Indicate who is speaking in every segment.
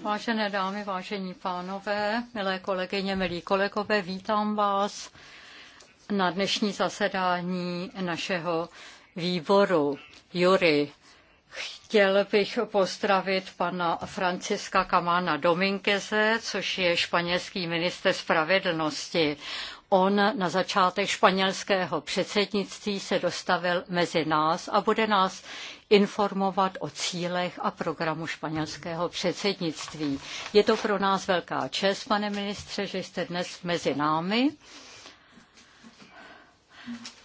Speaker 1: Vážené dámy, vážení pánové, milé kolegyně, milí kolegové, vítám vás na dnešní zasedání našeho výboru. Jury, Chtěl bych pozdravit pana Franciska Kamana Dominkeze, což je španělský minister spravedlnosti. On na začátek španělského předsednictví se dostavil mezi nás a bude nás informovat o cílech a programu španělského předsednictví. Je to pro nás velká čest, pane ministře, že jste dnes mezi námi.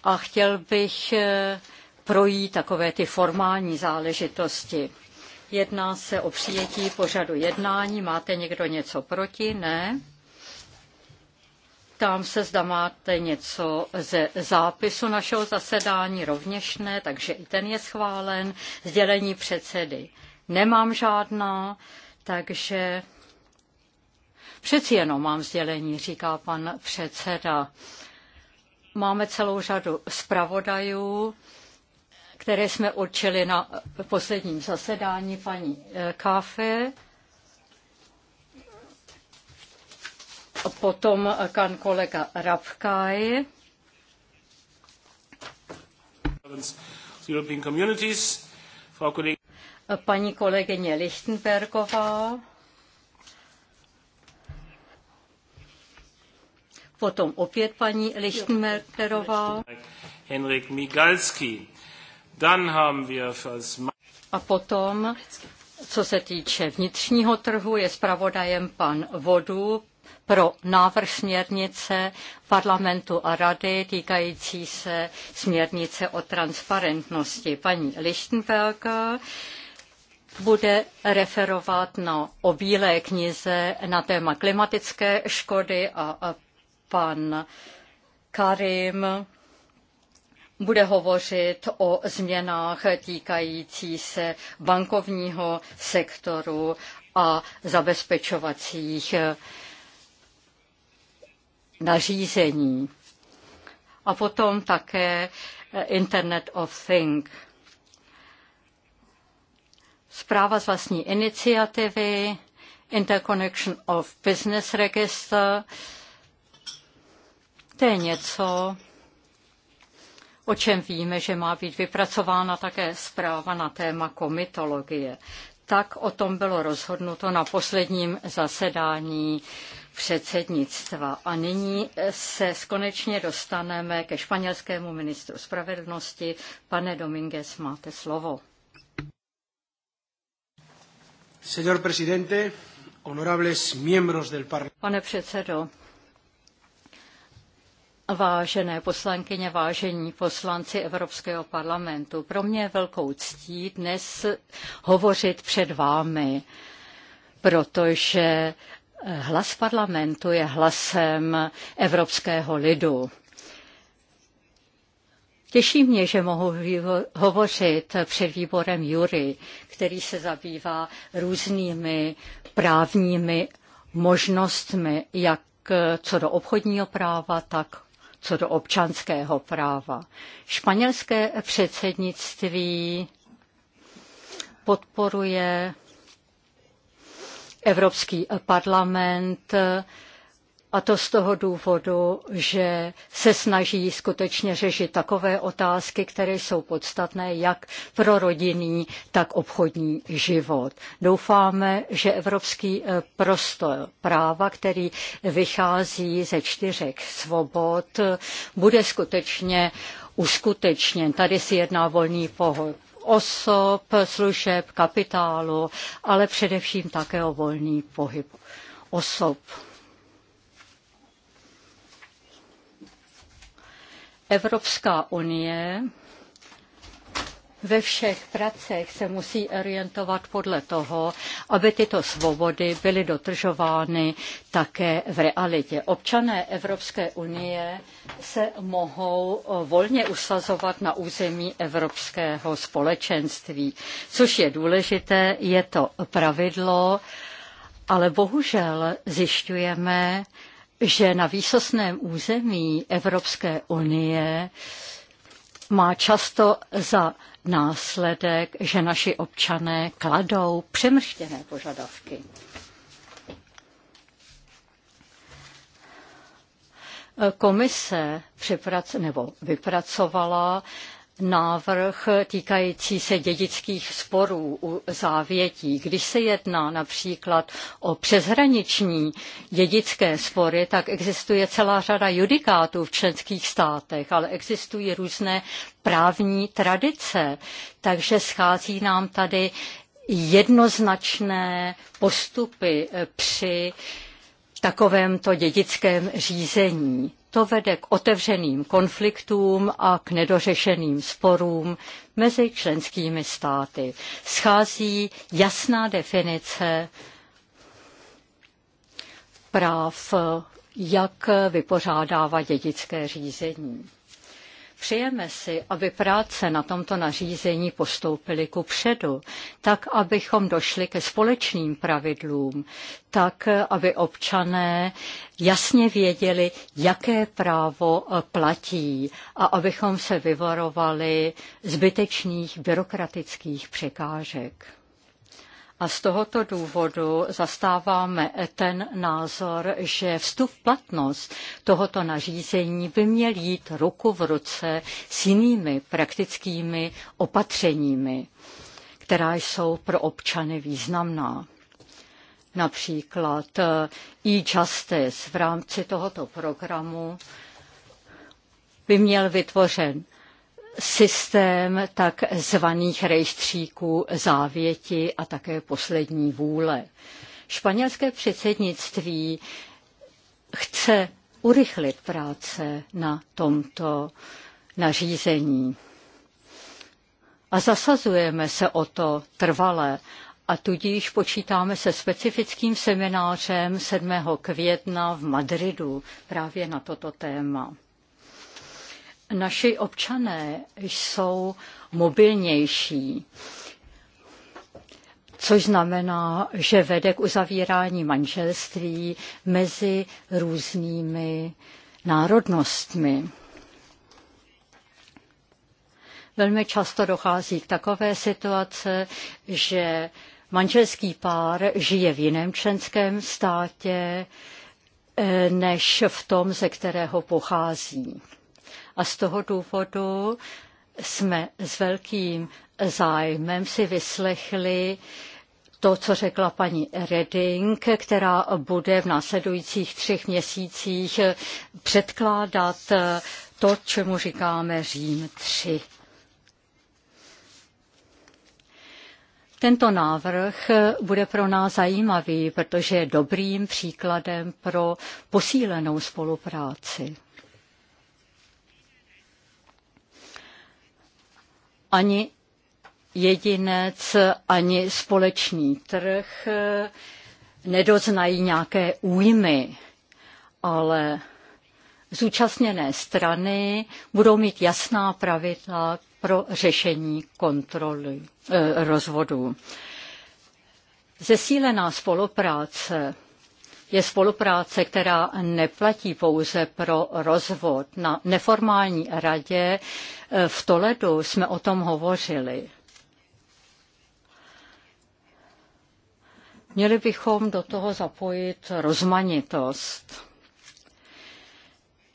Speaker 1: A chtěl bych eh, projít takové ty formální záležitosti. Jedná se o přijetí pořadu jednání. Máte někdo něco proti? Ne. Ptám se, zda máte něco ze zápisu našeho zasedání, rovněž ne, takže i ten je schválen. Sdělení předsedy nemám žádná, takže přeci jenom mám sdělení, říká pan předseda. Máme celou řadu zpravodajů, které jsme určili na posledním zasedání paní Káfe. potom kan kolega Rabkaj. Paní kolegyně Lichtenbergová. Potom opět paní Lichtenbergová.
Speaker 2: Henrik Migalski. Dann haben wir fürs
Speaker 1: a potom, co se týče vnitřního trhu, je zpravodajem pan Vodu pro návrh směrnice parlamentu a rady týkající se směrnice o transparentnosti. Paní Lichtenberger bude referovat na o bílé knize na téma klimatické škody a pan Karim bude hovořit o změnách týkající se bankovního sektoru a zabezpečovacích nařízení. A potom také eh, Internet of Things. Zpráva z vlastní iniciativy, Interconnection of Business Register, to je něco, o čem víme, že má být vypracována také zpráva na téma komitologie. Tak o tom bylo rozhodnuto na posledním zasedání předsednictva. A nyní se konečně dostaneme ke španělskému ministru spravedlnosti. Pane Dominguez, máte slovo. Señor presidente, honorables miembros del Pane předsedo, Vážené poslankyně, vážení poslanci Evropského parlamentu, pro mě je velkou ctí dnes hovořit před vámi, protože Hlas parlamentu je hlasem evropského lidu. Těší mě, že mohu hovořit před výborem Jury, který se zabývá různými právními možnostmi, jak co do obchodního práva, tak co do občanského práva. Španělské předsednictví podporuje Evropský parlament a to z toho důvodu, že se snaží skutečně řešit takové otázky, které jsou podstatné jak pro rodinný, tak obchodní život. Doufáme, že evropský eh, prostor práva, který vychází ze čtyřek svobod, bude skutečně uskutečněn. Tady si jedná volný pohyb osob, služeb, kapitálu, ale především také o volný pohyb osob. Evropská unie ve všech pracech se musí orientovat podle toho, aby tyto svobody byly dotržovány také v realitě. Občané Evropské unie se mohou eh, volně usazovat na území Evropského společenství. Což je důležité, je to pravidlo, ale bohužel zjišťujeme, že na výsostném území Evropské unie má často za následek, že naši občané kladou přemrštěné požadavky. Komise připrac, nebo vypracovala návrh týkající se dědických sporů u závětí. Když se jedná například o přeshraniční dědické spory, tak existuje celá řada judikátů v členských státech, ale existují různé právní tradice, takže schází nám tady jednoznačné postupy při takovémto dědickém řízení. To vede k otevřeným konfliktům a k nedořešeným sporům mezi členskými státy. Schází jasná definice práv, jak vypořádává dědické řízení. Přejeme si, aby práce na tomto nařízení postoupily ku předu, tak abychom došli ke společným pravidlům, tak aby občané jasně věděli, jaké právo eh, platí a abychom se vyvarovali zbytečných byrokratických překážek. A z tohoto důvodu zastáváme ten názor, že vstup platnost tohoto nařízení by měl jít ruku v ruce s jinými praktickými opatřeními, která jsou pro občany významná například eh, e-justice v rámci tohoto programu by měl vytvořen systém tak zvaných rejstříků závěti a také poslední vůle. Španělské předsednictví chce urychlit práce na tomto nařízení. A zasazujeme se o to trvale a tudíž počítáme se specifickým seminářem 7. května v Madridu právě na toto téma naši občané jsou mobilnější, což znamená, že vede k uzavírání manželství mezi různými národnostmi. Velmi často dochází k takové situace, že manželský pár žije v jiném členském státě eh, než v tom, ze kterého pochází a z toho důvodu jsme s velkým zájmem si vyslechli to, co řekla paní Reding, která bude v následujících třech měsících předkládat to, čemu říkáme Řím 3. Tento návrh bude pro nás zajímavý, protože je dobrým příkladem pro posílenou spolupráci. ani jedinec, ani společný trh eh, nedoznají nějaké újmy, ale zúčastněné strany budou mít jasná pravidla pro řešení kontroly rozvodů. Eh, rozvodu. Zesílená spolupráce je spolupráce, která neplatí pouze pro rozvod. Na neformální radě eh, v Toledu jsme o tom hovořili. Měli bychom do toho zapojit rozmanitost.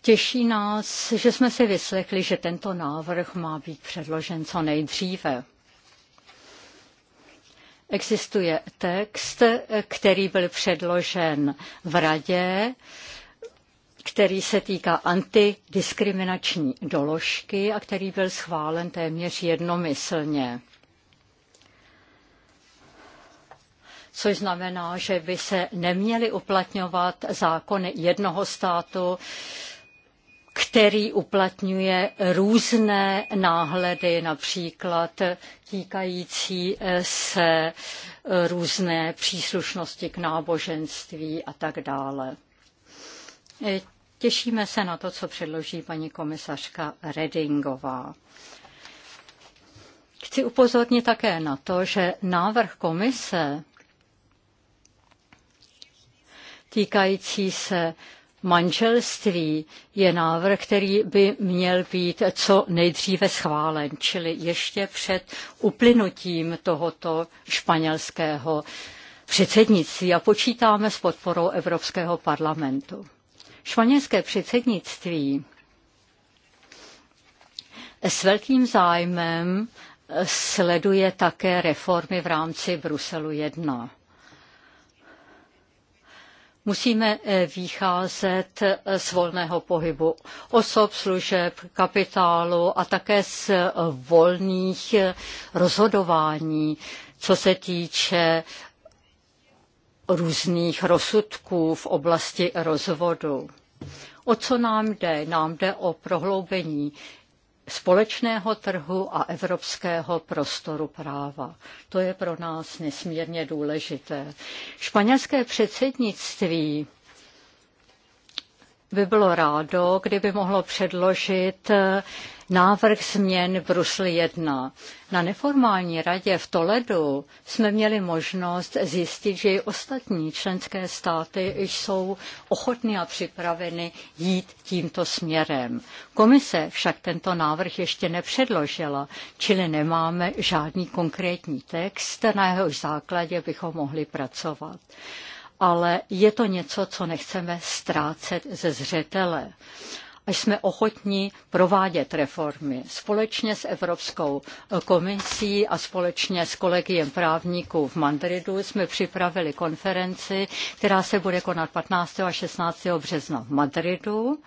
Speaker 1: Těší nás, že jsme si vyslechli, že tento návrh má být předložen co nejdříve. Existuje text, který byl předložen v radě, který se týká antidiskriminační doložky a který byl schválen téměř jednomyslně. což znamená, že by se neměly uplatňovat zákony jednoho státu který uplatňuje různé náhledy, například týkající eh, se eh, různé příslušnosti k náboženství a tak dále. Eh, těšíme se na to, co předloží paní komisařka Redingová. Chci upozornit také na to, že návrh komise týkající se manželství je návrh, který by měl být co nejdříve schválen, čili ještě před uplynutím tohoto španělského předsednictví a počítáme s podporou Evropského parlamentu. Španělské předsednictví s velkým zájmem sleduje také reformy v rámci Bruselu 1. Musíme eh, vycházet eh, z volného pohybu osob, služeb, kapitálu a také z eh, volných rozhodování, co se týče různých rozsudků v oblasti rozvodu. O co nám jde? Nám jde o prohloubení společného trhu a evropského prostoru práva. To je pro nás nesmírně důležité. Španělské předsednictví by bylo rádo, kdyby mohlo předložit eh, návrh změn Brusel 1. Na neformální radě v Toledu jsme měli možnost zjistit, že i ostatní členské státy jsou ochotny a připraveny jít tímto směrem. Komise však tento návrh ještě nepředložila, čili nemáme žádný konkrétní text, na jehož základě bychom mohli pracovat ale je to něco, co nechceme ztrácet ze zřetele a jsme ochotní provádět reformy společně s Evropskou komisí a společně s kolegiem právníků v Madridu jsme připravili konferenci, která se bude konat 15. a 16. března v Madridu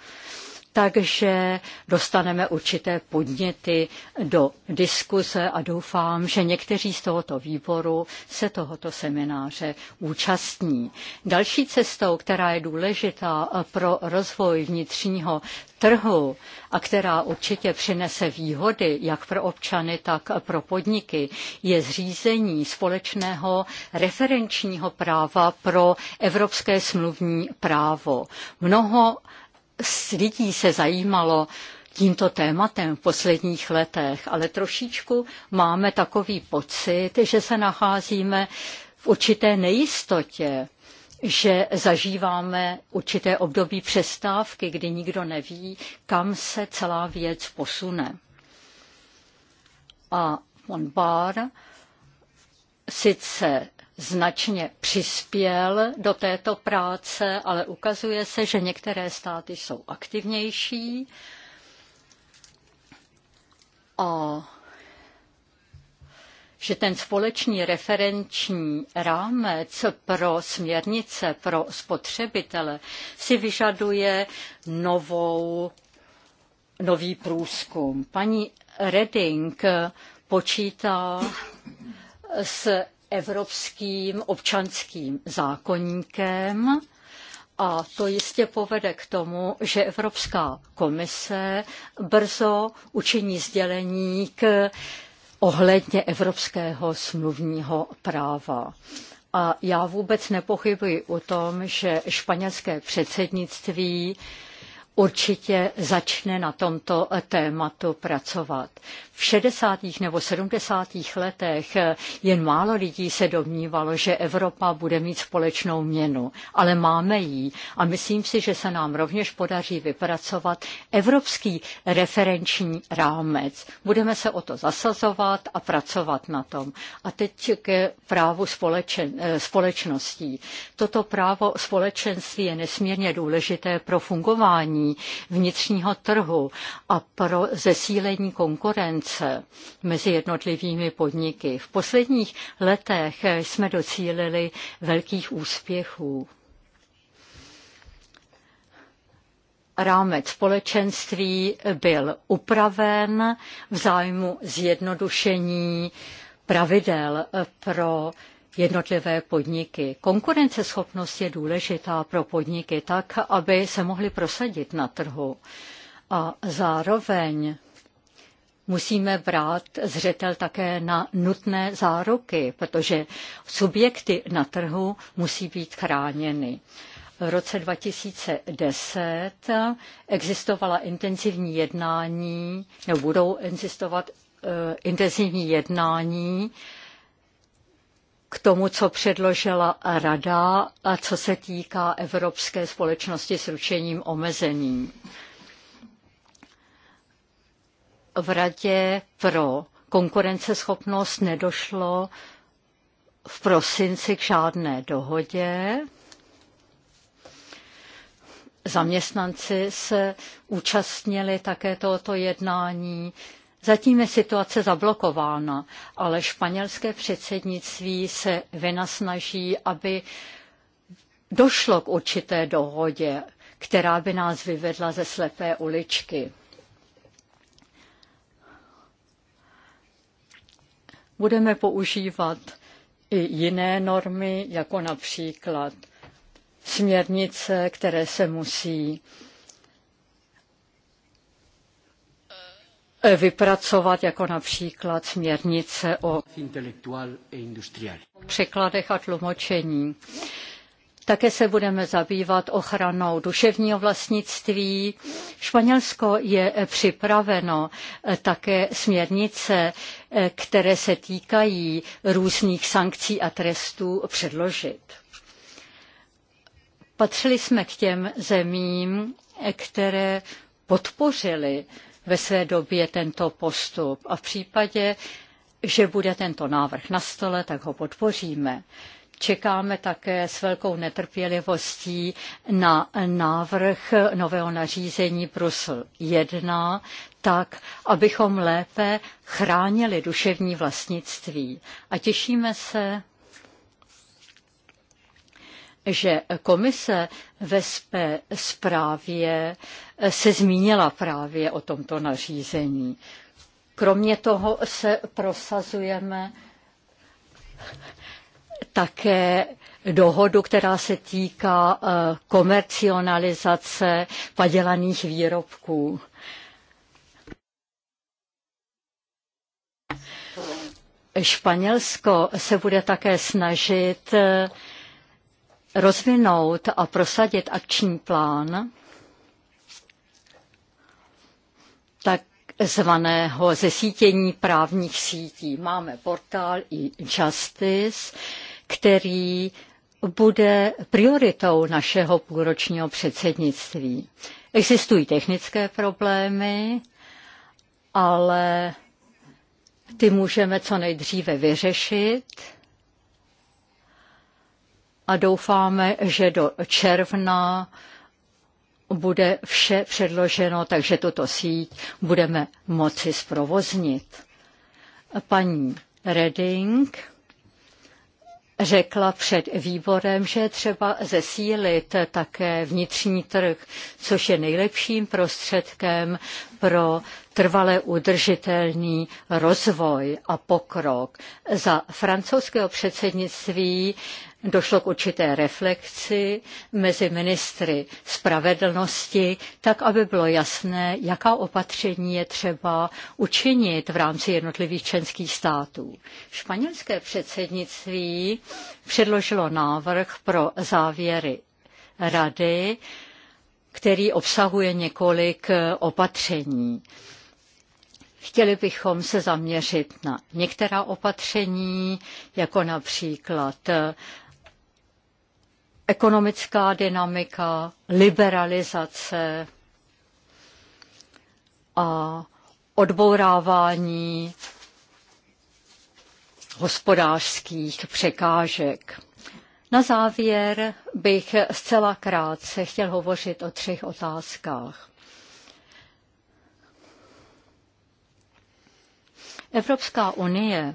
Speaker 1: takže dostaneme určité podněty do diskuse a doufám, že někteří z tohoto výboru se tohoto semináře účastní. Další cestou, která je důležitá pro rozvoj vnitřního trhu a která určitě přinese výhody jak pro občany, tak pro podniky, je zřízení společného referenčního práva pro evropské smluvní právo. Mnoho z lidí se zajímalo tímto tématem v posledních letech, ale trošičku máme takový pocit, že se nacházíme v určité nejistotě, že zažíváme určité období přestávky, kdy nikdo neví, kam se celá věc posune. A von Bar sice značně přispěl do této práce, ale ukazuje se, že některé státy jsou aktivnější a že ten společný referenční rámec pro směrnice pro spotřebitele si vyžaduje novou, nový průzkum. Paní Reding počítá s evropským občanským zákonníkem. A to jistě povede k tomu, že Evropská komise brzo učiní sdělení k ohledně evropského smluvního práva. A já vůbec nepochybuji o tom, že španělské předsednictví určitě začne na tomto tématu pracovat. V 60. nebo 70. letech jen málo lidí se domnívalo, že Evropa bude mít společnou měnu, ale máme ji a myslím si, že se nám rovněž podaří vypracovat evropský referenční rámec. Budeme se o to zasazovat a pracovat na tom. A teď ke právu společen, společností. Toto právo společenství je nesmírně důležité pro fungování zjednodušení vnitřního trhu a pro zesílení konkurence mezi jednotlivými podniky. V posledních letech jsme docílili velkých úspěchů. rámec společenství byl upraven v zájmu zjednodušení pravidel pro jednotlivé podniky. Konkurenceschopnost je důležitá pro podniky tak, aby se mohly prosadit na trhu. A zároveň musíme brát zřetel také na nutné záruky, protože subjekty na trhu musí být chráněny. V roce 2010 existovala intenzivní jednání, nebo budou existovat eh, intenzivní jednání k tomu, co předložila Rada a co se týká Evropské společnosti s ručením omezením. V Radě pro konkurenceschopnost nedošlo v prosinci k žádné dohodě. Zaměstnanci se účastnili také tohoto jednání, Zatím je situace zablokována, ale španělské předsednictví se vynasnaží, aby došlo k určité dohodě, která by nás vyvedla ze slepé uličky. Budeme používat i jiné normy, jako například směrnice, které se musí Eh, vypracovat, jako například směrnice o e překladech a tlumočení. Také se budeme zabývat ochranou duševního vlastnictví. Španělsko je eh, připraveno eh, také směrnice, které se týkají různých sankcí a trestů předložit. Patřili jsme k těm zemím, které podpořili ve své době tento postup. A v případě, že bude tento návrh na stole, tak ho podpoříme. Čekáme také s velkou netrpělivostí na návrh nového nařízení Brusel 1, tak, abychom lépe chránili duševní vlastnictví. A těšíme se že komise ve své zprávě se zmínila právě o tomto nařízení. Kromě toho se prosazujeme také dohodu, která se týká eh, komercionalizace padělaných výrobků. Španělsko se bude také snažit eh, rozvinout a prosadit akční plán takzvaného zesítění právních sítí. Máme portál i Justice, který bude prioritou našeho půlročního předsednictví. Existují technické problémy, ale ty můžeme co nejdříve vyřešit a doufáme, že do června bude vše předloženo, takže tuto síť budeme moci zprovoznit. Paní Reding řekla před výborem, že je třeba zesílit také vnitřní trh, což je nejlepším prostředkem pro trvale udržitelný rozvoj a pokrok. Za francouzského předsednictví došlo k určité reflexi mezi ministry spravedlnosti, tak aby bylo jasné, jaká opatření je třeba učinit v rámci jednotlivých členských států. Španělské předsednictví předložilo návrh pro závěry rady, který obsahuje několik opatření. Chtěli bychom se zaměřit na některá opatření, jako například eh, ekonomická dynamika, liberalizace a odbourávání hospodářských překážek. Na závěr bych zcela krátce chtěl hovořit o třech otázkách. Evropská unie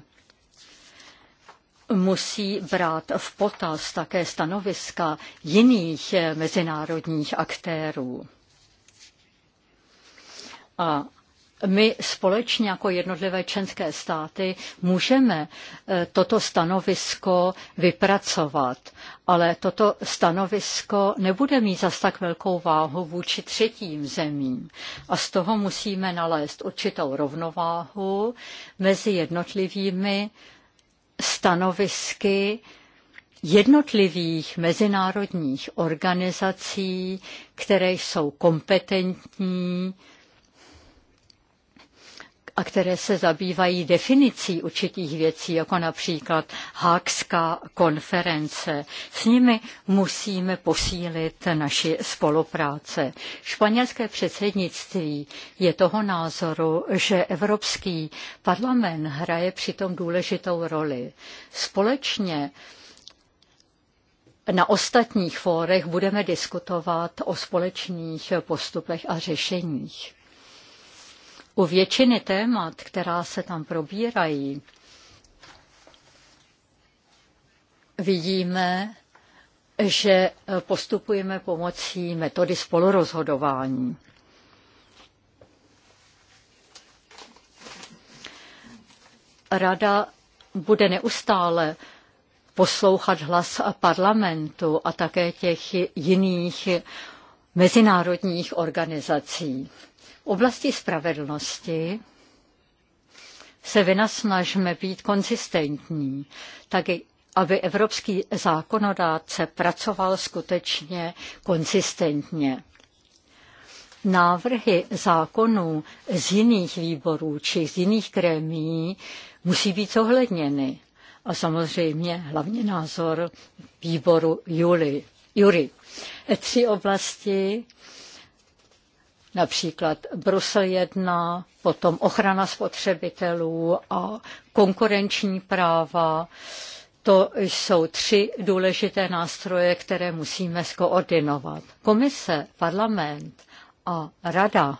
Speaker 1: musí brát v potaz také stanoviska jiných mezinárodních aktérů. A my společně jako jednotlivé členské státy můžeme eh, toto stanovisko vypracovat, ale toto stanovisko nebude mít zas tak velkou váhu vůči třetím zemím. A z toho musíme nalézt určitou rovnováhu mezi jednotlivými stanovisky jednotlivých mezinárodních organizací, které jsou kompetentní a které se zabývají definicí určitých věcí, jako například Hákská konference. S nimi musíme posílit naši spolupráce. Španělské předsednictví je toho názoru, že Evropský parlament hraje přitom důležitou roli. Společně na ostatních fórech budeme diskutovat o společných postupech a řešeních. U většiny témat, která se tam probírají, vidíme, že postupujeme pomocí metody spolurozhodování. Rada bude neustále poslouchat hlas parlamentu a také těch jiných mezinárodních organizací oblasti spravedlnosti se vynasnažme být konzistentní, taky aby evropský zákonodárce pracoval skutečně konzistentně. Návrhy zákonů z jiných výborů či z jiných krémí musí být zohledněny. A samozřejmě hlavně názor výboru Jury. Jury. Tři oblasti, například Brusel 1, potom ochrana spotřebitelů a konkurenční práva. To jsou tři důležité nástroje, které musíme skoordinovat. Komise, parlament a rada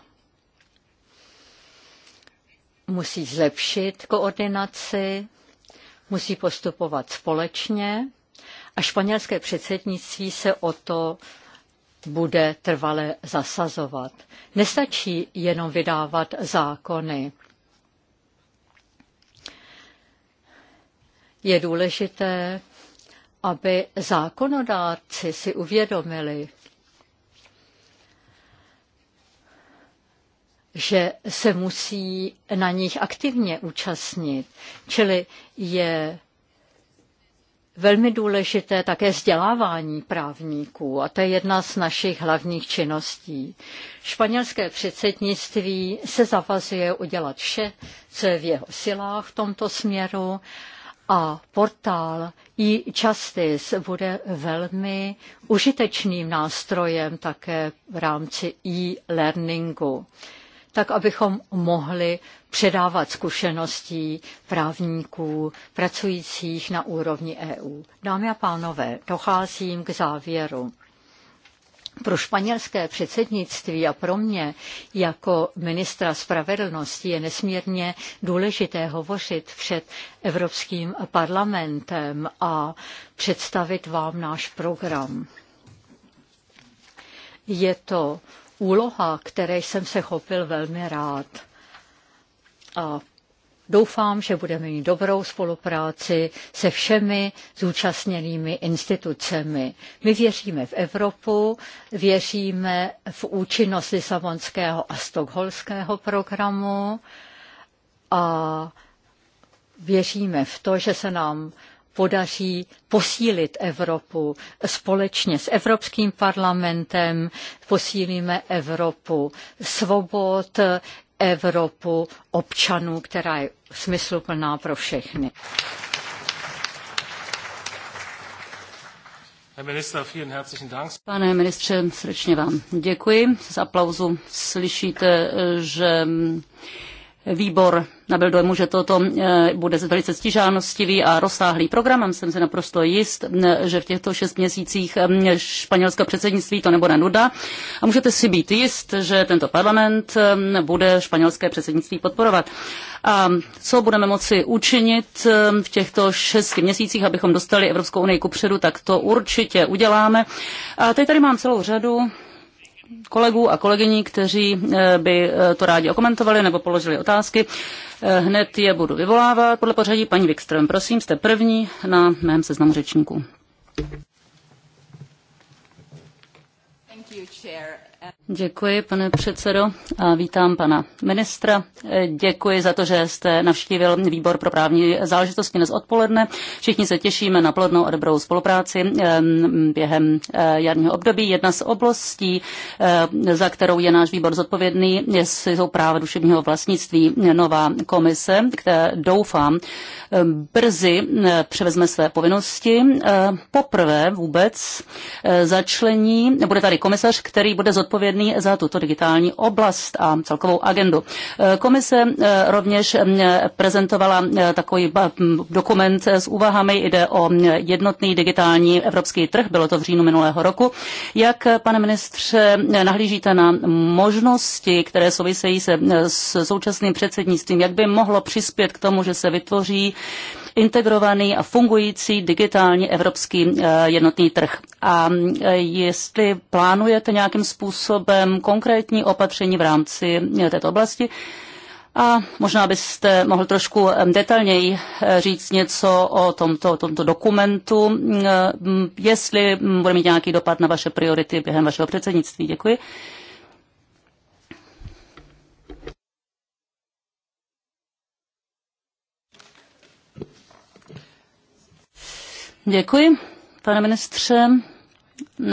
Speaker 1: musí zlepšit koordinaci, musí postupovat společně a španělské předsednictví se o to bude trvale zasazovat. Nestačí jenom vydávat zákony. Je důležité, aby zákonodárci si uvědomili, že se musí na nich aktivně účastnit. Čili je velmi důležité také vzdělávání právníků a to je jedna z našich hlavních činností. Španělské předsednictví se zavazuje udělat vše, co je v jeho silách v tomto směru a portál e-justice bude velmi užitečným nástrojem také v rámci e-learningu tak abychom mohli předávat zkušeností právníků pracujících na úrovni EU. Dámy a pánové, docházím k závěru. Pro španělské předsednictví a pro mě jako ministra spravedlnosti je nesmírně důležité hovořit před Evropským parlamentem a představit vám náš program. Je to úloha, které jsem se chopil velmi rád. A doufám, že budeme mít dobrou spolupráci se všemi zúčastněnými institucemi. My věříme v Evropu, věříme v účinnost Lisabonského a Stockholmského programu a věříme v to, že se nám podaří posílit Evropu společně s Evropským parlamentem, posílíme Evropu svobod, Evropu občanů, která je smysluplná pro všechny. Pane ministře, srdečně vám děkuji. Z aplauzu
Speaker 3: slyšíte, že výbor nabil dojmu, že toto eh, bude velice stižánostivý a rozsáhlý program. A jsem si naprosto jist, že v těchto šest měsících španělského předsednictví to nebude nuda. A můžete si být jist, že tento parlament bude španělské předsednictví podporovat. A co budeme moci učinit v těchto šesti měsících, abychom dostali Evropskou unii kupředu, tak to určitě uděláme. A teď tady mám celou řadu kolegů a kolegyní, kteří eh, by eh, to rádi okomentovali nebo položili otázky. Eh, hned je budu vyvolávat podle pořadí. Paní Wikström, prosím, jste první na mém seznamu řečníků. Děkuji, pane předsedo, a vítám pana ministra. Děkuji za to, že jste navštívil výbor pro právní záležitosti dnes odpoledne. Všichni se těšíme na plodnou a dobrou spolupráci během eh, jarního období. Jedna z oblastí, eh, za kterou je náš výbor zodpovědný, jsou práva duševního vlastnictví. Nová komise, která doufám eh, brzy převezme své povinnosti. Poprvé vůbec začlení, bude tady komisař, který bude zodpovědný odpovědný za tuto digitální oblast a celkovou agendu. Eh, komise eh, rovněž eh, prezentovala takový dokument s úvahami, jde o jednotný digitální evropský trh, bylo to v říjnu minulého roku. Jak, pane ministře, nahlížíte na možnosti, které souvisejí se s současným předsednictvím, jak by mohlo přispět k tomu, že se vytvoří integrovaný a fungující digitální evropský eh, jednotný trh. A eh, jestli plánujete nějakým způsobem konkrétní opatření v rámci eh, této oblasti, a možná byste mohl trošku detailněji říct něco o tomto, tomto dokumentu, jestli bude mít nějaký dopad na vaše priority během vašeho předsednictví. Děkuji. Děkuji, pane ministře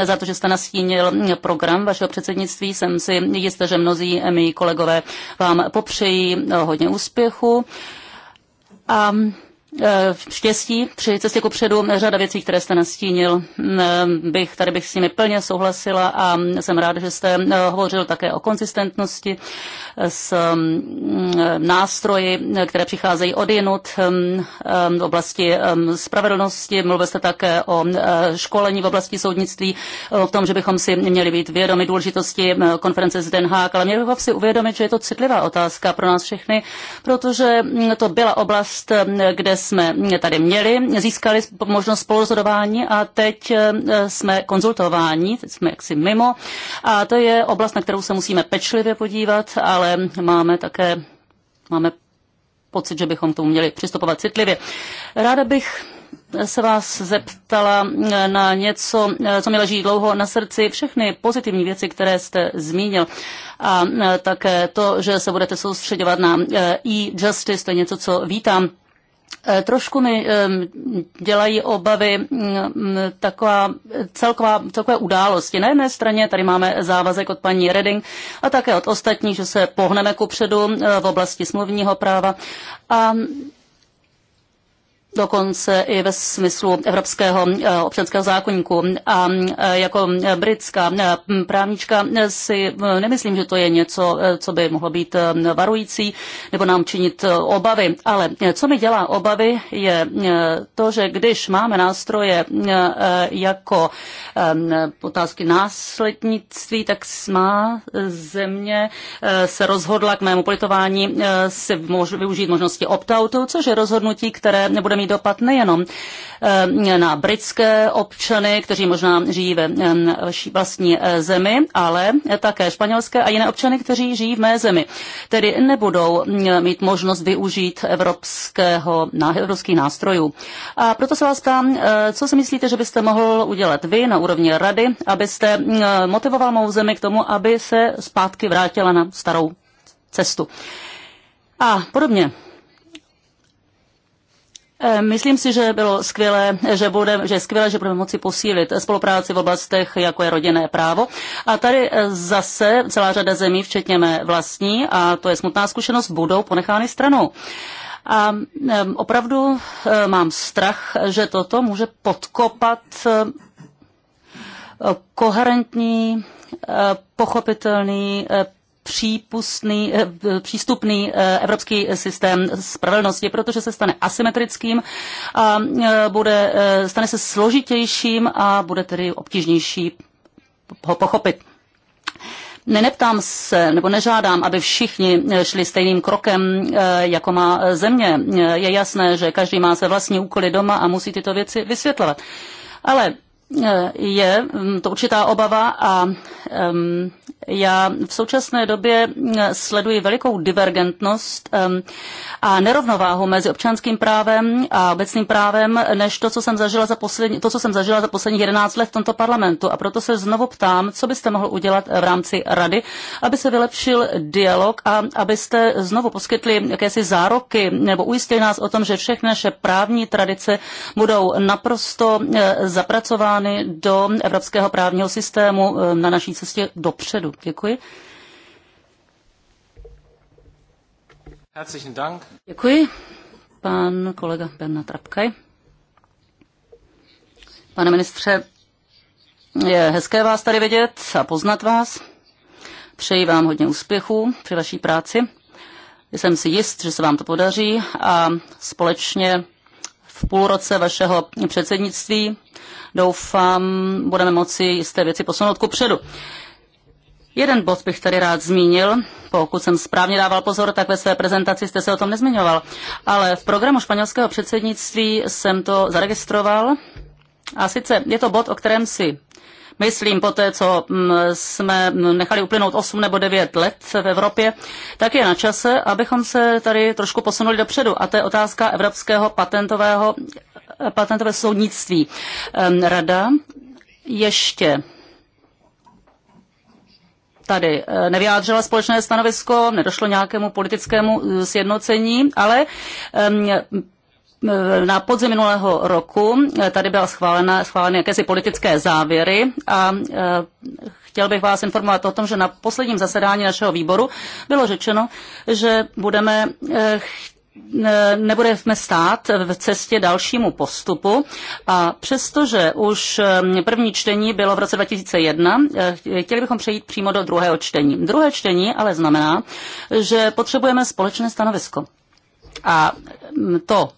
Speaker 3: za to, že jste nastínil program vašeho předsednictví. Jsem si jistá, že mnozí eh, mí kolegové vám popřejí eh, hodně úspěchu. A Eh, štěstí při cestě ku předu. Řada věcí, které jste nastínil, eh, bych, tady bych s nimi plně souhlasila a jsem ráda, že jste eh, hovořil také o konzistentnosti s mm, nástroji, které přicházejí od jinut v oblasti spravedlnosti. Mluvil jste také o školení v oblasti soudnictví, o tom, že bychom si měli být vědomi důležitosti konference z Den Haag, ale měli bychom si uvědomit, že je to citlivá otázka pro nás všechny, protože mm, to byla oblast, kde jsme tady měli, získali možnost spolurozhodování a teď eh, jsme konzultováni, teď jsme jaksi mimo. A to je oblast, na kterou se musíme pečlivě podívat, ale máme také máme pocit, že bychom tomu měli přistupovat citlivě. Ráda bych se vás zeptala eh, na něco, eh, co mi leží dlouho na srdci. Všechny pozitivní věci, které jste zmínil a také to, že se budete soustředovat na e-justice, to je něco, co vítám. Eh, trošku mi dělají obavy mm, mm, taková celková, celkové události. Na jedné straně tady máme závazek od paní Reding a také od ostatních, že se pohneme ku předu eh, v oblasti smluvního práva. A dokonce i ve smyslu Evropského eh, občanského zákonníku. A eh, jako britská eh, právnička si nemyslím, že to je něco, co by mohlo být varující nebo nám činit obavy. Ale co mi dělá obavy, je to, že když máme nástroje jako otázky následnictví, tak má země se rozhodla k mému politování si využít možnosti opt-outu, což je rozhodnutí, které nebude mít mít dopad nejenom eh, na britské občany, kteří možná žijí ve eh, vaší vlastní eh, zemi, ale také španělské a jiné občany, kteří žijí v mé zemi. Tedy nebudou mít možnost využít evropského, evropských nástrojů. A proto se vás ptám, co si myslíte, že byste mohl udělat vy na úrovni rady, abyste motivoval mou zemi k tomu, aby se zpátky vrátila na starou cestu. A podobně Eh, myslím si, že bylo skvělé, že, bude, že je skvělé, že budeme moci posílit spolupráci v oblastech, jako je rodinné právo. A tady eh, zase celá řada zemí, včetně mé vlastní, a to je smutná zkušenost, budou ponechány stranou. A eh, opravdu mám strach, že toto může podkopat koherentní, pochopitelný přípustný, eh, přístupný eh, evropský systém spravedlnosti, protože se stane asymetrickým a eh, bude, stane se složitějším a bude tedy obtížnější ho pochopit. Neneptám se, nebo nežádám, aby všichni šli stejným krokem, jako má země. Je jasné, že každý má se vlastní úkoly doma a musí tyto věci vysvětlovat. Ale Eh, je mm, to určitá obava a já v současné době eh, sleduji velikou divergentnost a nerovnováhu mezi občanským právem a obecným právem, než to, co jsem zažila za, poslední, to, co jsem zažila za posledních 11 let v tomto parlamentu. A proto se znovu ptám, co byste mohl udělat v rámci rady, aby se vylepšil dialog a abyste znovu poskytli jakési zároky nebo ujistili nás o tom, že všechny naše právní tradice budou naprosto eh, zapracovány integrovány do evropského právního systému eh, na naší cestě dopředu. Děkuji. Herzlichen Dank. Děkuji. Pan kolega Benna Trapkaj. Pane ministře, je hezké vás tady vidět a poznat vás. Přeji vám hodně úspěchů při vaší práci. Jsem si jist, že se vám to podaří a společně půl půlroce vašeho předsednictví. Doufám, budeme moci jisté věci posunout ku předu. Jeden bod bych tady rád zmínil. Pokud jsem správně dával pozor, tak ve své prezentaci jste se o tom nezmiňoval. Ale v programu španělského předsednictví jsem to zaregistroval. A sice je to bod, o kterém si myslím po té, co mm, jsme nechali uplynout 8 nebo 9 let v Evropě, tak je na čase, abychom se tady trošku posunuli dopředu. A to je otázka evropského patentového patentové soudnictví. Rada ještě tady e, nevyjádřila společné stanovisko, nedošlo nějakému politickému e, sjednocení, ale Eh, na podzim minulého roku eh, tady byla schválena, schváleny jakési politické závěry a eh, chtěl bych vás informovat o tom, že na posledním zasedání našeho výboru bylo řečeno, že budeme nebudeme stát v cestě dalšímu postupu. A přestože už první čtení bylo v roce 2001, chtěli bychom přejít přímo do druhého čtení. Druhé čtení ale znamená, že potřebujeme společné stanovisko. A mm, to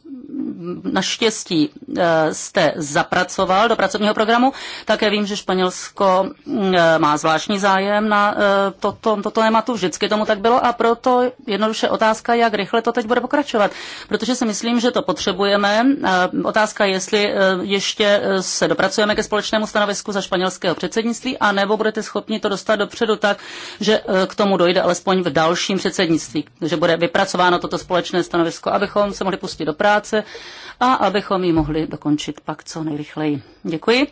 Speaker 3: naštěstí eh, jste zapracoval do pracovního programu. Také vím, že Španělsko eh, má zvláštní zájem na eh, toto, toto tématu, vždycky tomu tak bylo a proto jednoduše otázka, jak rychle to teď bude pokračovat, protože si myslím, že to potřebujeme. Otázka, jestli ještě se dopracujeme ke společnému stanovisku za španělského předsednictví, anebo budete schopni to dostat dopředu tak, že k tomu dojde alespoň v dalším předsednictví, že bude vypracováno toto společné stanovisko, abychom se mohli pustit do práce a abychom ji mohli dokončit pak co nejrychleji. Děkuji.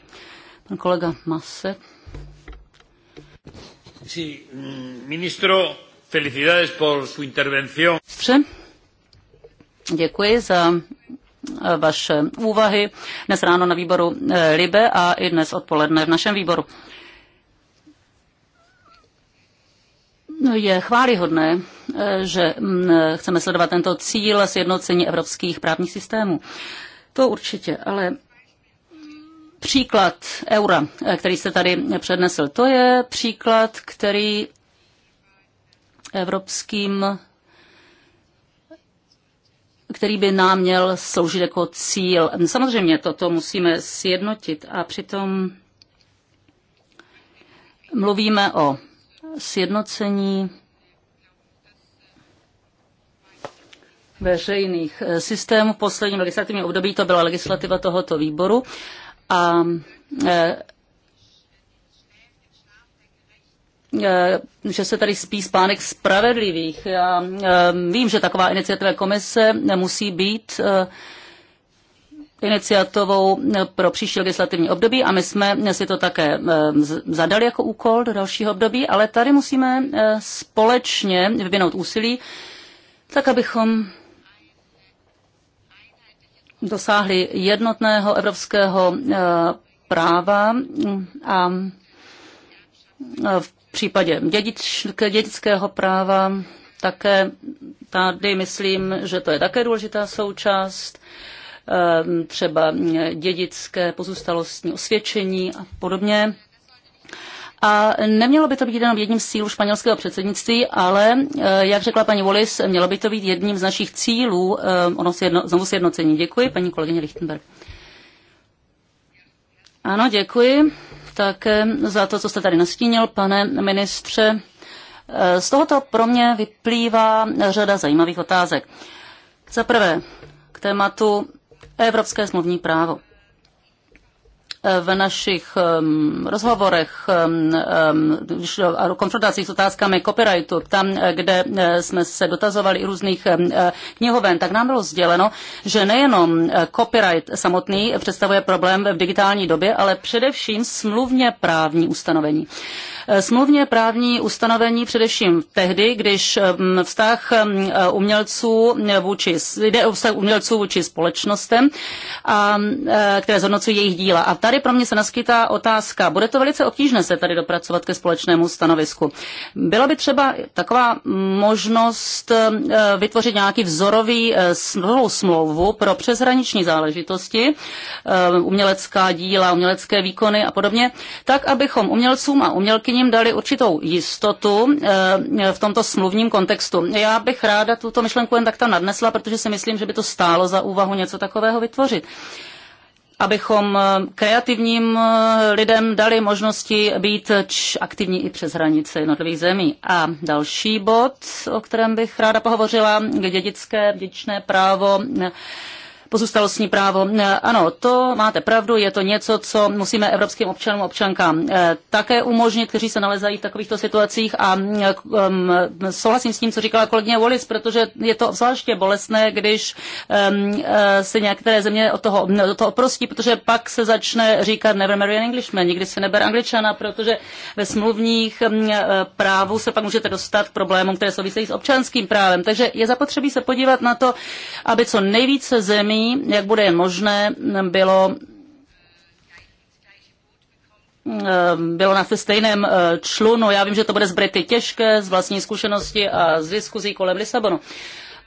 Speaker 3: Pan kolega Mase.
Speaker 2: Sí, mm, ministro, felicidades por su intervención.
Speaker 3: Stře? Děkuji za eh, vaše úvahy dnes ráno na výboru eh, Libe a i dnes odpoledne v našem výboru. No, je chválihodné, Eh, že mm, eh, chceme sledovat tento cíl sjednocení evropských právních systémů. To určitě, ale příklad eura, eh, který jste tady přednesl, to je příklad, který evropským který by nám měl sloužit jako cíl. Samozřejmě toto musíme sjednotit a přitom mluvíme o sjednocení veřejných eh, systémů. V posledním legislativním období to byla legislativa tohoto výboru a eh, eh, že se tady spí spánek spravedlivých. Já vím, že taková iniciativa komise musí být iniciativou pro příští legislativní období a my jsme si to také zadali jako úkol do dalšího období, ale tady musíme společně vyvinout úsilí, tak abychom dosáhli jednotného evropského eh, práva a eh, v případě dědického práva také tady myslím, že to je také důležitá součást, eh, třeba dědické pozůstalostní osvědčení a podobně. A nemělo by to být jenom jedním z cílů španělského předsednictví, ale, eh, jak řekla paní Wallis, mělo by to být jedním z našich cílů, eh, ono sjedno, znovu sjednocení. Děkuji, paní kolegyně Lichtenberg. Ano, děkuji Tak eh, za to, co jste tady nastínil, pane ministře. Z tohoto pro mě vyplývá řada zajímavých otázek. Za prvé, k tématu Evropské smluvní právo v našich rozhovorech, když konfrontacích s otázkami copyrightu, tam, eh, kde eh, jsme se dotazovali i různých eh, knihoven, tak nám bylo sděleno, že nejenom copyright samotný představuje problém v digitální době, ale především smluvně právní ustanovení. Eh, smluvně právní ustanovení především tehdy, když eh, vztah eh, umělců vůči, jde o vztah umělců vůči společnostem, a, které zhodnocují jejich díla. A tady pro mě se naskytá otázka, bude to velice obtížné se tady dopracovat ke společnému stanovisku. Byla by třeba taková možnost vytvořit nějaký vzorový smlouvu pro přeshraniční záležitosti, umělecká díla, umělecké výkony a podobně, tak abychom umělcům a umělky ním dali určitou jistotu eh, v tomto smluvním kontextu. Já bych ráda tuto myšlenku jen tak tam nadnesla, protože si myslím, že by to stálo za úvahu něco takového vytvořit abychom eh, kreativním eh, lidem dali možnosti být aktivní i přes hranice jednotlivých zemí. A další bod, o kterém bych ráda pohovořila, dědické, dědičné právo pozůstalostní právo. Eh, ano, to máte pravdu, je to něco, co musíme evropským občanům a občankám eh, také umožnit, kteří se nalezají v takovýchto situacích a um, souhlasím s tím, co říkala kolegyně Wallis, protože je to zvláště bolestné, když um, se některé země od toho, od toho oprostí, protože pak se začne říkat never marry an Englishman, nikdy se neber angličana, protože ve smluvních mm, právu se pak můžete dostat k problémům, které souvisejí s občanským právem. Takže je zapotřebí se podívat na to, aby co nejvíce zemí nyní, jak bude možné, bylo eh, bylo na stejném eh, člunu. No, já vím, že to bude z Brity těžké, z vlastní zkušenosti a z diskuzí kolem Lisabonu.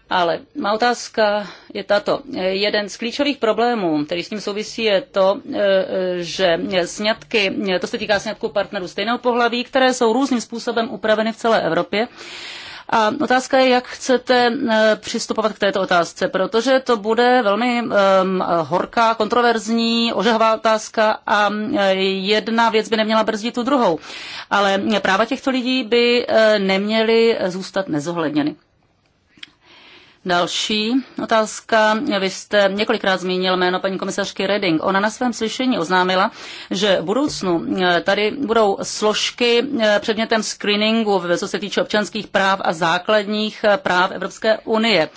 Speaker 3: Ale má otázka je tato. Jeden z klíčových problémů, který s tím souvisí, je to, eh, že sňatky, to se týká sňatku partnerů stejného pohlaví, které jsou různým způsobem upraveny v celé Evropě. A otázka je, jak chcete e, přistupovat k této otázce, protože to bude velmi um, horká, kontroverzní, ožehová otázka a e, jedna věc by neměla brzdit tu druhou. Ale práva těchto lidí by e, neměly zůstat nezohledněny. Další otázka. Vy jste několikrát zmínil jméno paní komisařky Reding. Ona na svém slyšení oznámila, že v budoucnu eh, tady budou složky eh, předmětem screeningu, co se týče občanských práv a základních eh, práv Evropské unie.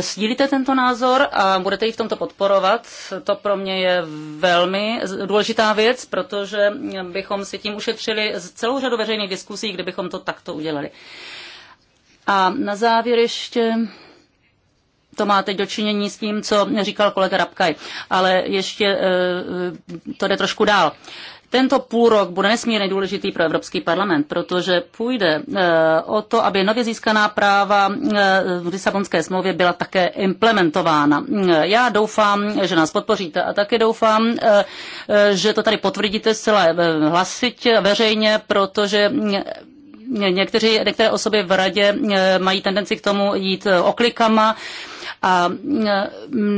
Speaker 3: Sdílíte tento názor a budete ji v tomto podporovat? To pro mě je velmi důležitá věc, protože bychom si tím ušetřili celou řadu veřejných diskusí, kdybychom to takto udělali. A na závěr ještě to má teď dočinění s tím, co říkal kolega Rabkaj, ale ještě eh, to jde trošku dál. Tento půlrok bude nesmírně důležitý pro Evropský parlament, protože půjde eh, o to, aby nově získaná práva eh, v Lisabonské smlouvě byla také implementována. Já doufám, že nás podpoříte a také doufám, že to tady potvrdíte zcela hlasitě, veřejně, protože někteří, některé osoby v radě mají tendenci k tomu jít oklikama a mm,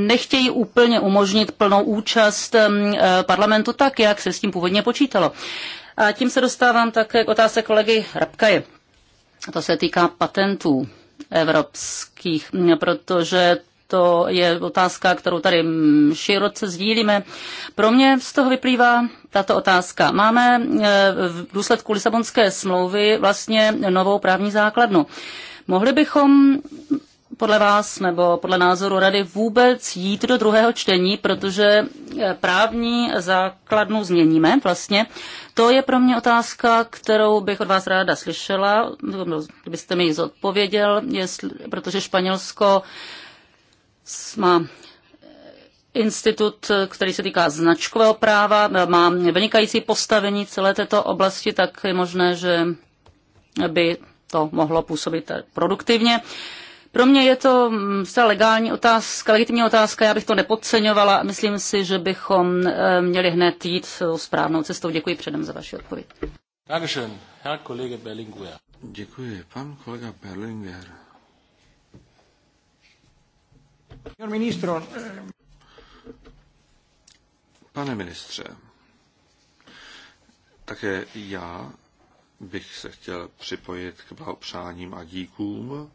Speaker 3: nechtějí úplně umožnit plnou účast mm, eh, parlamentu tak, jak se s tím původně počítalo. A tím se dostávám také k otázce kolegy Rabkaje. To se týká patentů evropských, mm, protože to je otázka, kterou tady široce sdílíme. Pro mě z toho vyplývá tato otázka. Máme eh, v důsledku Lisabonské smlouvy vlastně novou právní základnu. Mohli bychom podle vás nebo podle názoru rady vůbec jít do druhého čtení, protože eh, právní základnu změníme vlastně. To je pro mě otázka, kterou bych od vás ráda slyšela, kdybyste mi ji zodpověděl, jestli, protože Španělsko má eh, institut, který se týká značkového práva, má vynikající postavení celé této oblasti, tak je možné, že by to mohlo působit produktivně. Uh, pro mě je to mm, zcela legální otázka, legitimní otázka, já bych to nepodceňovala myslím si, že bychom eh, měli hned jít správnou cestou. Děkuji předem za vaši odpověď.
Speaker 2: Dankeschön, Herr Kollege Berlinguer. Děkuji, pan kolega Berlinguer. Eh, Pane ministře, také já bych se chtěl připojit k blahopřáním a díkům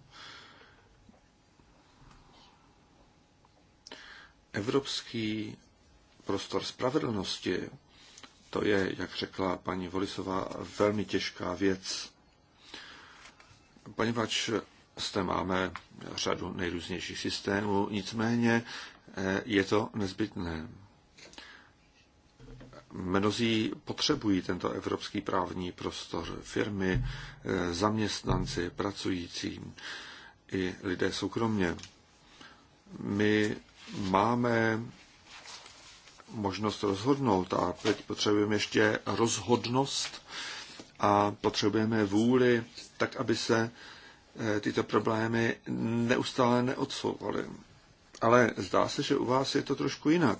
Speaker 2: Evropský prostor spravedlnosti, to je, jak řekla paní Volisová, velmi těžká věc. Poněvadž zde máme řadu nejrůznějších systémů, nicméně eh, je to nezbytné. Mnozí potřebují tento evropský právní prostor, firmy, eh, zaměstnanci, pracující i lidé soukromně. My máme možnost rozhodnout a teď potřebujeme ještě rozhodnost a potřebujeme vůli, tak aby se eh, tyto problémy neustále neodsouvaly. Ale zdá se, že u vás je to trošku jinak.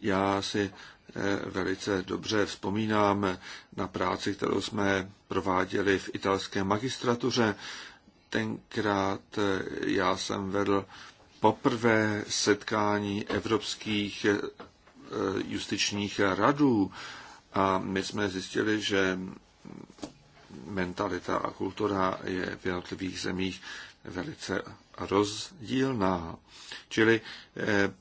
Speaker 2: Já si eh, velice dobře vzpomínám na práci, kterou jsme prováděli v italské magistratuře, tenkrát eh, já jsem vedl poprvé setkání evropských eh, justičních radů a my jsme zjistili, že mentalita a kultura je v jednotlivých zemích velice rozdílná. Čili eh,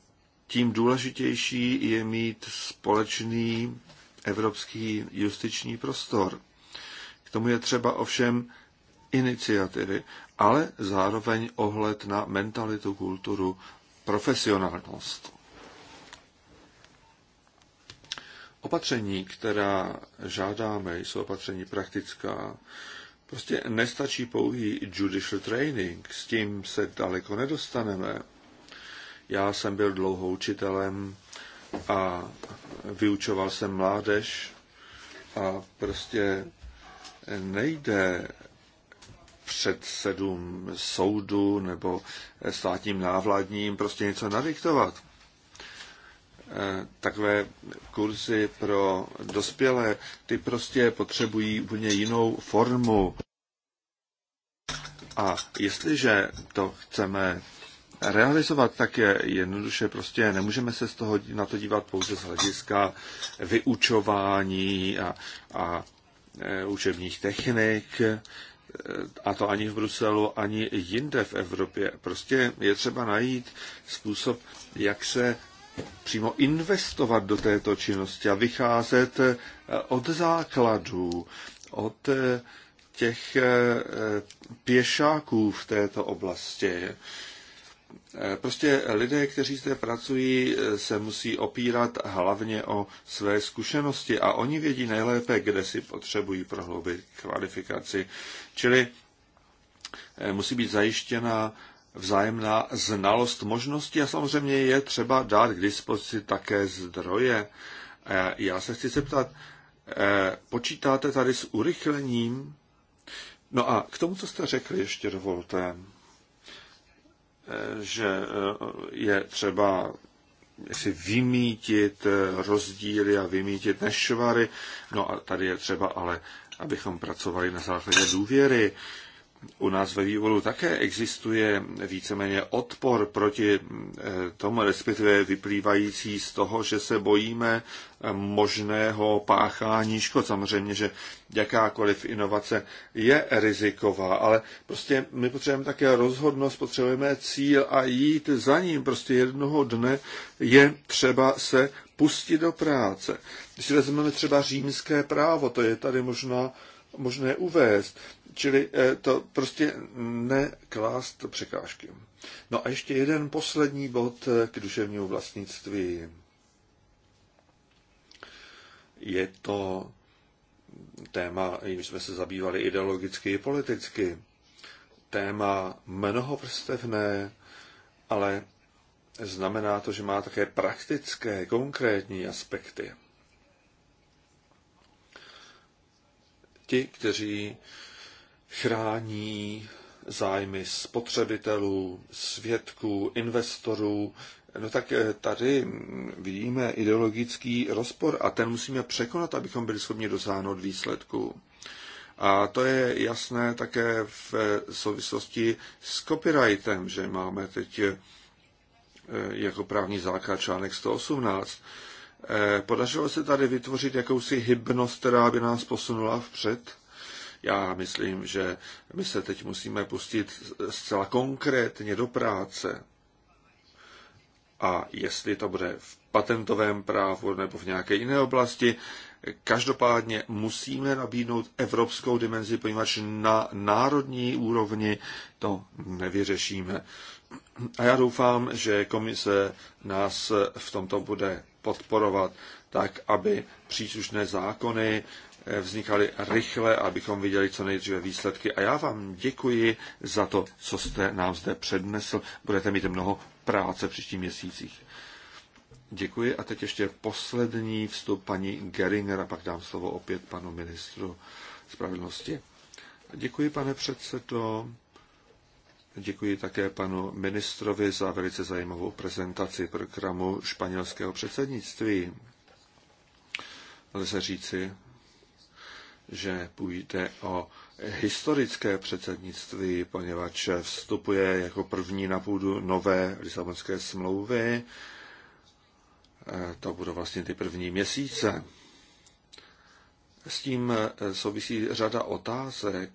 Speaker 2: tím důležitější je mít společný evropský justiční prostor. K tomu je třeba ovšem iniciativy, ale zároveň ohled na mentalitu, kulturu, profesionálnost. Opatření, která žádáme, jsou opatření praktická. Prostě nestačí pouhý judicial training, s tím se daleko nedostaneme. Já jsem byl dlouho učitelem a vyučoval jsem mládež a prostě nejde předsedům soudu nebo státním návládním prostě něco nadiktovat. Eh, takové kurzy pro dospělé, ty prostě potřebují úplně jinou formu. A jestliže to chceme realizovat, tak je jednoduše prostě nemůžeme se z toho na to dívat pouze z hlediska vyučování a, a eh, učebních technik a to ani v Bruselu, ani jinde v Evropě. Prostě je třeba najít způsob, jak se přímo investovat do této činnosti a vycházet eh, od základů, od eh, těch eh, pěšáků v této oblasti. Prostě lidé, kteří zde pracují, se musí opírat hlavně o své zkušenosti a oni vědí nejlépe, kde si potřebují prohloubit kvalifikaci. Čili eh, musí být zajištěna vzájemná znalost možností a samozřejmě je třeba dát k dispozici také zdroje. Eh, já se chci zeptat, eh, počítáte tady s urychlením? No a k tomu, co jste řekli, ještě dovolte, že je třeba si vymítit rozdíly a vymítit nešvary. No a tady je třeba ale abychom pracovali na základě důvěry. U nás ve vývolu také existuje víceméně odpor proti eh, tomu, respektive vyplývající z toho, že se bojíme eh, možného páchání škod. Samozřejmě, že jakákoliv inovace je riziková, ale prostě my potřebujeme také rozhodnost, potřebujeme cíl a jít za ním. Prostě jednoho dne je třeba se pustit do práce. Když si vezmeme třeba římské právo, to je tady možná možné uvést. Čili eh, to prostě neklást překážky. No a ještě jeden poslední bod eh, k duševnímu vlastnictví. Je to téma, jim jsme se zabývali ideologicky i politicky. Téma mnohovrstevné, ale znamená to, že má také praktické, konkrétní aspekty. ti, kteří chrání zájmy spotřebitelů, svědků, investorů, No tak eh, tady vidíme ideologický rozpor a ten musíme překonat, abychom byli schopni dosáhnout výsledku. A to je jasné také v eh, souvislosti s copyrightem, že máme teď eh, jako právní základ článek 118. Eh, podařilo se tady vytvořit jakousi hybnost, která by nás posunula vpřed? Já myslím, že my se teď musíme pustit zcela konkrétně do práce. A jestli to bude v patentovém právu nebo v nějaké jiné oblasti, každopádně musíme nabídnout evropskou dimenzi, poněvadž na národní úrovni to nevyřešíme. A já doufám, že komise nás v tomto bude podporovat tak, aby příslušné zákony eh, vznikaly rychle, abychom viděli co nejdříve výsledky. A já vám děkuji za to, co jste nám zde přednesl. Budete mít mnoho práce v příštích měsících. Děkuji a teď ještě poslední vstup paní Geringer a pak dám slovo opět panu ministru spravedlnosti. Děkuji, pane předsedo. Děkuji také panu ministrovi za velice zajímavou prezentaci programu španělského předsednictví. Lze říci, že půjde o historické předsednictví, poněvadž vstupuje jako první na půdu nové Lisabonské smlouvy. E, to budou vlastně ty první měsíce. S tím souvisí řada otázek,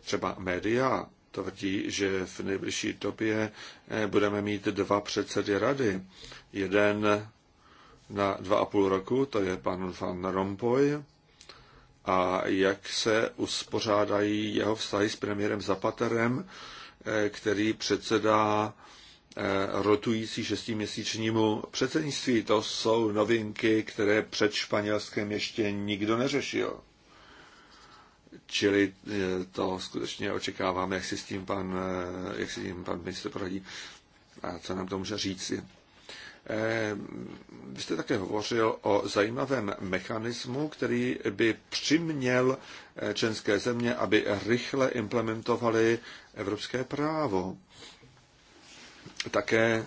Speaker 2: třeba média tvrdí, že v nejbližší době eh, budeme mít dva předsedy rady. Jeden na dva a půl roku, to je pan Van Rompuy, a jak se uspořádají jeho vztahy s premiérem Zapaterem, eh, který předsedá eh, rotující šestiměsíčnímu předsednictví. To jsou novinky, které před Španělskem ještě nikdo neřešil. Čili eh, to skutečně očekáváme, jak si s tím pan, eh, jak si tím pan ministr poradí a co nám to může říct. Eh, vy jste také hovořil o zajímavém mechanismu, který by přiměl členské země, aby rychle implementovali evropské právo. Také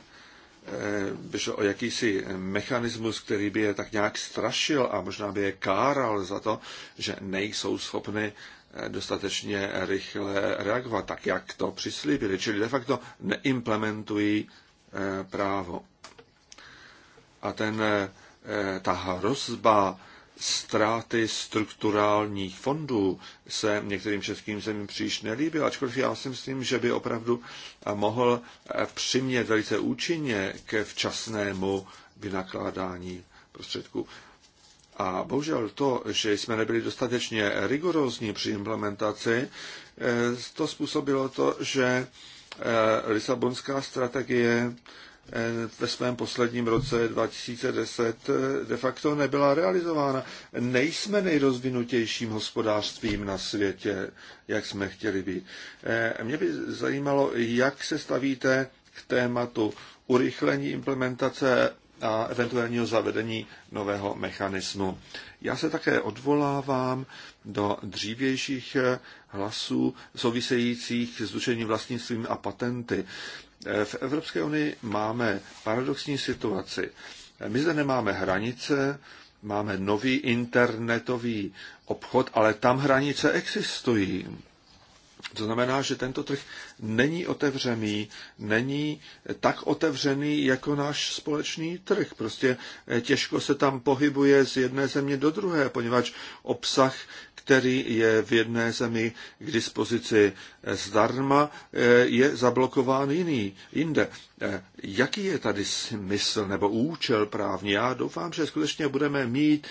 Speaker 2: Eh, by šlo o jakýsi mechanismus, který by je tak nějak strašil a možná by je káral za to, že nejsou schopny eh, dostatečně rychle reagovat, tak jak to přislíbili. Čili de facto neimplementují eh, právo. A ten, ta hrozba ztráty strukturálních fondů se některým českým zemím příliš nelíbil, ačkoliv já si myslím, že by opravdu mohl přimět velice účinně ke včasnému vynakládání prostředků. A bohužel to, že jsme nebyli dostatečně rigorózní při implementaci, eh, to způsobilo to, že eh, Lisabonská strategie Eh, ve svém posledním roce 2010 eh, de facto nebyla realizována. Nejsme nejrozvinutějším hospodářstvím na světě, jak jsme chtěli být. Eh, mě by zajímalo, jak se stavíte k tématu urychlení implementace a eventuálního zavedení nového mechanismu. Já se také odvolávám do dřívějších hlasů souvisejících s dušením vlastnictvím a patenty. V Evropské unii máme paradoxní situaci. My zde nemáme hranice, máme nový internetový obchod, ale tam hranice existují. To znamená, že tento trh není otevřený, není tak otevřený jako náš společný trh. Prostě těžko se tam pohybuje z jedné země do druhé, poněvadž obsah který je v jedné zemi k dispozici zdarma, eh, je zablokován jiný, jinde. Eh, jaký je tady smysl nebo účel právní? Já doufám, že skutečně budeme mít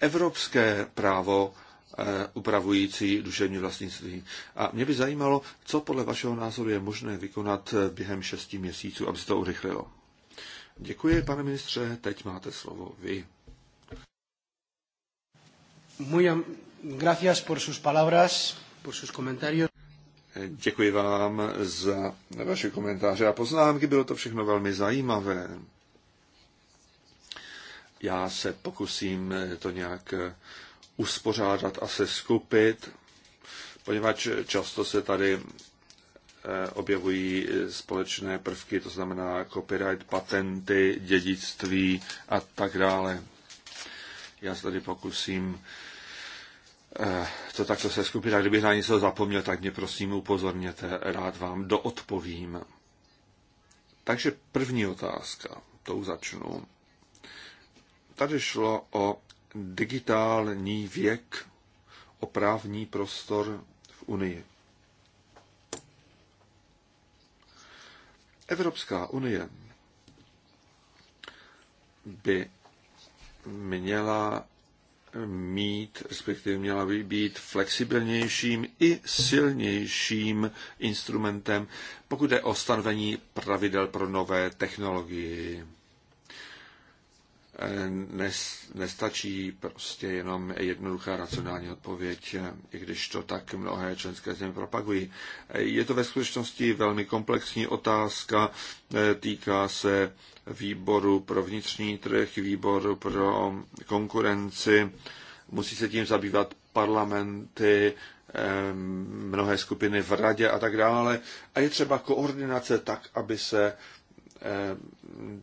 Speaker 2: evropské právo eh, upravující duševní vlastnictví. A mě by zajímalo, co podle vašeho názoru je možné vykonat během šesti měsíců, aby se to urychlilo. Děkuji, pane ministře, teď máte slovo vy.
Speaker 1: Můj Gracias por sus palabras, por sus
Speaker 2: comentarios. Děkuji vám za vaše komentáře a poznámky, bylo to všechno velmi zajímavé. Já se pokusím to nějak uspořádat a se skupit, poněvadž často se tady eh, objevují společné prvky, to znamená copyright, patenty, dědictví a tak dále. Já se tady pokusím Eh, to takto se skupina, kdybych na něco zapomněl, tak mě prosím upozorněte, rád vám doodpovím. Takže první otázka, tou začnu. Tady šlo o digitální věk, o právní prostor v Unii. Evropská unie by měla mít, respektive měla by být flexibilnějším i silnějším instrumentem, pokud je o stanovení pravidel pro nové technologie nestačí prostě jenom jednoduchá racionální odpověď, i když to tak mnohé členské země propagují. Je to ve skutečnosti velmi komplexní otázka, týká se výboru pro vnitřní trh, výboru pro konkurenci, musí se tím zabývat parlamenty, eh, mnohé skupiny v radě a tak dále. A je třeba koordinace tak, aby se Eh,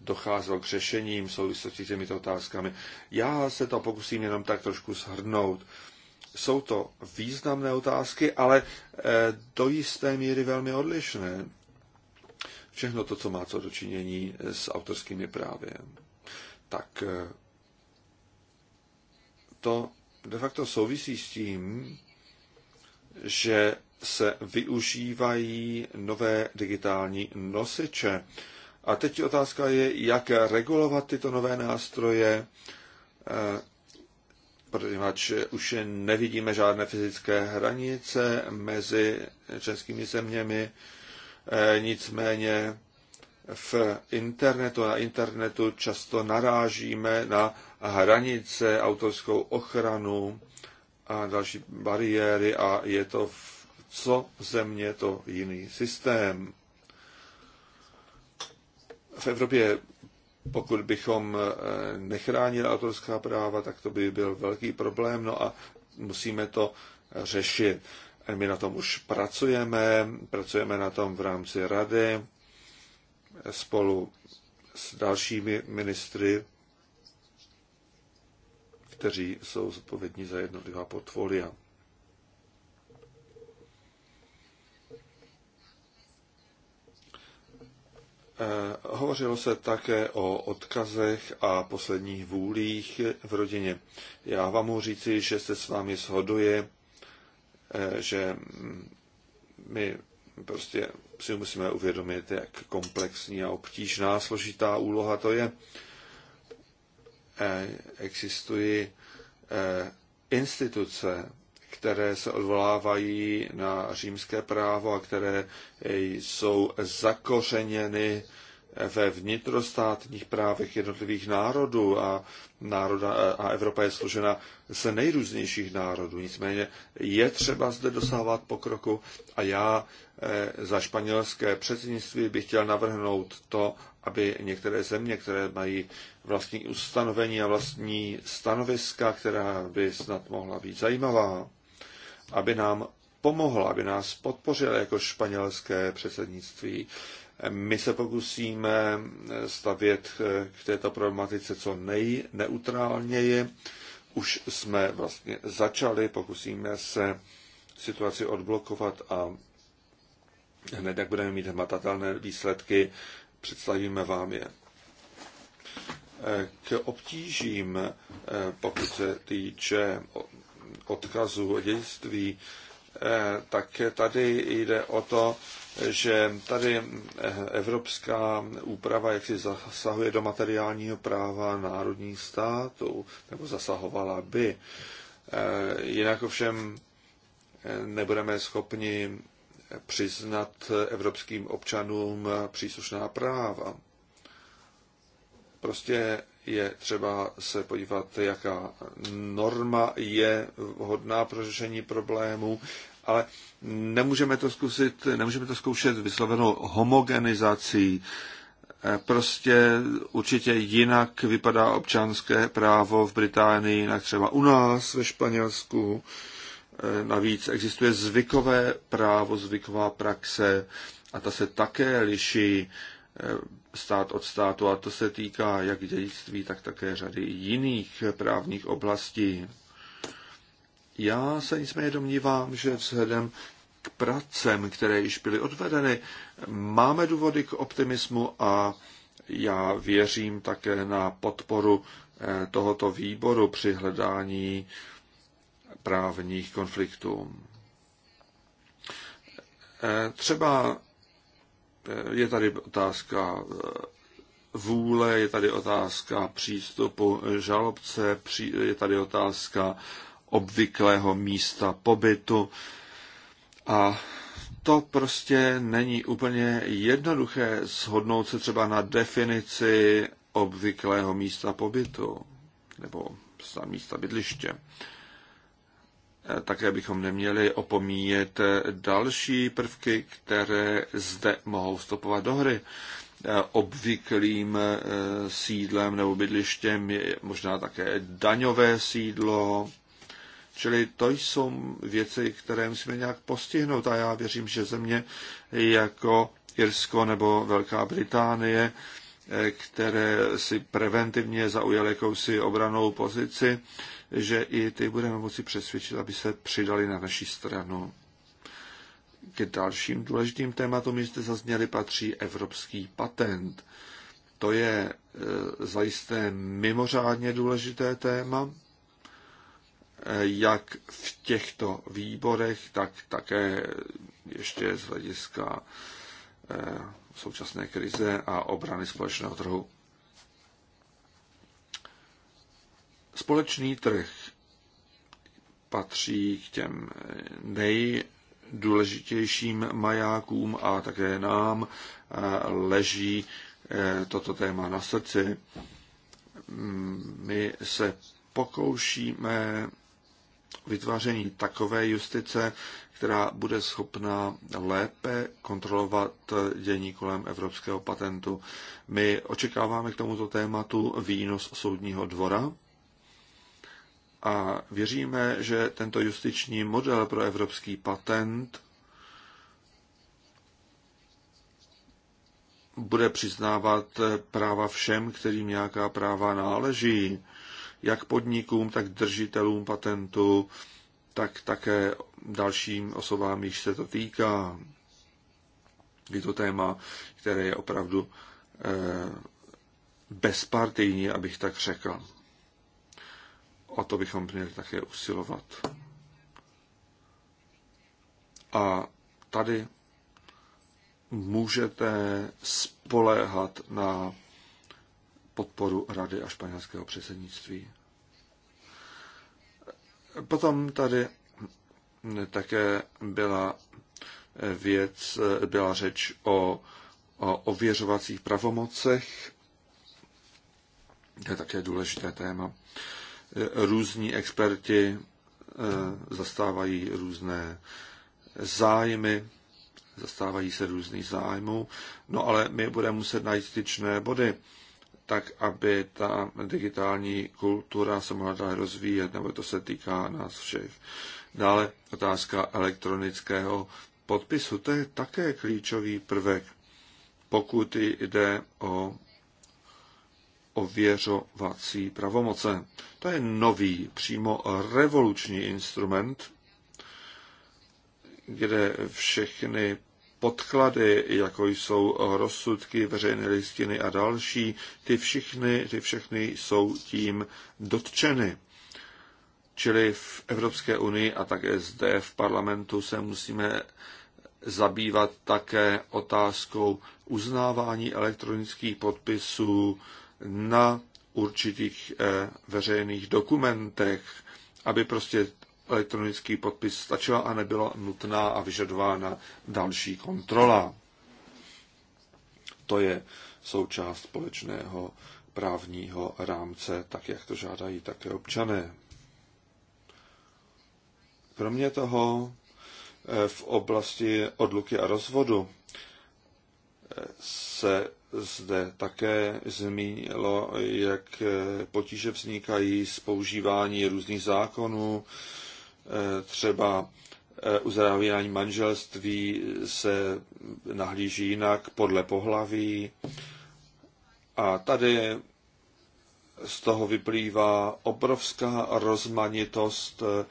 Speaker 2: docházelo k řešením v souvislosti s těmito otázkami. Já se to pokusím jenom tak trošku shrnout. Jsou to významné otázky, ale eh, do jisté míry velmi odlišné. Všechno to, co má co dočinění s autorskými právy. Tak eh, to de facto souvisí s tím, že se využívají nové digitální nosiče a teď otázka je, jak regulovat tyto nové nástroje, eh, protože už nevidíme žádné fyzické hranice mezi českými zeměmi. Eh, nicméně v internetu, na internetu často narážíme na hranice, autorskou ochranu a další bariéry a je to v co země to jiný systém v Evropě, pokud bychom eh, nechránili autorská práva, tak to by byl velký problém, no a musíme to řešit. My na tom už pracujeme, pracujeme na tom v rámci rady spolu s dalšími ministry, kteří jsou zodpovědní za jednotlivá portfolia. Eh, hovořilo se také o odkazech a posledních vůlích v rodině. Já vám mohu říci, že se s vámi shoduje, eh, že my prostě si musíme uvědomit, jak komplexní a obtížná, složitá úloha to je. Eh, existují instituce, které se odvolávají na římské právo a které jsou zakořeněny ve vnitrostátních právech jednotlivých národů a, národa, a Evropa je složena z nejrůznějších národů. Nicméně je třeba zde dosávat pokroku a já eh, za španělské předsednictví bych chtěl navrhnout to, aby některé země, které mají vlastní ustanovení a vlastní stanoviska, která by snad mohla být zajímavá, aby nám pomohla, aby nás podpořila jako španělské předsednictví. My se pokusíme stavět k této problematice co nejneutrálněji. Už jsme vlastně začali, pokusíme se situaci odblokovat a hned, jak budeme mít hmatatelné výsledky, představíme vám je. K obtížím, pokud se týče odkazu dědictví, eh, tak tady jde o to, že tady eh, evropská úprava jaksi zasahuje do materiálního práva národních států, nebo zasahovala by. Eh, jinak ovšem nebudeme schopni přiznat evropským občanům příslušná práva. Prostě je třeba se podívat, jaká norma je vhodná pro řešení problému, ale nemůžeme to, zkusit, nemůžeme to zkoušet vyslovenou homogenizací. Prostě určitě jinak vypadá občanské právo v Británii, jinak třeba u nás ve Španělsku. Navíc existuje zvykové právo, zvyková praxe a ta se také liší stát od státu a to se týká jak dědictví, tak také řady jiných právních oblastí. Já se nicméně domnívám, že vzhledem k pracem, které již byly odvedeny, máme důvody k optimismu a já věřím také na podporu eh, tohoto výboru při hledání právních konfliktů. Eh, třeba je tady otázka eh, vůle, je tady otázka přístupu žalobce, je tady otázka obvyklého místa pobytu. A to prostě není úplně jednoduché shodnout se třeba na definici obvyklého místa pobytu nebo místa bydliště. Eh, také bychom neměli opomíjet eh, další prvky, které zde mohou vstupovat do hry. Eh, obvyklým sídlem nebo bydlištěm je možná také daňové sídlo, Čili to jsou věci, které musíme nějak postihnout a já věřím, že země jako Irsko nebo Velká Británie které si preventivně zaujaly jakousi obranou pozici, že i ty budeme moci přesvědčit, aby se přidali na naši stranu. K dalším důležitým tématům, jste zazněli, patří evropský patent. To je e, zajisté mimořádně důležité téma, e, jak v těchto výborech, tak také ještě z hlediska e, současné krize a obrany společného trhu. Společný trh patří k těm nejdůležitějším majákům a také nám eh, leží eh, toto téma na srdci. Mm, my se pokoušíme vytváření takové justice, která bude schopna lépe kontrolovat dění kolem evropského patentu. My očekáváme k tomuto tématu výnos soudního dvora a věříme, že tento justiční model pro evropský patent bude přiznávat práva všem, kterým nějaká práva náleží jak podnikům, tak držitelům patentu, tak také dalším osobám, již se to týká. Je to téma, které je opravdu eh, bezpartijní, abych tak řekl. O to bychom měli také usilovat. A tady můžete spoléhat na podporu Rady a španělského předsednictví. Potom tady také byla věc, byla řeč o, o ověřovacích pravomocech. To je také důležité téma. Různí experti eh, zastávají různé zájmy, zastávají se různých zájmů, no ale my budeme muset najít styčné body tak aby ta digitální kultura se mohla dále rozvíjet, nebo to se týká nás všech. Dále otázka elektronického podpisu, to je také klíčový prvek, pokud jde o ověřovací pravomoce. To je nový, přímo revoluční instrument, kde všechny podklady, jako jsou rozsudky, veřejné listiny a další, ty všechny, ty všechny jsou tím dotčeny. Čili v Evropské unii a také zde v parlamentu se musíme zabývat také otázkou uznávání elektronických podpisů na určitých eh, veřejných dokumentech, aby prostě elektronický podpis stačila a nebyla nutná a vyžadována další kontrola. To je součást společného právního rámce, tak jak to žádají také občané. Kromě toho eh, v oblasti odluky a rozvodu eh, se zde také zmínilo, jak eh, potíže vznikají z používání různých zákonů, třeba e, uzavírání manželství se nahlíží jinak podle pohlaví. A tady z toho vyplývá obrovská rozmanitost e,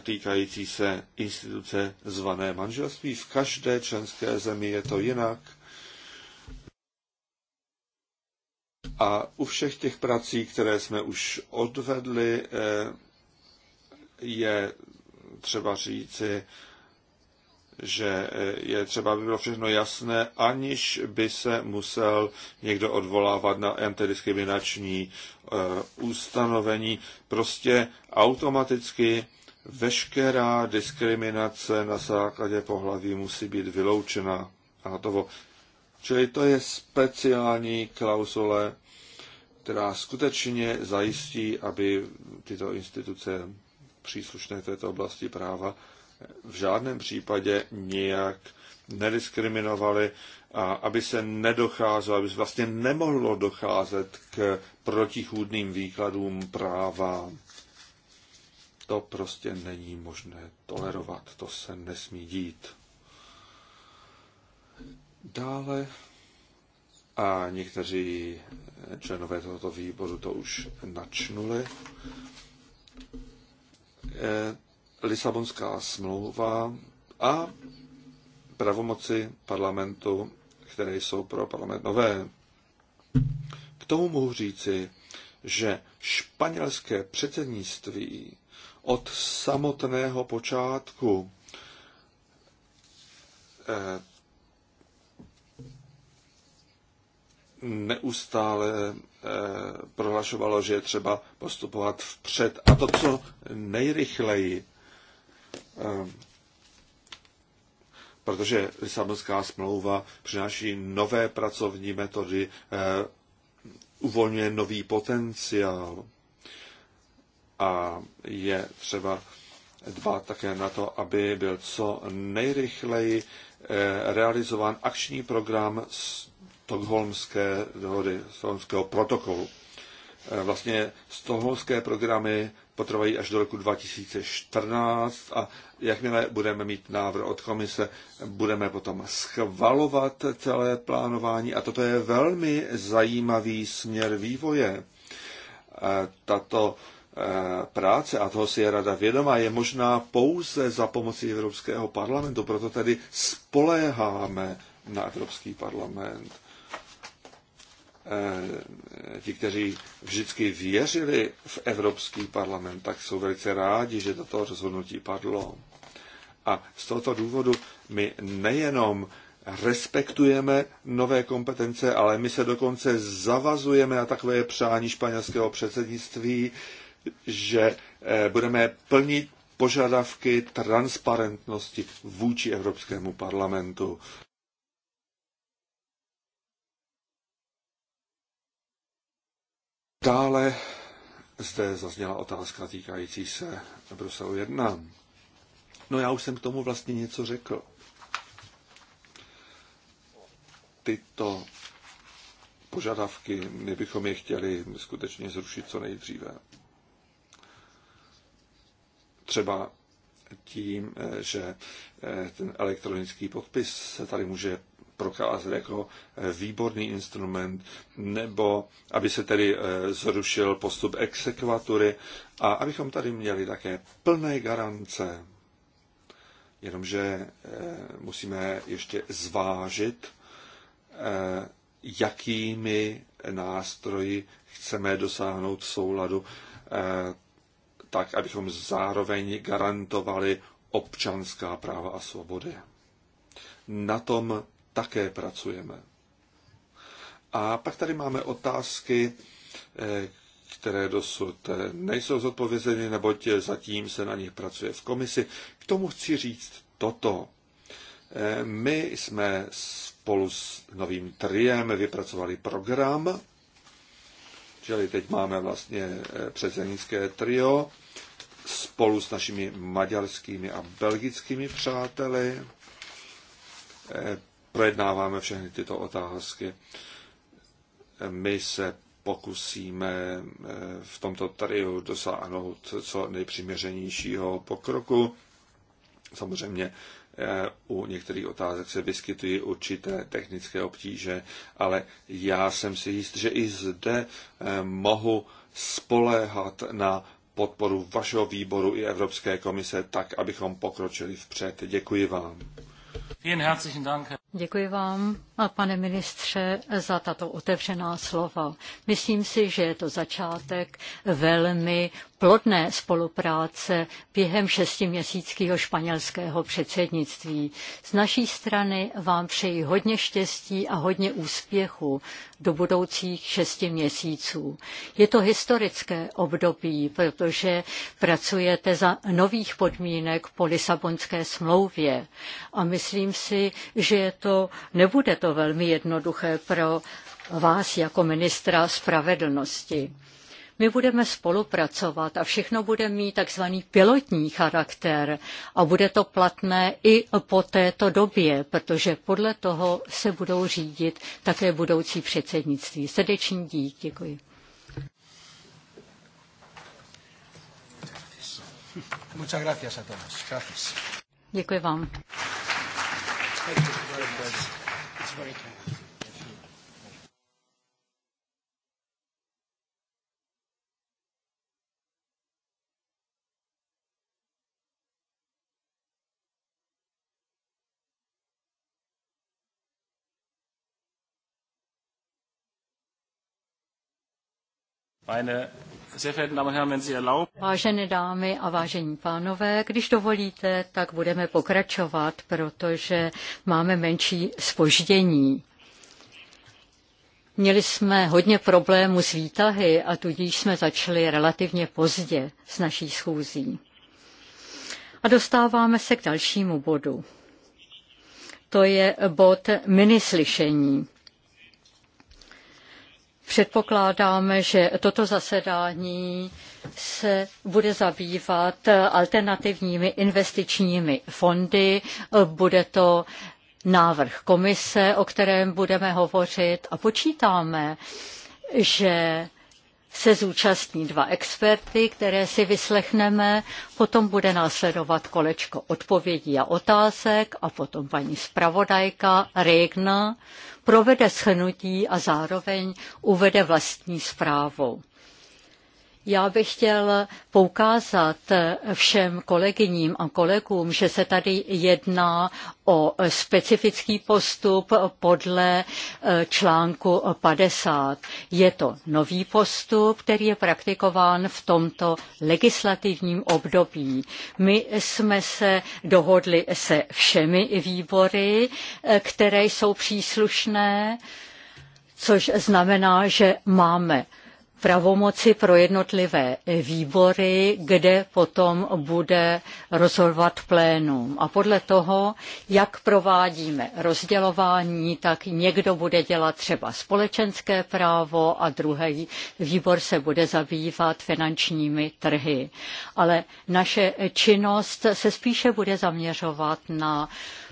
Speaker 2: týkající se instituce zvané manželství. V každé členské zemi je to jinak. A u všech těch prací, které jsme už odvedli, e, je třeba říci, že je třeba, aby bylo všechno jasné, aniž by se musel někdo odvolávat na antidiskriminační eh, ustanovení. Prostě automaticky veškerá diskriminace na základě pohlaví musí být vyloučena. A hotovo. Čili to je speciální klauzule, která skutečně zajistí, aby tyto instituce příslušné této oblasti práva v žádném případě nijak nediskriminovali a aby se nedocházelo, aby se vlastně nemohlo docházet k protichůdným výkladům práva. To prostě není možné tolerovat, to se nesmí dít. Dále a někteří členové tohoto výboru to už načnuli. Eh, Lisabonská smlouva a pravomoci parlamentu, které jsou pro parlament nové. K tomu mohu říci, že španělské předsednictví od samotného počátku eh, neustále eh, prohlašovalo, že je třeba postupovat vpřed. A to, co nejrychleji, eh, protože Lisabonská smlouva přináší nové pracovní metody, eh, uvolňuje nový potenciál a je třeba dbát také na to, aby byl co nejrychleji realizován akční program stokholmské dohody, stokholmského protokolu. E, vlastně stokholmské programy potrvají až do roku 2014 a jakmile budeme mít návrh od komise, budeme potom schvalovat celé plánování a toto je velmi zajímavý směr vývoje. E, tato e, práce, a toho si je rada vědomá, je možná pouze za pomoci Evropského parlamentu. Proto tedy spoléháme na Evropský parlament. Eh, ti, kteří vždycky věřili v Evropský parlament, tak jsou velice rádi, že toto rozhodnutí padlo. A z tohoto důvodu my nejenom respektujeme nové kompetence, ale my se dokonce zavazujeme na takové přání španělského předsednictví, že eh, budeme plnit požadavky transparentnosti vůči Evropskému parlamentu. Dále zde zazněla otázka týkající se Bruselu 1. No já už jsem k tomu vlastně něco řekl. Tyto požadavky, my bychom je chtěli skutečně zrušit co nejdříve. Třeba tím, eh, že eh, ten elektronický podpis se tady může prokázat jako eh, výborný instrument, nebo aby se tedy eh, zrušil postup exekvatury a abychom tady měli také plné garance. Jenomže eh, musíme ještě zvážit, jakými nástroji chceme dosáhnout souladu, tak abychom zároveň garantovali občanská práva a svobody. Na tom také pracujeme. A pak tady máme otázky, eh, které dosud eh, nejsou zodpovězeny, neboť eh, zatím se na nich pracuje v komisi. K tomu chci říct toto. My jsme spolu s novým triem vypracovali program, čili teď máme vlastně předsednické trio spolu s našimi maďarskými a belgickými přáteli projednáváme všechny tyto otázky. My se pokusíme eh, v tomto triu dosáhnout co nejpřiměřenějšího pokroku. Samozřejmě eh, u některých otázek se vyskytují určité technické obtíže, ale já jsem si jist, že i zde eh, mohu spoléhat na podporu vašeho výboru i Evropské komise tak, abychom pokročili vpřed. Děkuji vám.
Speaker 3: Vielen herzlichen Dank.
Speaker 1: Děkuji vám, pane ministře, za tato otevřená slova. Myslím si, že je to začátek velmi plodné spolupráce během šestiměsíckého španělského předsednictví. Z naší strany vám přeji hodně štěstí a hodně úspěchu do budoucích šesti měsíců. Je to historické období, protože pracujete za nových podmínek po Lisabonské smlouvě a myslím si, že je to, nebude to velmi jednoduché pro vás jako ministra spravedlnosti. My budeme spolupracovat a všechno bude mít takzvaný pilotní charakter a bude to platné i po této době, protože podle toho se budou řídit také budoucí předsednictví. Srdečný dík, děkuji. Děkuji vám. Thank you Vážené dámy a vážení pánové, když dovolíte, tak budeme pokračovat, protože máme menší spoždění. Měli jsme hodně problémů s výtahy a tudíž jsme začali relativně pozdě s naší schůzí. A dostáváme se k dalšímu bodu. To je bod minislyšení. Předpokládáme, že toto zasedání se bude zabývat alternativními investičními fondy. Bude to návrh komise, o kterém budeme hovořit a počítáme, že se zúčastní dva experty, které si vyslechneme, potom bude následovat kolečko odpovědí a otázek a potom paní zpravodajka Regna provede shrnutí a zároveň uvede vlastní zprávu. Já bych chtěl poukázat všem kolegyním a kolegům, že se tady jedná o specifický postup podle eh, článku 50. Je to nový postup, který je praktikován v tomto legislativním období. My jsme se dohodli se všemi výbory, eh, které jsou příslušné, což znamená, že máme pravomoci pro jednotlivé eh, výbory, kde potom bude rozhodovat plénum. A podle toho, jak provádíme rozdělování, tak někdo bude dělat třeba společenské právo a druhý výbor se bude zabývat finančními trhy. Ale naše činnost se spíše bude zaměřovat na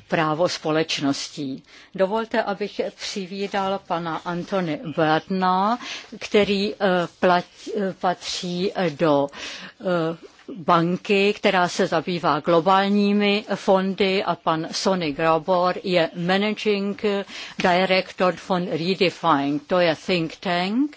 Speaker 1: právo společností. Dovolte, abych přivídal pana Antony Bradna, který eh, platí, eh, patří eh, do banky, která se zabývá globálními fondy a pan Sonny Grabor je managing director von Redefine, to je think tank,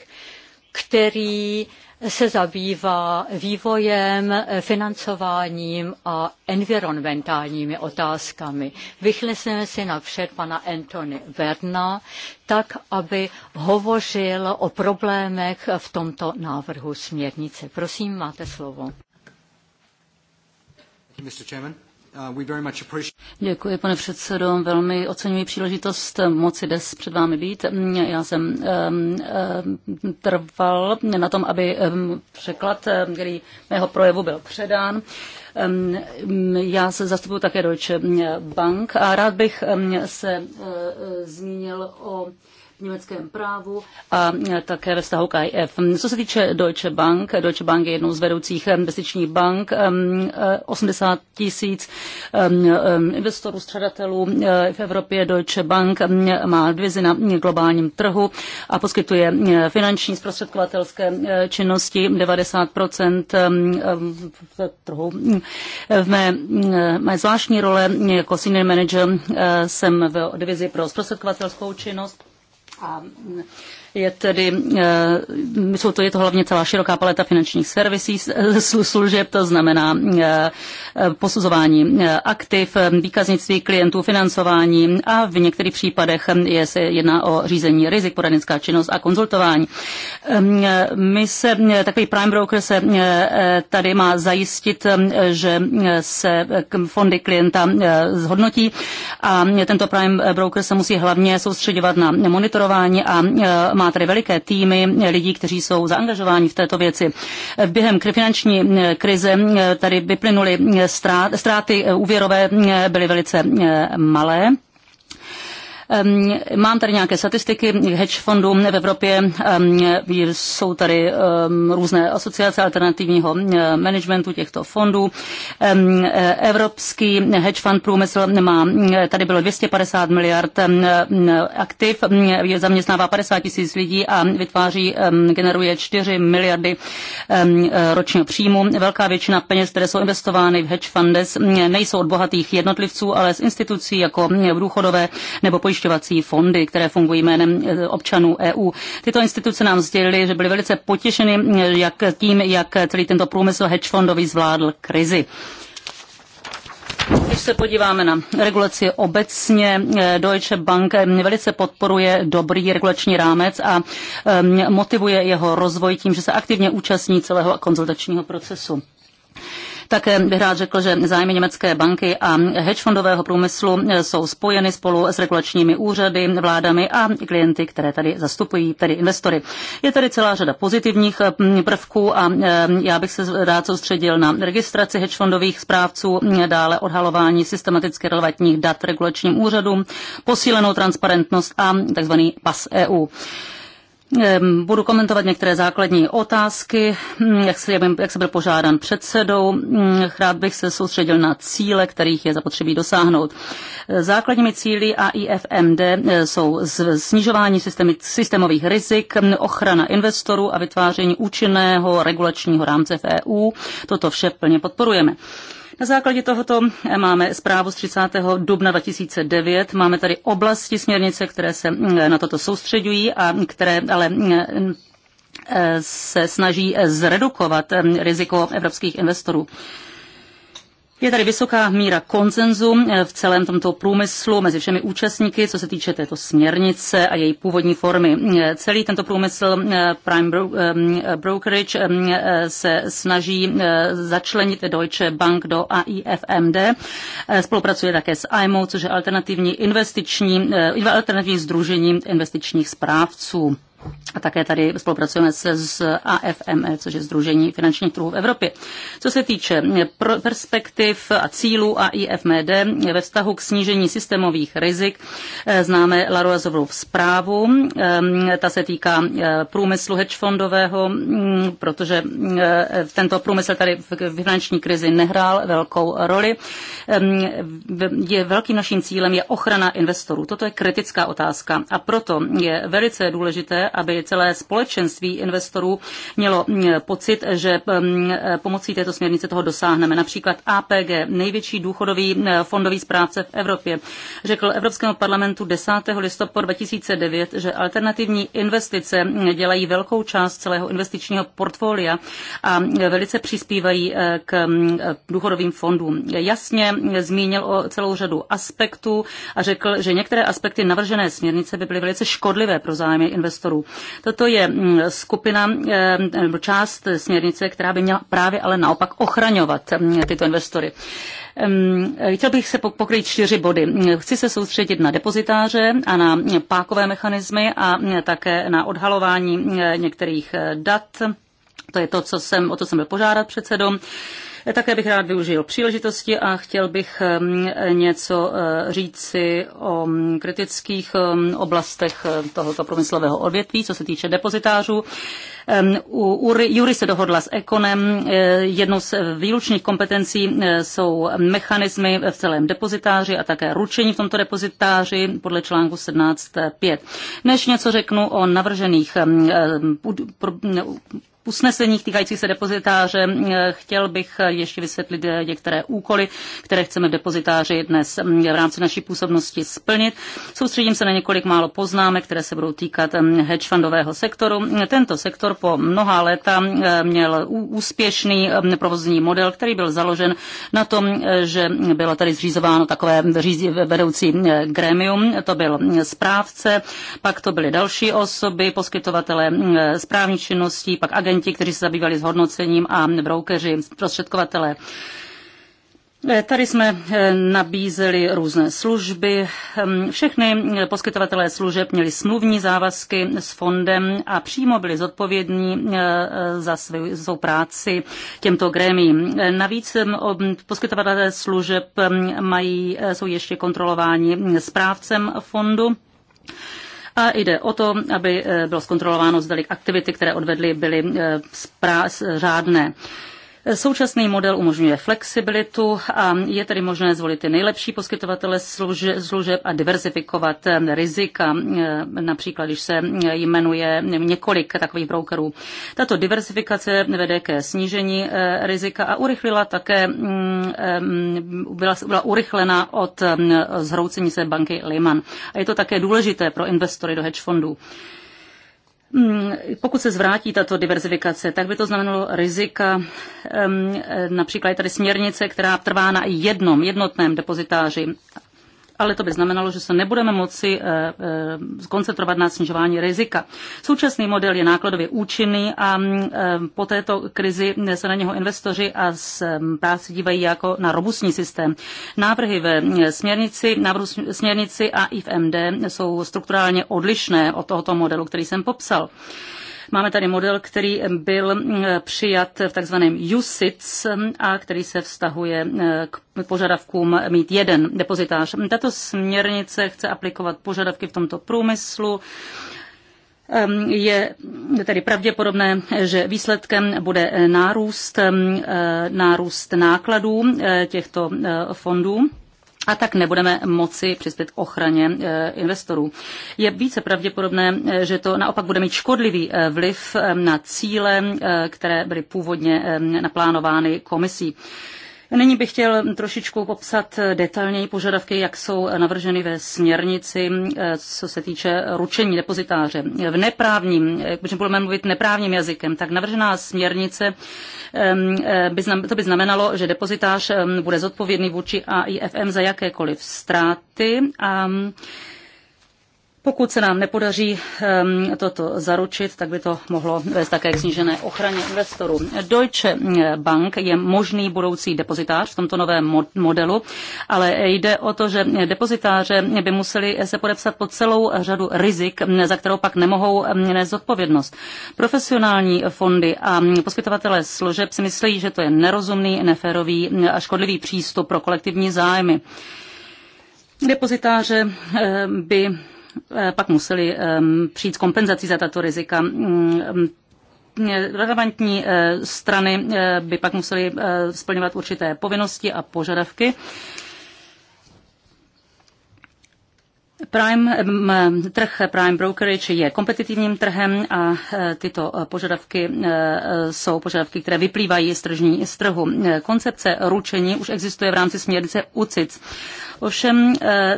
Speaker 1: který se zabývá vývojem, financováním a environmentálními otázkami. Vychlesneme si napřed pana Anthony Verna, tak, aby hovořil o problémech v tomto návrhu směrnice. Prosím, máte slovo. Mr. Chairman. Uh, Děkuji, pane
Speaker 3: předsedo. Velmi oceňuji příležitost moci dnes před vámi být. Já jsem um, uh, trval na tom, aby um, překlad um, který mého projevu byl předán. Já se zastupuji také Deutsche Bank a rád bych se uh, zmínil o německém právu a e, také ve vztahu k IF. Co se týče Deutsche Bank, Deutsche Bank je jednou z vedoucích e, investičních bank, 80 e, tisíc investorů, střadatelů v Evropě. Deutsche Bank má vizi na globálním trhu a poskytuje finanční zprostředkovatelské činnosti 90 trhu. V mé, mé zvláštní role jako senior manager jsem v divizi pro zprostředkovatelskou činnost a mm, je tedy, eh, jsou to, je to hlavně celá široká paleta finančních servisí, eh, služeb, to znamená eh, posuzování aktiv, výkaznictví klientů, financování a v některých případech je, se jedná o řízení rizik, poradenská činnost a konzultování. Ehm, my se, takový prime broker se tady má zajistit, že se fondy klienta zhodnotí a tento prime broker se musí hlavně soustředovat na monitorování a má tady veliké týmy lidí, kteří jsou zaangažováni v této věci. Během finanční eh, krize eh, tady vyplynuly ztráty eh, úvěrové byly velice malé. Mám tady nějaké statistiky hedge fondů v Evropě. Jsou tady různé asociace alternativního managementu těchto fondů. Evropský hedge fund průmysl má, tady bylo 250 miliard aktiv, zaměstnává 50 tisíc lidí a vytváří, generuje 4 miliardy ročního příjmu. Velká většina peněz, které jsou investovány v hedge fundes, nejsou od bohatých jednotlivců, ale z institucí jako důchodové nebo pojištění pojišťovací fondy, které fungují jménem eh, občanů EU. Tyto instituce nám sdělily, že byly velice potěšeny eh, jak tím, jak celý tento průmysl fondový zvládl krizi. Když se podíváme na regulaci obecně, eh, Deutsche Bank velice podporuje dobrý regulační rámec a motivuje jeho rozvoj tím, že se aktivně účastní celého konzultačního procesu. Také bych rád řekl, že zájmy německé banky a hedgefondového průmyslu eh, jsou spojeny spolu s regulačními úřady, vládami a klienty, které tady zastupují, tedy investory. Je tady celá řada pozitivních eh, prvků a eh, já bych se rád soustředil na registraci hedgefondových správců, dále odhalování systematicky relevantních dat regulačním úřadům, posílenou transparentnost a tzv. pas EU. Budu komentovat některé základní otázky, mm, jak, se, jak jsem byl požádán předsedou. Mm, rád bych se soustředil na cíle, kterých je zapotřebí dosáhnout. Základními cíly AIFMD eh, jsou snižování systémových rizik, mm, ochrana investorů a vytváření účinného regulačního rámce v EU. Toto vše plně podporujeme. Na základě tohoto eh, máme zprávu z 30. dubna 2009. Máme tady oblasti směrnice, které se mm, na toto soustředují a které ale mm, eh, se snaží eh, zredukovat mm, riziko evropských investorů. Je tady vysoká míra koncenzu eh, v celém tomto průmyslu mezi všemi účastníky, co se týče této směrnice a její původní formy. Eh, celý tento průmysl eh, Prime Brokerage se snaží začlenit Deutsche Bank do AIFMD. Spolupracuje také s IMO, což je alternativní investiční, alternativní združení investičních správců. A také tady spolupracujeme se s AFME, což je Združení finančních trhů v Evropě. Co se týče eh, perspektiv a cílů AIFMD eh, ve vztahu k snížení systémových rizik, eh, známe Laroazovou zprávu. Ta se týká průmyslu hedgefondového, mm, protože tento průmysl tady v finanční krizi nehrál velkou roli. Je velkým naším cílem je ochrana investorů. Toto je kritická otázka a proto je velice důležité, aby celé společenství investorů mělo mm, pocit, že mm, pomocí této směrnice toho dosáhneme. Například APG, největší důchodový mm, fondový správce v Evropě, řekl Evropskému parlamentu 10. listopadu 2009, že alternativní investice dělají velkou část celého investičního portfolia a velice přispívají eh, k důchodovým fondům. Jasně zmínil o celou řadu aspektů a řekl, že některé aspekty navržené směrnice by byly velice škodlivé pro zájmy investorů. Toto je mm, skupina eh, nebo část směrnice, která by měla právě ale naopak ochraňovat mm, tyto investory. Ehm, chtěl bych se pokryt čtyři body. Chci se soustředit na depozitáře a na mm, pákové mechanismy a také na odhalování některých eh, dat. To je to, co jsem, o to jsem byl požádat předsedom. Také bych rád využil příležitosti a chtěl bych um, něco uh, říci o um, kritických um, oblastech uh, tohoto průmyslového odvětví, co se týče depozitářů. U Jury se dohodla s Ekonem. Uh, jednou z výlučných kompetencí jsou mechanismy v celém depozitáři a také ručení v tomto depozitáři podle článku 17.5. Než něco řeknu o navržených usneseních týkajících se depozitáře eh, chtěl bych ještě vysvětlit eh, některé úkoly, které chceme v depozitáři dnes mm, v rámci naší působnosti splnit. Soustředím se na několik málo poznámek, které se budou týkat mm, hedge fundového sektoru. Tento sektor po mnoha léta eh, měl úspěšný mm, provozní model, který byl založen na tom, že bylo tady zřizováno takové vedoucí gremium, to byl správce, pak to byly další osoby, poskytovatele správní činností, pak agent agenti, kteří se zabývali zhodnocením a brokeři, prostředkovatelé. Eh, tady jsme eh, nabízeli různé služby. Hm, všechny eh, poskytovatelé služeb měli smluvní závazky s fondem a přímo byli zodpovědní za svou, svou práci těmto grémím. Navíc hm, poskytovatelé služeb hm, mají, jsou ještě kontrolováni správcem fondu a jde o to, aby eh, bylo zkontrolováno, zda aktivity, které odvedly, byly eh, řádné. Současný model umožňuje flexibilitu a je tedy možné zvolit ty nejlepší poskytovatele služeb a diversifikovat eh, rizika, eh, například když se jmenuje několik takových brokerů. Tato diversifikace vede ke snížení eh, rizika a urychlila také, mm, byla, byla urychlena od mm, zhroucení se banky Lehman. A je to také důležité pro investory do hedge fondů. Hmm, pokud se zvrátí tato diverzifikace, tak by to znamenalo rizika, hmm, například je tady směrnice, která trvá na jednom jednotném depozitáři ale to by znamenalo, že se nebudeme moci eh, eh, skoncentrovat na snižování rizika. Současný model je nákladově účinný a mm, eh, po této krizi se na něho investoři a mm, práci dívají jako na robustní systém. Návrhy ve mm, směrnici, návrhu směrnici a IFMD jsou strukturálně odlišné od tohoto modelu, který jsem popsal. Máme tady model, který byl mm, přijat v takzvaném USIC a který se vztahuje mm, k požadavkům mít jeden depozitář. Tato směrnice chce aplikovat požadavky v tomto průmyslu je tedy pravděpodobné, že výsledkem bude nárůst, e, nárůst nákladů e, těchto e, fondů a tak nebudeme moci přispět k ochraně eh, investorů. Je více pravděpodobné, eh, že to naopak bude mít škodlivý eh, vliv na cíle, které byly původně naplánovány komisí. Nyní bych chtěl trošičku popsat detailněji požadavky, jak jsou navrženy ve směrnici, eh, co se týče ručení depozitáře. V neprávním, eh, když budeme mluvit neprávním jazykem, tak navržená směrnice, eh, by, to by znamenalo, že depozitář bude zodpovědný vůči AIFM za jakékoliv ztráty a pokud se nám nepodaří toto zaručit, tak by to mohlo vést také k snížené ochraně investorů. Deutsche Bank je možný budoucí depozitář v tomto novém modelu, ale jde o to, že depozitáře by museli se podepsat pod celou řadu rizik, za kterou pak nemohou nést odpovědnost. Profesionální fondy a poskytovatelé služeb si myslí, že to je nerozumný, neférový a škodlivý přístup pro kolektivní zájmy. Depozitáře by Eh, pak museli eh, přijít s kompenzací za tato rizika mm, eh, relevantní strany by pak museli splňovat určité povinnosti a požadavky Prime, mm, trh Prime Brokerage je kompetitivním trhem a e, tyto požadavky e, jsou požadavky, které vyplývají z, tržní, z trhu. E, koncepce ručení už existuje v rámci směrnice UCIC. Ovšem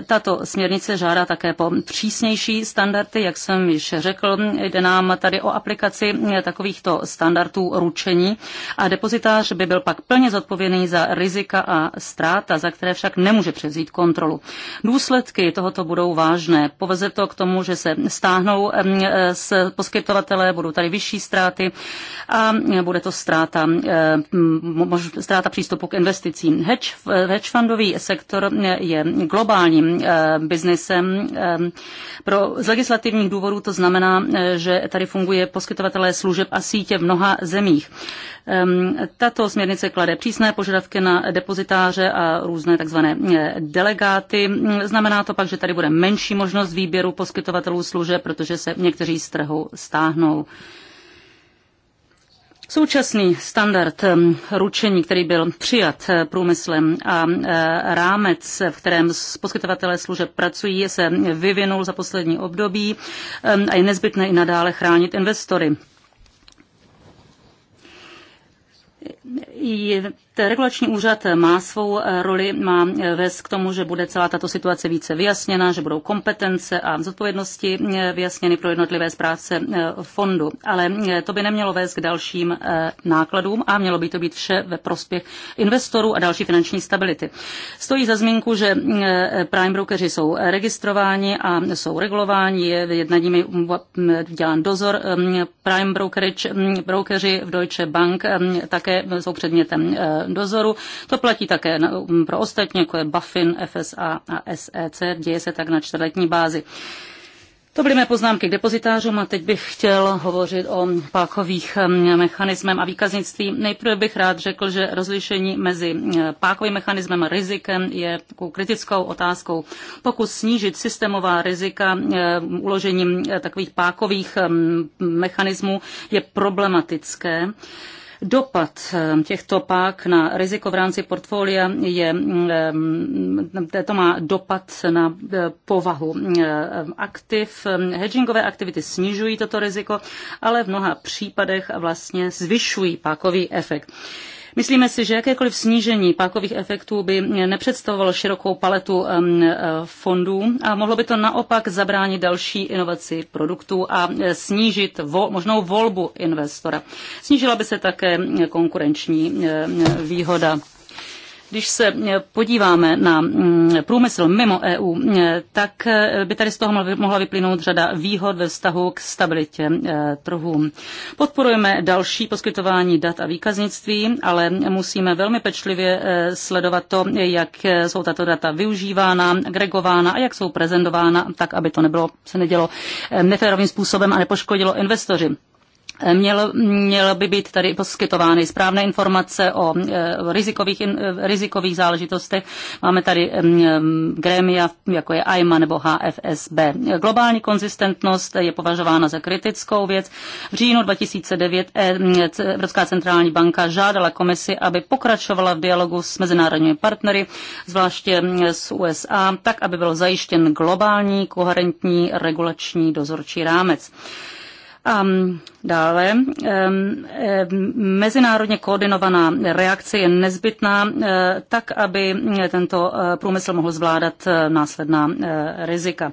Speaker 3: tato směrnice žádá také po přísnější standardy, jak jsem již řekl, jde nám tady o aplikaci takovýchto standardů ručení a depozitář by byl pak plně zodpovědný za rizika a ztráta, za které však nemůže převzít kontrolu. Důsledky tohoto budou vážné. Poveze to k tomu, že se stáhnou e, z poskytovatele, budou tady vyšší ztráty a bude to ztráta, ztráta přístupu k investicím. Hedge, hedge fundový sektor je globálním e, biznesem. Pro, z legislativních důvodů to znamená, e, že tady funguje poskytovatelé služeb a sítě v mnoha zemích. Tato směrnice klade přísné požadavky na depozitáře a různé takzvané delegáty. Znamená to pak, že tady bude menší možnost výběru poskytovatelů služeb, protože se někteří z trhu stáhnou. Současný standard um, ručení, který byl přijat uh, průmyslem a uh, rámec, v kterém poskytovatelé služeb pracují, se vyvinul za poslední období um, a je nezbytné i nadále chránit investory regulační úřad má svou eh, roli, má eh, vést k tomu, že bude celá tato situace více vyjasněna, že budou kompetence a zodpovědnosti eh, vyjasněny pro jednotlivé zprávce fondu. Ale to by nemělo vést k dalším nákladům a mělo by to být vše ve prospěch investorů a další finanční stability. Stojí za zmínku, že prime brokeri jsou registrováni a jsou regulováni, je nad nimi dělán dozor. Prime brokerage, brokeři v Deutsche Bank také jsou předmětem eh, dozoru. To platí také um, pro ostatní, jako je Buffin, FSA a SEC. Děje se tak na čtvrtletní bázi. To byly mé poznámky k depozitářům a teď bych chtěl hovořit o pákových ehm, mechanismem a výkaznictví. Nejprve bych rád řekl, že rozlišení mezi eh, pákovým mechanismem a rizikem je takovou kritickou otázkou. Pokud snížit systémová rizika ehm, uložením eh, takových pákových ehm, mechanismů je problematické Dopad ehm, těchto pák na riziko v rámci portfolia je, ehm, ehm, to má dopad na eh, povahu aktiv. Hedgingové aktivity snižují toto riziko, ale v mnoha případech vlastně zvyšují pákový efekt. Myslíme si, že jakékoliv snížení pákových efektů by nepředstavovalo širokou paletu eh, fondů a mohlo by to naopak zabránit další inovaci produktů a eh, snížit možnou volbu investora. Snížila by se také konkurenční eh, výhoda když se eh, podíváme na mm, průmysl mimo EU, eh, tak eh, by tady z toho mohla vyplynout řada výhod ve vztahu k stabilitě trhů. Podporujeme další poskytování dat a výkaznictví, ale musíme velmi pečlivě sledovat to, jak jsou tato data využívána, agregována a jak jsou prezentována, tak aby to nebylo, se nedělo neférovým způsobem a nepoškodilo investoři. Mělo, mělo by být tady poskytovány správné informace o eh, rizikových, eh, rizikových záležitostech. Máme tady mm, grémia, jako je AIMA nebo HFSB. Globální konzistentnost je považována za kritickou věc. V říjnu 2009 eh, mm, Evropská centrální banka žádala komisi, aby pokračovala v dialogu s mezinárodními partnery, zvláště mm, s USA, tak, aby byl zajištěn globální koherentní regulační dozorčí rámec. A dále mezinárodně koordinovaná reakce je nezbytná eh, tak, aby tento eh, průmysl mohl zvládat eh, následná rizika.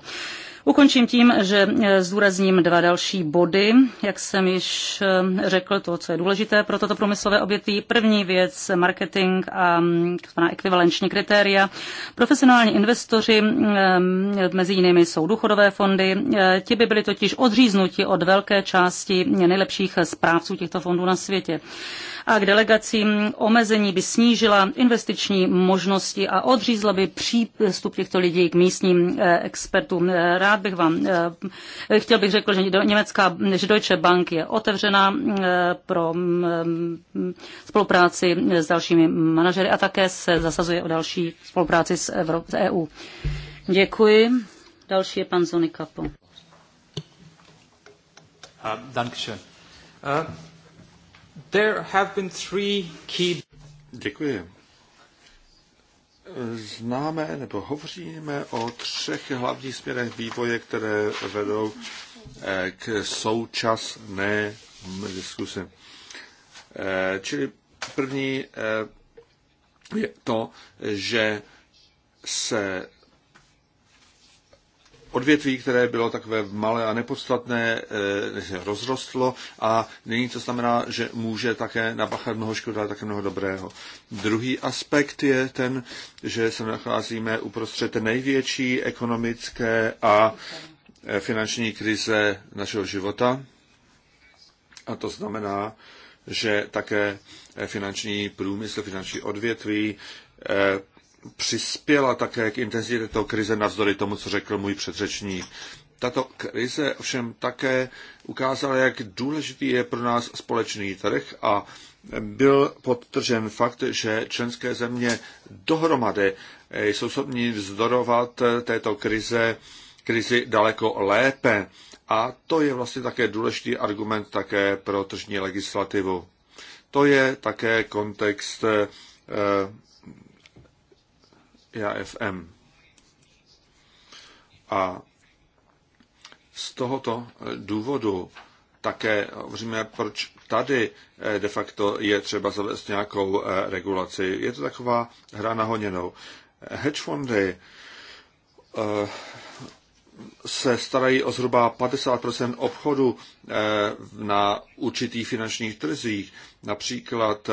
Speaker 3: Ukončím tím, že eh, zdůrazním dva další body. Jak jsem již eh, řekl, to, co je důležité pro toto průmyslové obětví. První věc, marketing a mm, ekvivalenční kritéria. Profesionální investoři, eh, mezi jinými jsou důchodové fondy, ti by byli totiž odříznuti od velké části nejlepších správců těchto fondů na světě a k delegacím omezení by snížila investiční možnosti a odřízla by přístup těchto lidí k místním eh, expertům. Rád bych vám, eh, chtěl bych řekl, že německá, že Deutsche Bank je otevřena eh, pro mm, mm, spolupráci s dalšími manažery a také se zasazuje o další spolupráci s, Evrop, s EU. Děkuji. Další je pan Zony Kapo. Uh,
Speaker 2: There have been three key... Děkuji. Známe nebo hovoříme o třech hlavních směrech vývoje, které vedou eh, k současné diskuse. Eh, čili první eh, je to, že se odvětví, které bylo takové malé a nepodstatné, se eh, rozrostlo a nyní to znamená, že může také napáchat mnoho škody, ale také mnoho dobrého. Druhý aspekt je ten, že se nacházíme uprostřed největší ekonomické a eh, finanční krize našeho života. A to znamená, že také eh, finanční průmysl, finanční odvětví přispěla také k intenzitě této krize navzdory tomu, co řekl můj předřečník. Tato krize ovšem také ukázala, jak důležitý je pro nás společný trh a byl podtržen fakt, že členské země dohromady jsou schopni vzdorovat této krize, krizi daleko lépe. A to je vlastně také důležitý argument také pro tržní legislativu. To je také kontext eh, IAFM. E A z tohoto eh, důvodu také hovoříme, proč tady eh, de facto je třeba zavést nějakou eh, regulaci. Je to taková hra na honěnou. Hedge fondy se starají o zhruba 50 obchodu na určitých finančních trzích. Například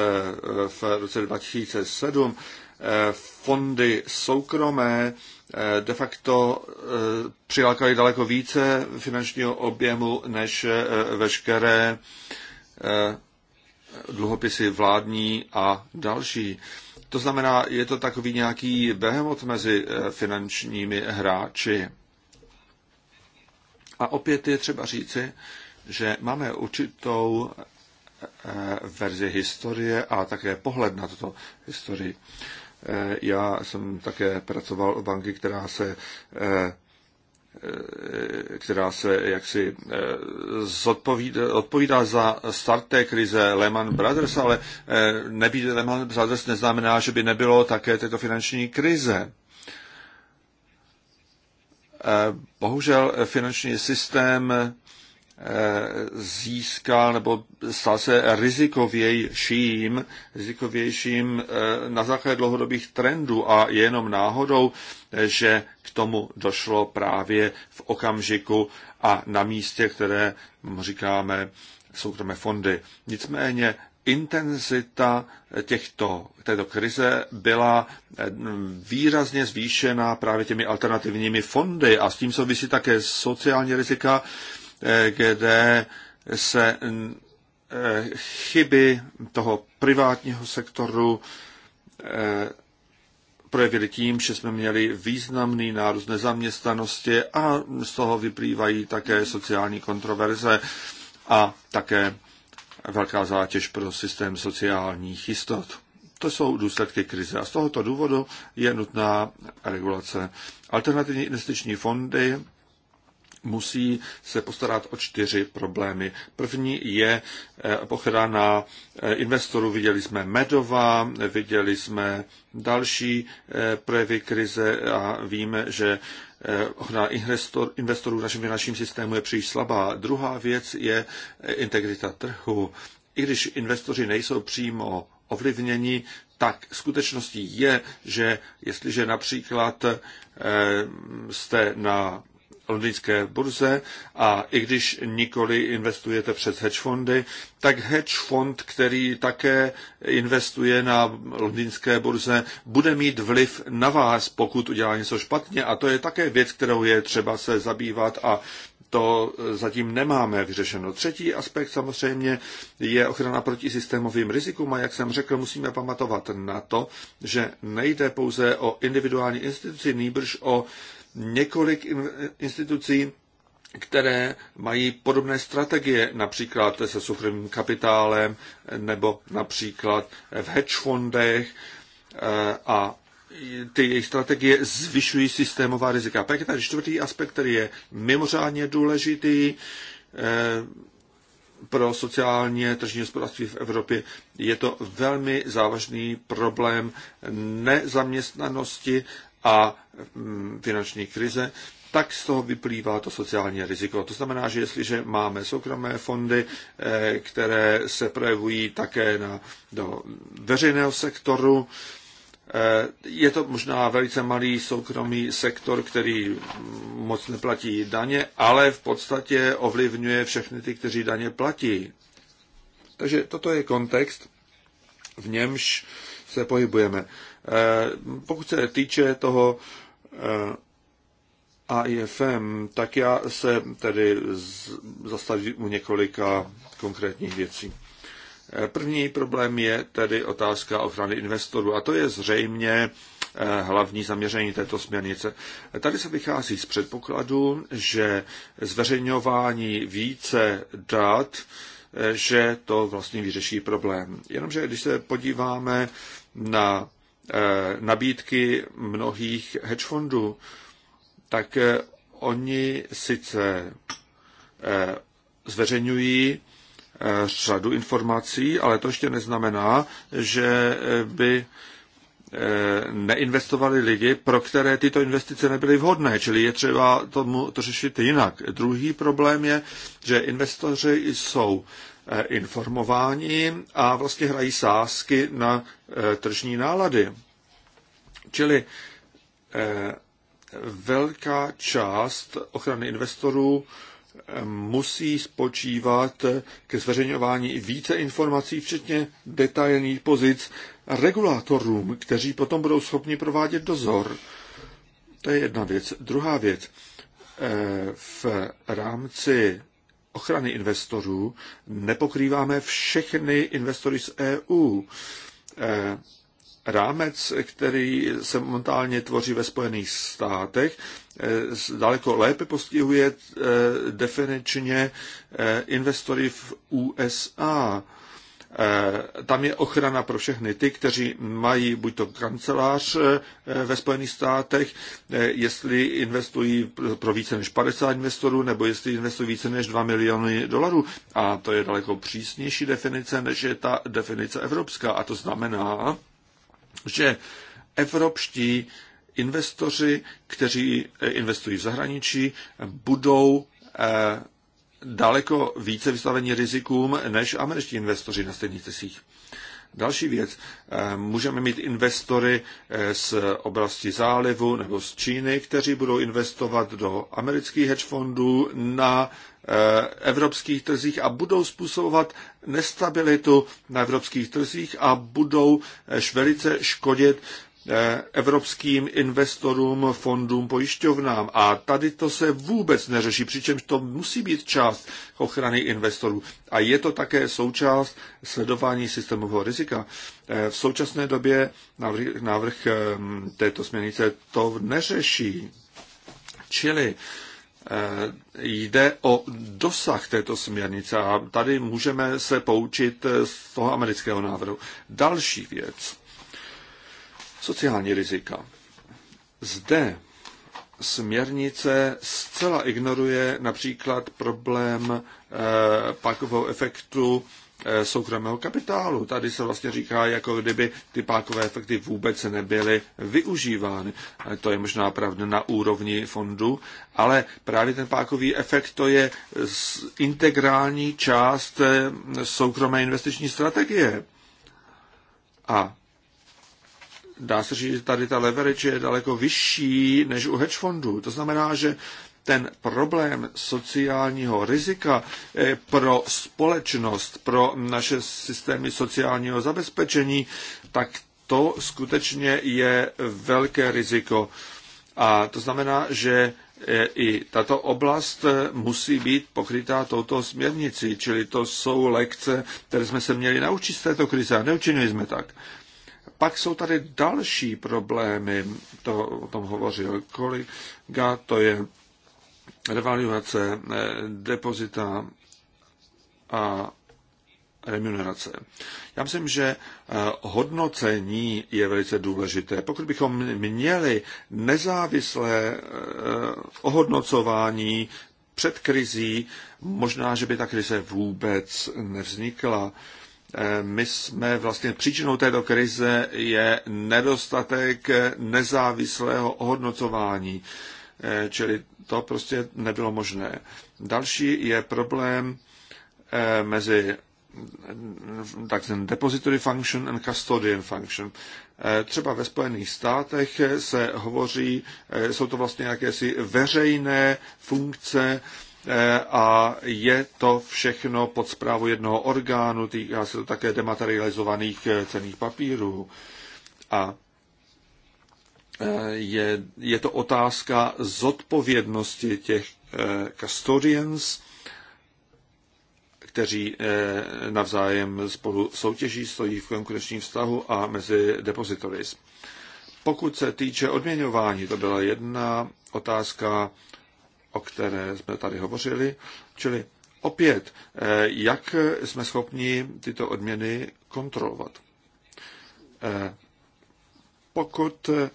Speaker 2: v roce 2007 Eh, fondy soukromé eh, de facto eh, přilákají daleko více finančního objemu než veškeré dluhopisy vládní a další. To znamená, je to takový nějaký behemot mezi finančními hráči. A opět je třeba říci, že máme určitou verzi historie a také pohled na tuto historii. Eh, já jsem také pracoval u banky, která se eh, eh, která se jaksi odpovídá za start té krize Lehman Brothers, ale nebýt Lehman Brothers neznamená, že by nebylo také této finanční krize. Bohužel finanční systém získal nebo stal se rizikovějším, rizikovějším eh, na základě dlouhodobých trendů a je jenom náhodou, že k tomu došlo právě v okamžiku a na místě, které říkáme soukromé fondy. Nicméně intenzita těchto, této krize byla eh, výrazně zvýšena právě těmi alternativními fondy a s tím souvisí také sociální rizika, kde se e, chyby toho privátního sektoru e, projevily tím, že jsme měli významný nárůst nezaměstnanosti a z toho vyplývají také sociální kontroverze a také velká zátěž pro systém sociálních jistot. To jsou důsledky krize a z tohoto důvodu je nutná regulace. Alternativní investiční fondy musí se postarat o čtyři problémy. První je eh, ochrana eh, investorů. Viděli jsme Medova, viděli jsme další eh, projevy krize a víme, že ochrana investor, investorů v našem finančním systému je příliš slabá. Druhá věc je integrita trhu. I když investoři nejsou přímo ovlivněni, tak skutečností je, že jestliže například jste na londýnské burze a i když nikoli investujete přes hedge fondy, tak hedge fond, který také investuje na londýnské burze, bude mít vliv na vás, pokud udělá něco špatně. A to je také věc, kterou je třeba se zabývat a to zatím nemáme vyřešeno. Třetí aspekt samozřejmě je ochrana proti systémovým rizikům a jak jsem řekl, musíme pamatovat na to, že nejde pouze o individuální instituci, nýbrž o několik institucí, které mají podobné strategie, například se soukromým kapitálem nebo například v hedge fondech eh, a ty jejich strategie zvyšují systémová rizika. Pak je tady čtvrtý aspekt, který je mimořádně důležitý eh, pro sociálně tržní hospodářství v Evropě. Je to velmi závažný problém nezaměstnanosti a Mm, finanční krize, tak z toho vyplývá to sociální riziko. To znamená, že jestliže máme soukromé fondy, eh, které se projevují také na, do veřejného sektoru, eh, je to možná velice malý soukromý sektor, který moc neplatí daně, ale v podstatě ovlivňuje všechny ty, kteří daně platí. Takže toto je kontext, v němž se pohybujeme. Eh, pokud se týče toho Eh, AIFM, tak já se tedy zastavím u několika konkrétních věcí. Eh, první problém je tedy otázka ochrany investorů a to je zřejmě eh, hlavní zaměření této směrnice. Tady se vychází z předpokladu, že zveřejňování více dat, že to vlastně vyřeší problém. Jenomže když se podíváme na Eh, nabídky mnohých hedge fondů, tak eh, oni sice eh, zveřejňují řadu informací, ale to ještě neznamená, že by neinvestovali lidi, pro které tyto investice nebyly vhodné, čili je třeba tomu to řešit jinak. Druhý problém je, že investoři jsou informováni a vlastně hrají sázky na eh, tržní nálady. Čili eh, velká část ochrany investorů eh, musí spočívat ke zveřejňování více informací, včetně detailních pozic regulátorům, kteří potom budou schopni provádět dozor. To je jedna věc. Druhá věc. V rámci ochrany investorů nepokrýváme všechny investory z EU. Eh, rámec, který se momentálně tvoří ve Spojených státech, eh, daleko lépe postihuje eh, definičně investory v USA Eh, tam je ochrana pro všechny ty, kteří mají buď to kancelář eh, ve Spojených státech, eh, jestli investují pro více než 50 investorů, nebo jestli investují více než 2 miliony dolarů. A to je daleko přísnější definice, než je ta definice evropská. A to znamená, že evropští investoři, kteří investují v zahraničí, budou daleko více vystaveni rizikům než američtí investoři na stejných trzích. Další věc. Eh, můžeme mít investory eh, z oblasti zálivu nebo z Číny, kteří budou investovat do amerických hedge fondů na eh, evropských trzích a budou způsobovat nestabilitu na evropských trzích a budou velice škodit Eh, evropským investorům, fondům, pojišťovnám. A tady to se vůbec neřeší, přičemž to musí být část ochrany investorů. A je to také součást sledování systémového rizika. Eh, v současné době návrh, návrh eh, této směrnice to neřeší. Čili jde o dosah této směrnice a tady můžeme se poučit z toho amerického návrhu. Další věc Sociální rizika. Zde směrnice zcela ignoruje například problém eh, pákového efektu eh, soukromého kapitálu. Tady se vlastně říká, jako kdyby ty pákové efekty vůbec nebyly využívány. Eh, to je možná pravda na úrovni fondu, ale právě ten pákový efekt to je integrální část soukromé investiční strategie. A dá se říct, že tady ta leverage je daleko vyšší než u hedge fondů. To znamená, že ten problém sociálního rizika eh, pro společnost, pro naše systémy sociálního zabezpečení, tak to skutečně je velké riziko. A to znamená, že eh, i tato oblast eh, musí být pokrytá touto směrnicí, čili to jsou lekce, které jsme se měli naučit z této krize a neučinili jsme tak. Pak jsou tady další problémy, to o tom hovořil kolega, to je revaluace, eh, depozita a remunerace. Já myslím, že eh, hodnocení je velice důležité. Pokud bychom měli nezávislé eh, ohodnocování před krizí, možná, že by ta krize vůbec nevznikla. Eh, my jsme vlastně příčinou této krize je nedostatek nezávislého ohodnocování, eh, čili to prostě nebylo možné. Další je problém eh, mezi tak depository function and custodian function. Třeba ve Spojených státech se hovoří, jsou to vlastně jakési veřejné funkce, Eh, a je to všechno pod zprávu jednoho orgánu, týká se to také dematerializovaných eh, cených papírů. A eh, je, je to otázka zodpovědnosti těch custodians, kteří navzájem spolu soutěží, stojí v konkurenčním vztahu a mezi depozitories. Pokud se týče odměňování, to byla jedna otázka o které jsme tady hovořili. Čili opět, eh, jak jsme schopni tyto odměny kontrolovat. Eh, pokud eh,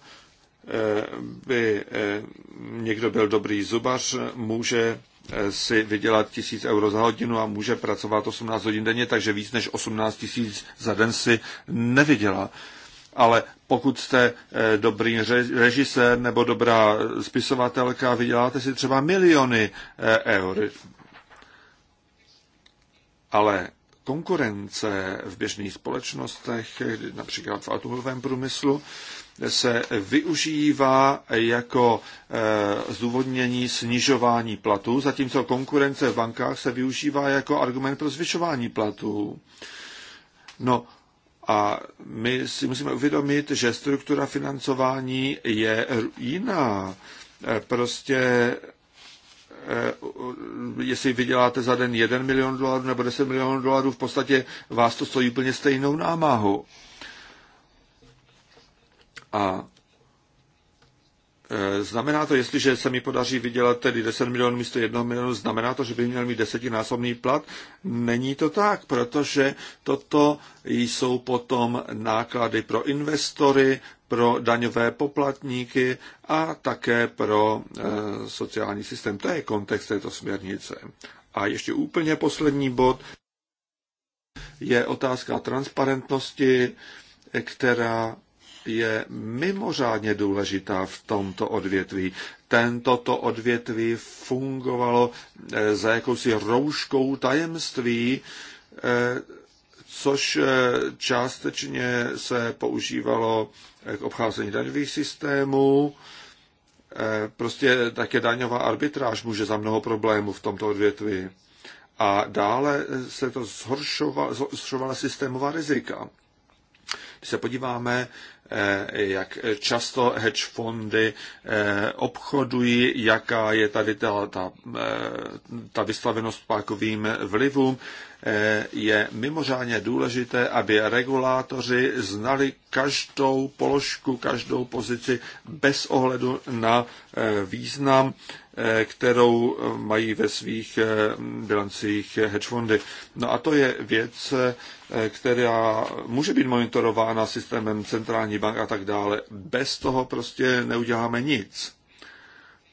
Speaker 2: by někdo byl dobrý zubař, může si vydělat tisíc euro za hodinu a může pracovat 18 hodin denně, takže víc než 18 tisíc za den si nevydělá ale pokud jste eh, dobrý režisér nebo dobrá spisovatelka, vyděláte si třeba miliony eh, eur. Ale konkurence v běžných společnostech, například v automobilovém průmyslu, se využívá jako eh, zdůvodnění snižování platů, zatímco konkurence v bankách se využívá jako argument pro zvyšování platů. No, a my si musíme uvědomit, že struktura financování je jiná. Eh, prostě eh, jestli vyděláte za den 1 milion dolarů nebo 10 milionů dolarů, v podstatě vás to stojí úplně stejnou námahu. A Eh, znamená to, jestliže se mi podaří vydělat tedy 10 milionů místo 1 milionu, znamená to, že bych měl mít desetinásobný plat? Není to tak, protože toto jsou potom náklady pro investory, pro daňové poplatníky a také pro e, sociální systém. To je kontext této směrnice. A ještě úplně poslední bod je otázka transparentnosti, eh, která je mimořádně důležitá v tomto odvětví. Tentoto odvětví fungovalo eh, za jakousi rouškou tajemství, eh, což eh, částečně se používalo k obcházení daňových systémů. Prostě také daňová arbitráž může za mnoho problémů v tomto odvětví. A dále se to zhoršovala, zhoršovala systémová rizika. Když se podíváme Eh, jak často hedge fondy eh, obchodují, jaká je tady ta, ta, eh, ta vystavenost pákovým vlivům, je mimořádně důležité, aby regulátoři znali každou položku, každou pozici bez ohledu na význam Eh, kterou mají ve svých eh, bilancích hedge fundy. No a to je věc, eh, která může být monitorována systémem centrální bank a tak dále. Bez toho prostě neuděláme nic.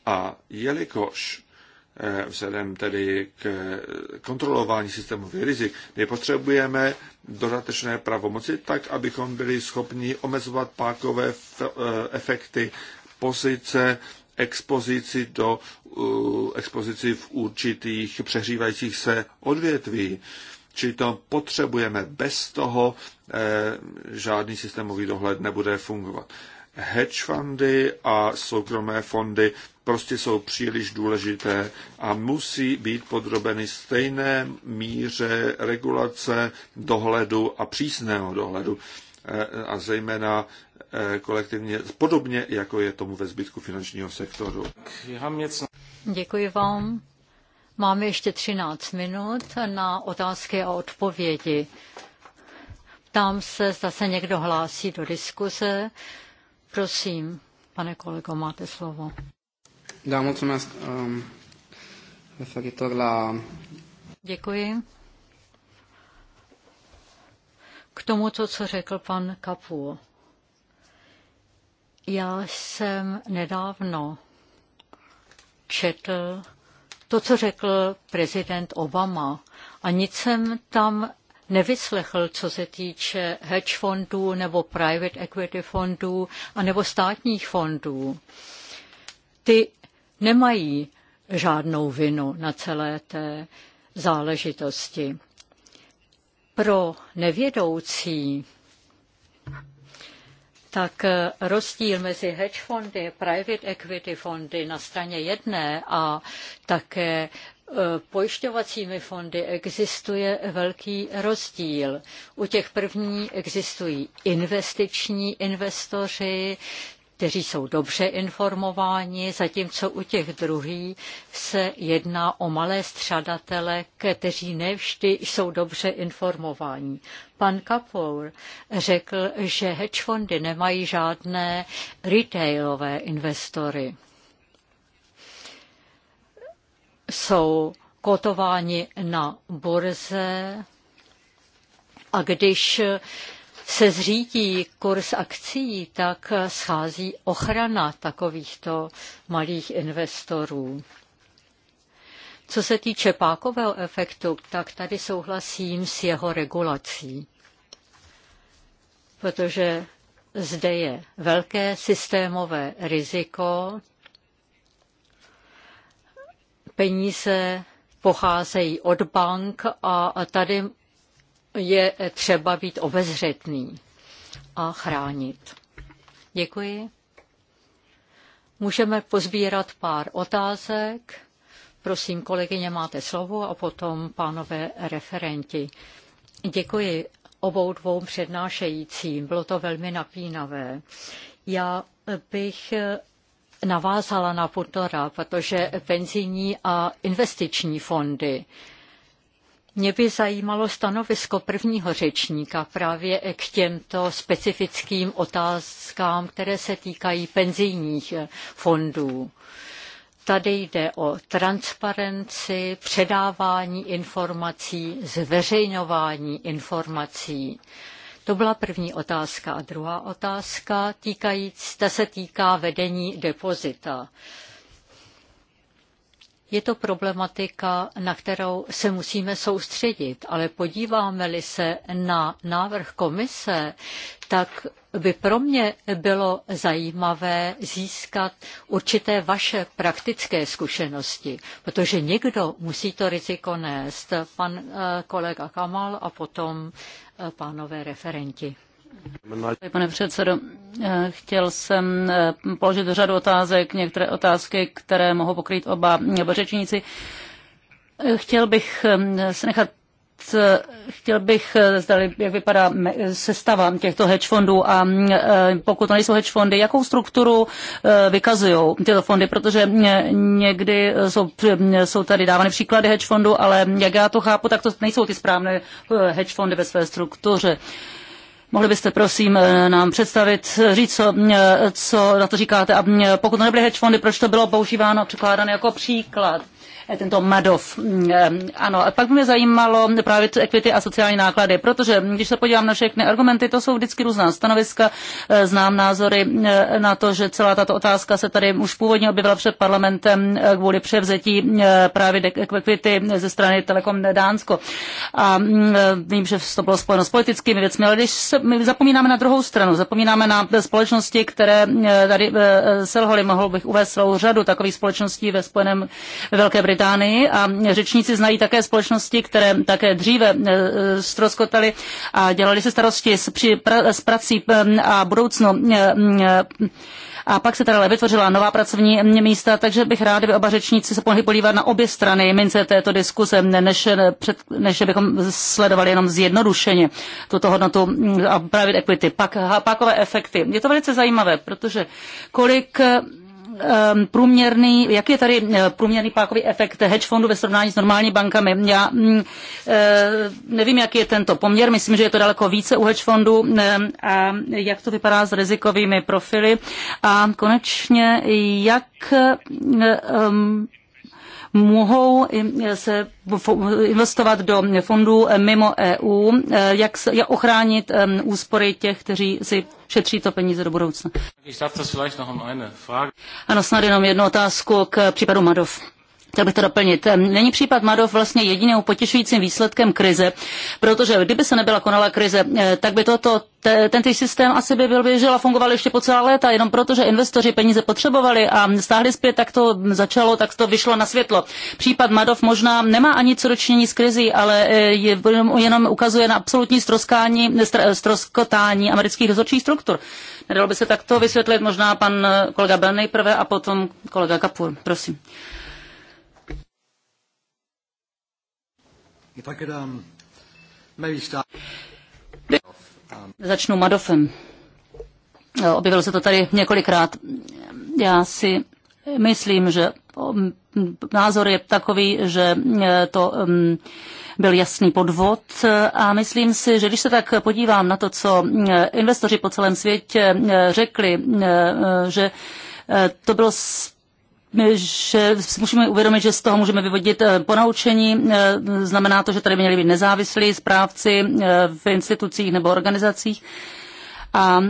Speaker 2: A jelikož vzhledem tedy k kontrolování systémových rizik. My potřebujeme dodatečné pravomoci tak, abychom byli schopni omezovat pákové efekty, pozice, expozici, do, uh, expozici v určitých přehřívajících se odvětví. Či to potřebujeme. Bez toho eh, žádný systémový dohled nebude fungovat. Hedge fundy a soukromé fondy prostě jsou příliš důležité a musí být podrobeny stejné míře regulace, dohledu a přísného dohledu. Eh, a zejména Eh, kolektivně, podobně jako je tomu ve zbytku finančního sektoru.
Speaker 1: Děkuji vám. Máme ještě 13 minut na otázky a odpovědi. Ptám se, zda se někdo hlásí do diskuze. Prosím, pane kolego, máte slovo.
Speaker 3: Da, Um,
Speaker 2: la...
Speaker 1: Děkuji. K tomu, co řekl pan Kapu. Já jsem nedávno četl to, co řekl prezident Obama a nic jsem tam nevyslechl, co se týče hedge fondů nebo private equity fondů a nebo státních fondů. Ty nemají žádnou vinu na celé té záležitosti. Pro nevědoucí tak eh, rozdíl mezi hedge fondy, private equity fondy na straně jedné a také eh, pojišťovacími fondy existuje velký rozdíl. U těch první existují investiční investoři, kteří jsou dobře informováni, zatímco u těch druhých se jedná o malé střadatele, kteří nevždy jsou dobře informováni. Pan Kapoor řekl, že hedge fondy nemají žádné retailové investory. Jsou kotováni na burze a když se zřídí kurz akcí, tak schází ochrana takovýchto malých investorů. Co se týče pákového efektu, tak tady souhlasím s jeho regulací, protože zde je velké systémové riziko, peníze pocházejí od bank a tady je třeba být obezřetný a chránit. Děkuji. Můžeme pozbírat pár otázek. Prosím, kolegyně, máte slovo a potom pánové referenti. Děkuji obou dvou přednášejícím. Bylo to velmi napínavé. Já bych navázala na Putora, protože penzijní a investiční fondy mě by zajímalo stanovisko prvního řečníka právě k těmto specifickým otázkám, které se týkají penzijních fondů. Tady jde o transparenci, předávání informací, zveřejňování informací. To byla první otázka. A druhá otázka týkající, ta se týká vedení depozita. Je to problematika, na kterou se musíme soustředit, ale podíváme-li se na návrh komise, tak by pro mě bylo zajímavé získat určité vaše praktické zkušenosti, protože někdo musí to riziko nést, pan eh, kolega Kamal a potom eh, pánové referenti. Pane
Speaker 3: předsedo, chtěl jsem eh, položit řadu otázek, některé otázky, které mohou pokrýt oba eh, řečníci. Eh, chtěl bych se nechat chtěl bych, zdali, jak vypadá sestava těchto hedge fondů a pokud to nejsou hedge fondy, jakou strukturu vykazují tyto fondy, protože někdy jsou, jsou tady dávány příklady hedge fondů, ale jak já to chápu, tak to nejsou ty správné hedge fondy ve své struktuře. Mohli byste prosím eh, nám představit, eh, říct, co, eh, co na to říkáte. A pokud to nebyly hedge fondy, proč to bylo používáno, překládáno jako příklad? tento Madov. Mm, eh, ano, pak by mě zajímalo právě equity a sociální náklady, protože když se podívám na všechny argumenty, to jsou vždycky různá stanoviska, eh, znám názory eh, na to, že celá tato otázka se tady už původně objevila před parlamentem kvůli převzetí právě equity ze strany Telekom Dánsko. A mm, vím, že to bylo spojeno s politickými věcmi, ale když se, my zapomínáme na druhou stranu, zapomínáme na společnosti, které tady selhaly, mohl bych uvést celou řadu takových společností ve Spojeném Velké Británii Británii a řečníci znají také společnosti, které také dříve stroskotaly eh, a dělali se starosti s, při, pra, s prací eh, a budoucno eh, a pak se teda vytvořila nová pracovní místa, takže bych rád, aby oba řečníci se mohli podívat na obě strany mince této diskuse, než, před, než bychom sledovali jenom zjednodušeně tuto hodnotu mm, a private equity. Pak, pakové efekty. Je to velice zajímavé, protože kolik Ehm, průměrný, jak je tady eh, průměrný pákový efekt hedge fondu ve srovnání s normální bankami. Já mm, eh, nevím, jaký je tento poměr, myslím, že je to daleko více u hedge fondu ehm, a jak to vypadá s rizikovými profily. A konečně, jak ehm, mohou se investovat do fondů mimo EU, eh, jak, se, jak ochránit úspory těch, kteří si šetří to peníze do budoucna. Um ano, snad jenom jednu otázku k případu Madov. Chtěl bych to doplnit. Není případ Madov vlastně jediným potěšujícím výsledkem krize, protože kdyby se nebyla konala krize, eh, tak by toto, te, tento systém asi by byl běžel a fungoval ještě po celá léta, jenom protože investoři peníze potřebovali a stáhli zpět, tak to začalo, tak to vyšlo na světlo. Případ Madov možná nemá ani co dočinění s krizí, ale eh, je, jenom ukazuje na absolutní stroskání, stroskotání amerických dozorčích struktur. Nedalo by se takto vysvětlit možná pan eh, kolega Bell nejprve a potom kolega Kapur. Prosím.
Speaker 1: If I could, um,
Speaker 3: maybe start... Začnu Madofem. Eh, objevilo se to tady několikrát. Já si myslím, že eh, názor je takový, že eh, to mm, byl jasný podvod a myslím si, že když se tak podívám na to, co investoři po celém světě řekli, že to bylo že musíme uvědomit, že z toho můžeme vyvodit eh, ponaučení. Eh, znamená to, že tady by měli být nezávislí správci eh, v institucích nebo organizacích a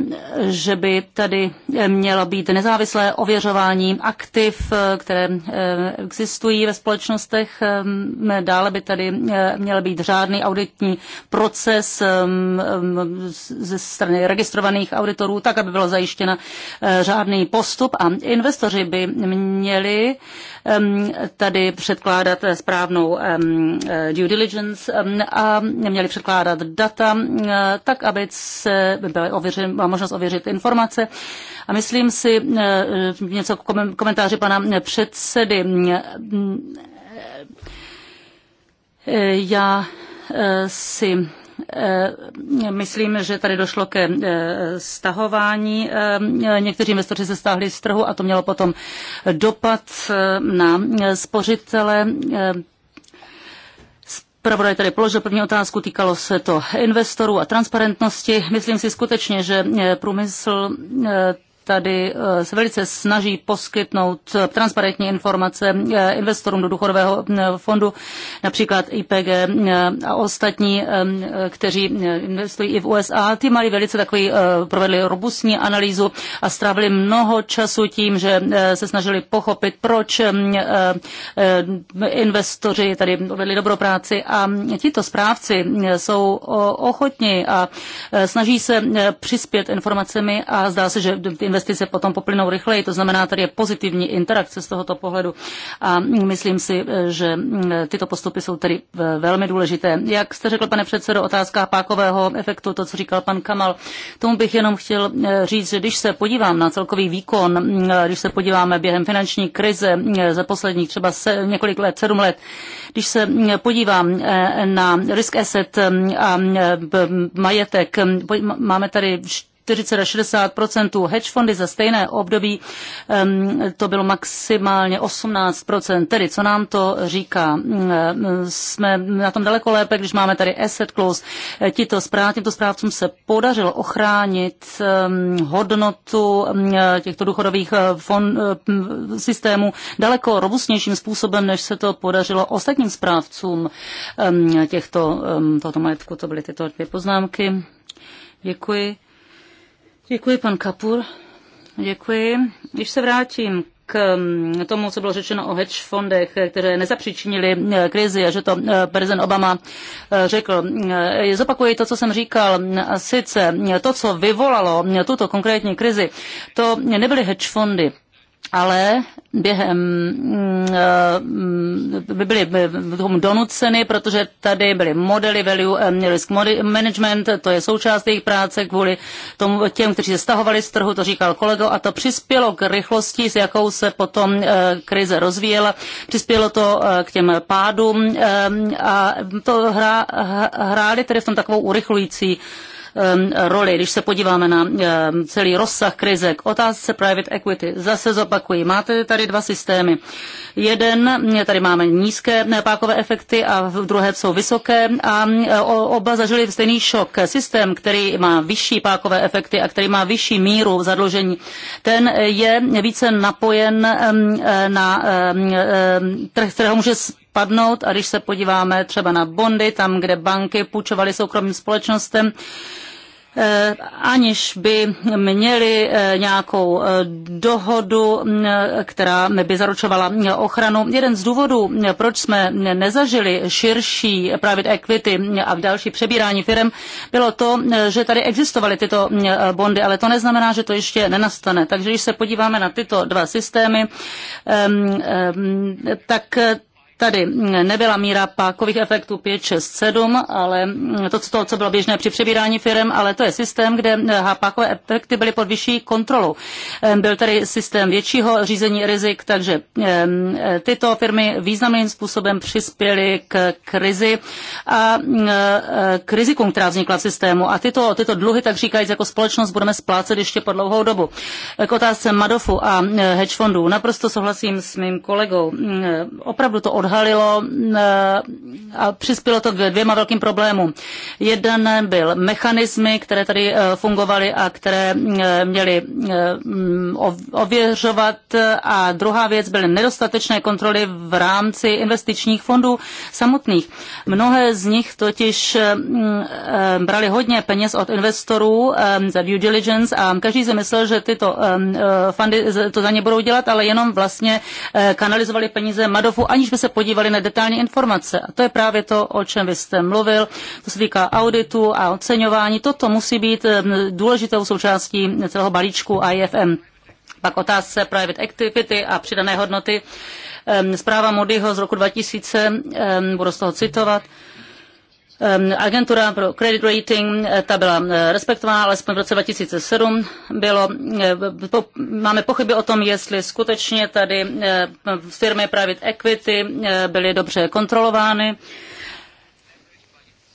Speaker 3: že by tady mělo být nezávislé ověřování aktiv, které eh, existují ve společnostech. Ehm, dále by tady eh, měl být řádný auditní proces ehm, ehm, ze strany registrovaných auditorů, tak, aby bylo zajištěna eh, řádný postup a investoři by měli tady předkládat správnou due diligence a měli předkládat data tak, aby se byla ověřen, možnost ověřit informace. A myslím si něco komentáři pana předsedy. Já eh, si Eh, myslím, že tady došlo ke eh, stahování. Eh, někteří investoři se stáhli z trhu a to mělo potom dopad na spořitele. Pravodaj tady položil první otázku, týkalo se to investorů a transparentnosti. Myslím si skutečně, že průmysl tady eh, se velice snaží poskytnout transparentní informace eh, investorům do důchodového eh, fondu, například IPG a ostatní, kteří investují i v USA. Ty mali velice takový, provedli robustní analýzu a strávili mnoho času tím, že se snažili pochopit, proč investoři tady odvedli dobrou práci a tito správci jsou ochotní a snaží se přispět informacemi a zdá se, že investoři investice potom poplynou rychleji, to znamená, tady je pozitivní interakce z tohoto pohledu a myslím si, že mm, tyto postupy jsou tedy velmi důležité. Jak jste řekl, pane předsedo, otázka pákového efektu, to, co říkal pan Kamal, tomu bych jenom chtěl eh, říct, že když se podívám na celkový výkon, mm, když se podíváme během finanční krize eh, za posledních třeba se, několik let, sedm let, když se mm, podívám eh, na risk asset a majetek, máme tady 40 60 hedge fondy za stejné období to bylo maximálně 18 Tedy, co nám to říká? Jsme na tom daleko lépe, když máme tady asset close. E, tito správ, těmto správcům se podařilo ochránit hodnotu těchto důchodových e, fond, e, systémů daleko robustnějším způsobem, než se to podařilo ostatním správcům těchto, tohoto majetku. To byly tyto dvě poznámky. Děkuji. Děkuji, pan Kapur. Děkuji. Když se vrátím k mm, tomu, co bylo řečeno o hedge fondech, které nezapříčinili mm, krizi a že to mm, prezident Obama řekl. Zopakuji to, co jsem říkal. sice to, co vyvolalo tuto konkrétní krizi, to nebyly hedge fondy ale během by mm, eh, byly eh, tomu donuceny, protože tady byly modely value eh, risk management, to je součást jejich práce kvůli tomu, těm, kteří se stahovali z trhu, to říkal kolego, a to přispělo k rychlosti, s jakou se potom krize rozvíjela, přispělo to k těm pádům a to hrá, hráli tedy v tom takovou urychlující Um, roli. Když se podíváme na um, celý rozsah krize k otázce private equity, zase zopakuji, máte tady dva systémy. Jeden, tady máme nízké pákové efekty a v druhé jsou vysoké a um, oba zažili stejný šok. Systém, který má vyšší pákové efekty a který má vyšší míru zadlužení, ten je více napojen na trh, kterého může padnout. A když se podíváme třeba na bondy, tam, kde banky půjčovaly soukromým společnostem, eh, aniž by měli eh, nějakou eh, dohodu, která by zaručovala ochranu. Jeden z důvodů, proč jsme nezažili širší private equity a další přebírání firm, bylo to, že tady existovaly tyto bondy, ale to neznamená, že to ještě nenastane. Takže když se podíváme na tyto dva systémy, tak Tady nebyla míra pákových efektů 5, 6, 7, ale to, to co bylo běžné při přebírání firm, ale to je systém, kde eh, pákové efekty byly pod vyšší kontrolou. Byl tady systém většího řízení rizik, takže eh, tyto firmy významným způsobem přispěly k krizi a eh, k rizikům, která vznikla v systému. A tyto, tyto dluhy, tak říkají jako společnost budeme splácet ještě po dlouhou dobu. K otázce Madofu a hedge fondů. Naprosto souhlasím s mým kolegou. Mm, opravdu to odhaduje odhalilo eh, a přispělo to k dvěma velkým problémům. Jeden byl mechanismy, které tady eh, fungovaly a které eh, měly mm, ověřovat a druhá věc byly nedostatečné kontroly v rámci investičních fondů samotných. Mnohé z nich totiž brali hodně peněz od investorů za due diligence a každý si myslel, že tyto fundy to za ně budou dělat, ale jenom vlastně kanalizovali peníze Madofu, aniž by se podívali na detailní informace. A to je právě to, o čem vy jste mluvil. To se týká auditu a oceňování. Toto musí být eh, důležitou součástí celého balíčku IFM. Pak otázce private activity a přidané hodnoty. Ehm, zpráva Modyho z roku 2000, ehm, budu z toho citovat, Ehm, agentura pro credit rating, eh, ta byla eh, respektována, alespoň v roce 2007 bylo, eh, máme pochyby o tom, jestli skutečně tady firmy private equity byly dobře kontrolovány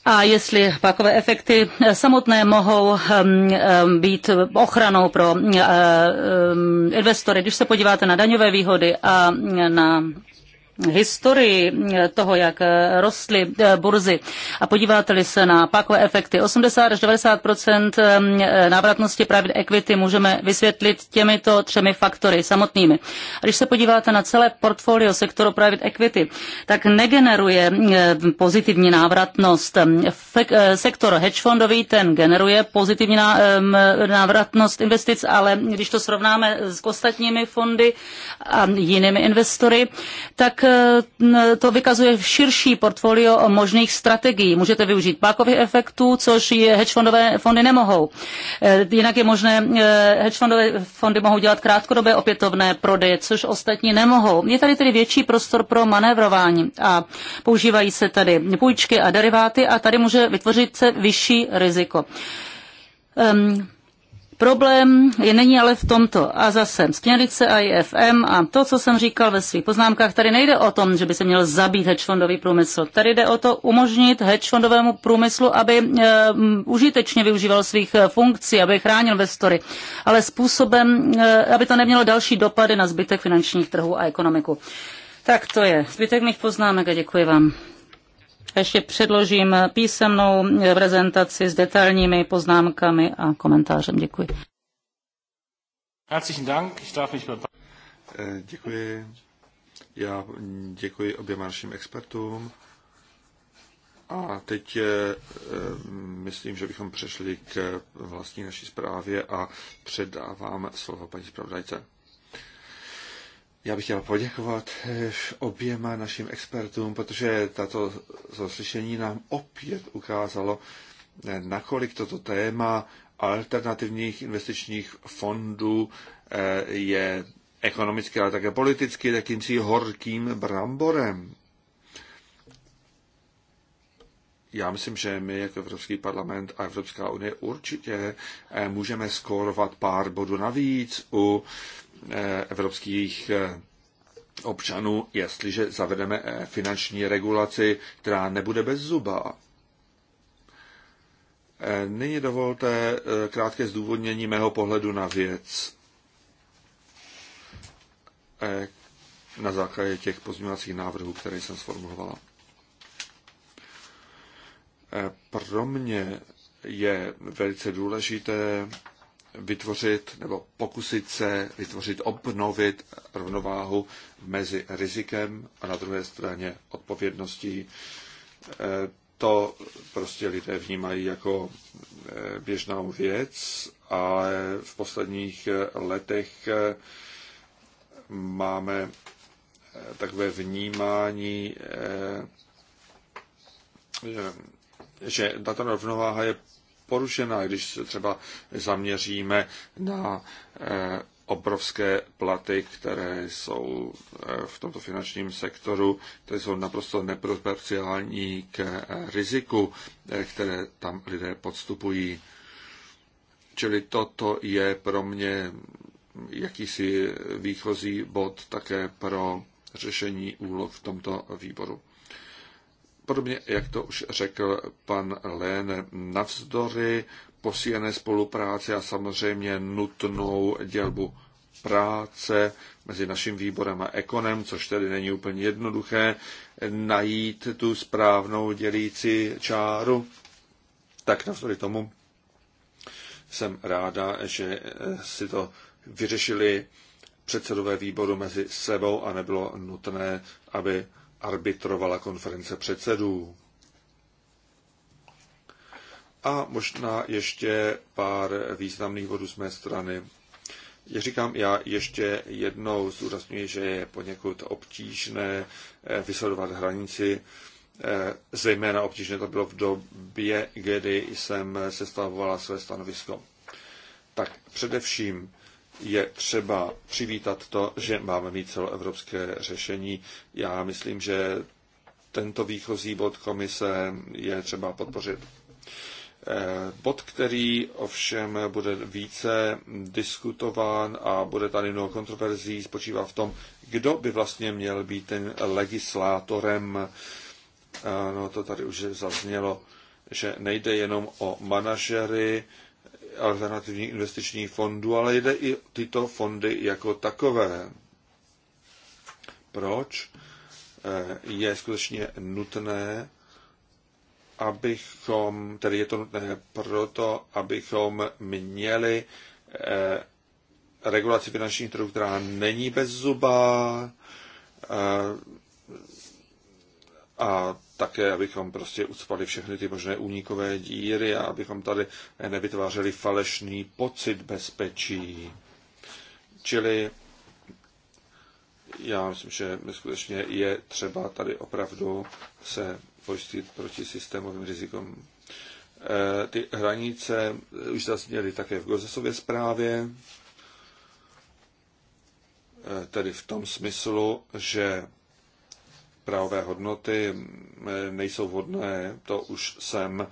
Speaker 3: a jestli pakové efekty samotné mohou ehm, ehm, být ochranou pro investory. Když se podíváte na daňové výhody a na historii toho, jak rostly eh, burzy a podíváte-li se na pakové efekty, 80 až 90 eh, návratnosti private equity můžeme vysvětlit těmito třemi faktory samotnými. A když se podíváte na celé portfolio sektoru private equity, tak negeneruje eh, pozitivní návratnost. Sektor hedgefondový ten generuje pozitivní návratnost investic, ale když to srovnáme s ostatními fondy a jinými investory, tak to vykazuje širší portfolio možných strategií. Můžete využít pákových efektů, což je hedgefondové fondy nemohou. Eh, jinak je možné, eh, hedgefondové fondy mohou dělat krátkodobé opětovné prodeje, což ostatní nemohou. Je tady tedy větší prostor pro manévrování a používají se tady půjčky a deriváty a tady může vytvořit se vyšší riziko. Um, Problém je není ale v tomto. A zase směrnice a IFM a to, co jsem říkal ve svých poznámkách, tady nejde o tom, že by se měl zabít hedgefondový průmysl. Tady jde o to umožnit hedgefondovému průmyslu, aby e, užitečně využíval svých eh, funkcí, aby chránil investory, ale způsobem, e, aby to nemělo další dopady na zbytek finančních trhů a ekonomiku. Tak to je zbytek mých poznámek a děkuji vám. Ještě předložím písemnou prezentaci s detailními poznámkami a komentářem. Děkuji.
Speaker 2: Eh, děkuji. Já děkuji oběma našim expertům. A teď je, eh, myslím, že bychom přešli k vlastní naší zprávě a předávám slovo paní zpravodajce. Já bych chtěl poděkovat eh, oběma našim expertům, protože tato zaslyšení nám opět ukázalo, eh, nakolik toto téma alternativních investičních fondů eh, je ekonomicky, ale také politicky takým si horkým bramborem. Já myslím, že my jako Evropský parlament a Evropská unie určitě můžeme skórovat pár bodů navíc u Eh, evropských eh, občanů, jestliže zavedeme eh, finanční regulaci, která nebude bez zuba. Nyní dovolte krátké zdůvodnění mého pohledu na věc na základě těch pozměňovacích návrhů, které jsem sformulovala. Pro mě je velice důležité vytvořit nebo pokusit se vytvořit, obnovit rovnováhu mezi rizikem a na druhé straně odpovědností. E, to prostě lidé vnímají jako e, běžnou věc, ale v posledních e, letech máme takové vnímání, že tato rovnováha je porušena, když se třeba zaměříme na eh, obrovské platy, které jsou eh, v tomto finančním sektoru, které jsou naprosto neproporciální k eh, riziku, které tam lidé podstupují. Čili toto je pro mě jakýsi výchozí bod také pro řešení úloh v tomto výboru. Podobně, jak to už řekl pan Lén, navzdory posílené spolupráce a samozřejmě nutnou dělbu práce mezi naším výborem a ekonem, což tedy není úplně jednoduché, najít tu správnou dělící čáru, tak navzdory tomu jsem ráda, že si to vyřešili předsedové výboru mezi sebou a nebylo nutné, aby arbitrovala konference předsedů. A možná ještě pár významných bodů z mé strany. Já říkám, já ještě jednou zdůrazňuji, že je poněkud obtížné eh, vysledovat hranici. Eh, zejména obtížné to bylo v době, kdy jsem sestavovala své stanovisko. Tak především je třeba přivítat to, že máme mít celoevropské řešení. Já myslím, že tento výchozí bod komise je třeba podpořit. Eh, bod, který ovšem bude více diskutován a bude tady mnoho kontroverzí, spočívá v tom, kdo by vlastně měl být ten legislátorem. No to tady už zaznělo, že nejde jenom o manažery, alternativních investičních fondů, ale jde i tyto fondy jako takové. Proč? Eh, je skutečně nutné, abychom, tedy je to nutné proto, abychom měli eh, regulaci finančních trhů, která není bez zuba eh, a také, abychom prostě ucpali všechny ty možné únikové díry a abychom tady nevytvářeli falešný pocit bezpečí. Čili já myslím, že skutečně je třeba tady opravdu se pojistit proti systémovým rizikům. E, ty hranice už zasněly také v Gozesově zprávě, e, tedy v tom smyslu, že pravé hodnoty eh, nejsou vhodné, to už jsem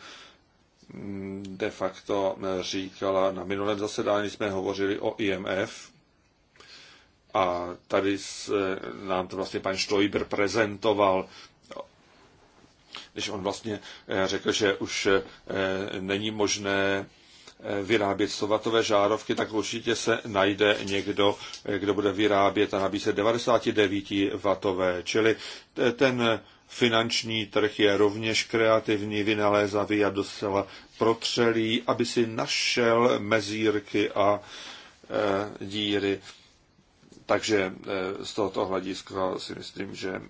Speaker 2: mm, de facto eh, říkala na minulém zasedání, jsme hovořili o IMF a tady nám to vlastně pan Stoiber prezentoval, když on vlastně eh, řekl, že už není možné Eh, vyrábět sovatové žárovky, tak určitě se najde někdo, eh, kdo bude vyrábět a nabízet 99 vatové. Čili ten finanční trh je rovněž kreativní, vynalézavý a docela protřelý, aby si našel mezírky a e, díry. Takže z tohoto hlediska si myslím, že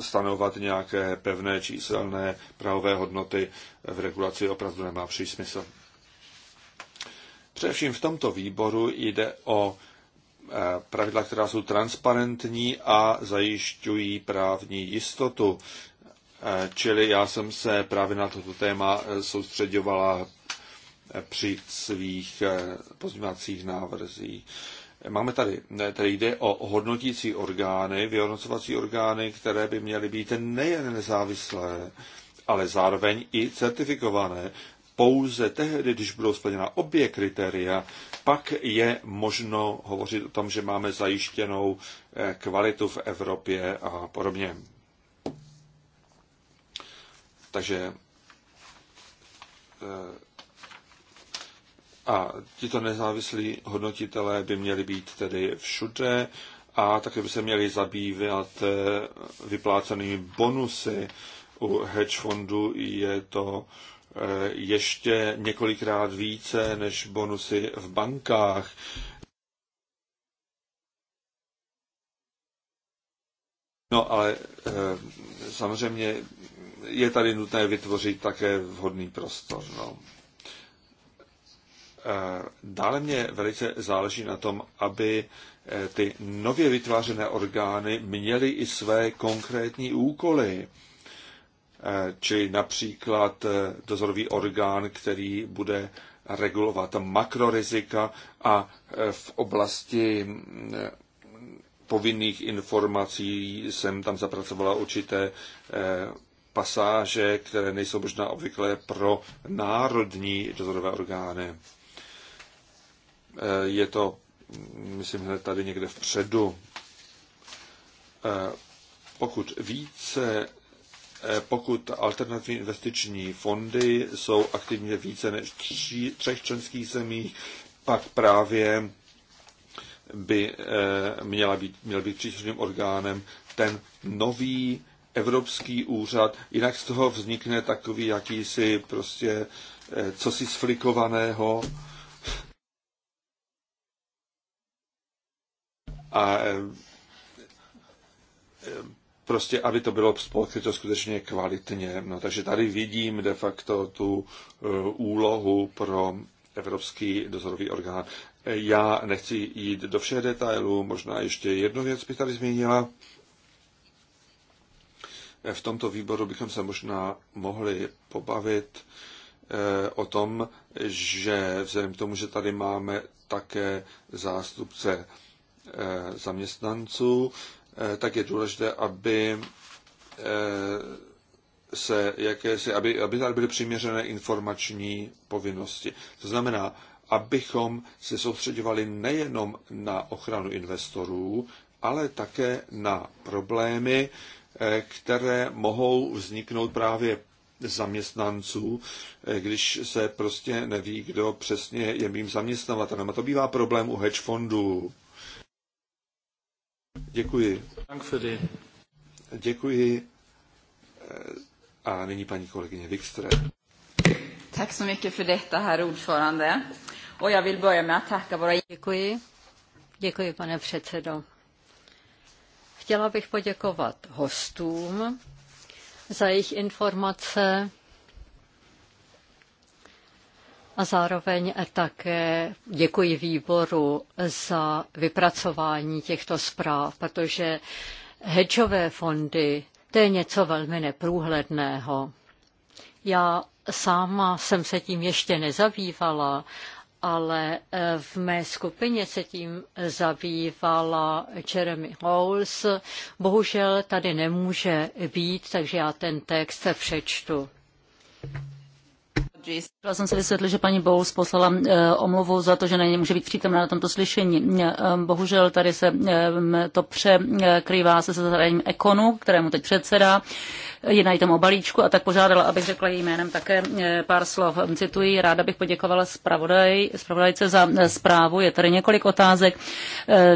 Speaker 2: stanovat nějaké pevné číselné pravové hodnoty v regulaci opravdu nemá příliš smysl. Především v tomto výboru jde o eh, pravidla, která jsou transparentní a zajišťují právní jistotu. Eh, čili já jsem se právě na toto téma eh, soustředovala při svých pozměňovacích návrzích. Máme tady, tady jde o hodnotící orgány, vyhodnocovací orgány, které by měly být nejen nezávislé, ale zároveň i certifikované, pouze tehdy, když budou splněna obě kritéria, pak je možno hovořit o tom, že máme zajištěnou eh, kvalitu v Evropě a podobně. Takže eh, a tito nezávislí hodnotitelé by měli být tedy všude a také by se měli zabývat eh, vyplácenými bonusy. U hedge fondu je to Eh, ještě několikrát více než bonusy v bankách. No ale eh, samozřejmě je tady nutné vytvořit také vhodný prostor. No. Eh, dále mě velice záleží na tom, aby ty nově vytvářené orgány měly i své konkrétní úkoly či například eh, dozorový orgán, který bude regulovat makrorizika a eh, v oblasti mm, eh, povinných informací jsem tam zapracovala určité pasáže, které nejsou možná obvyklé pro národní dozorové orgány. Je to, mm, myslím, hned tady někde vpředu. Pokud více Eh, pokud alternativní investiční fondy jsou aktivně více než tři, třech členských zemí, pak právě by eh, měla být, měl být příslušným orgánem ten nový evropský úřad, jinak z toho vznikne takový jakýsi prostě eh, cosi sflikovaného, a prostě, aby to bylo pokryto skutečně kvalitně. No, takže tady vidím de facto tu eh, úlohu pro Evropský dozorový orgán. Já nechci jít do všech detailů, možná ještě jednu věc by tady zmínila. V tomto výboru bychom se možná mohli pobavit eh, o tom, že vzhledem k tomu, že tady máme také zástupce eh, zaměstnanců, Eh, tak je důležité, aby eh, se jakési, aby, aby tady byly přiměřené informační povinnosti. To znamená, abychom se soustředovali nejenom na ochranu investorů, ale také na problémy, eh, které mohou vzniknout právě zaměstnanců, když se prostě neví, kdo přesně je mým zaměstnavatelem. A to bývá problém u hedge fondů. Děkuji. Děkuji. A nyní paní kolegyně Wikström.
Speaker 1: Tak så mycket för detta, herr ordförande. Och jag vill börja med att tacka våra... Děkuji. Děkuji, pane předsedo. Chtěla bych poděkovat hostům za jejich informace, a zároveň také děkuji výboru za vypracování těchto zpráv, protože hedžové fondy, to je něco velmi neprůhledného. Já sama jsem se tím ještě nezabývala, ale eh, v mé skupině se tím zabývala Jeremy Howells. Bohužel tady nemůže být, takže já ten text přečtu.
Speaker 2: Chtěla
Speaker 3: jsem si vysvětlit, že paní Bowles poslala eh, omluvu za to, že není může být přítomná na tomto slyšení. Eh, bohužel tady se eh, to překrývá se zadáním Ekonu, kterému teď předsedá. Jednají tam o balíčku a tak požádala, abych řekla jejím jménem také pár slov. Cituji, ráda bych poděkovala zpravodaj, zpravodajce za zprávu. Je tady několik otázek,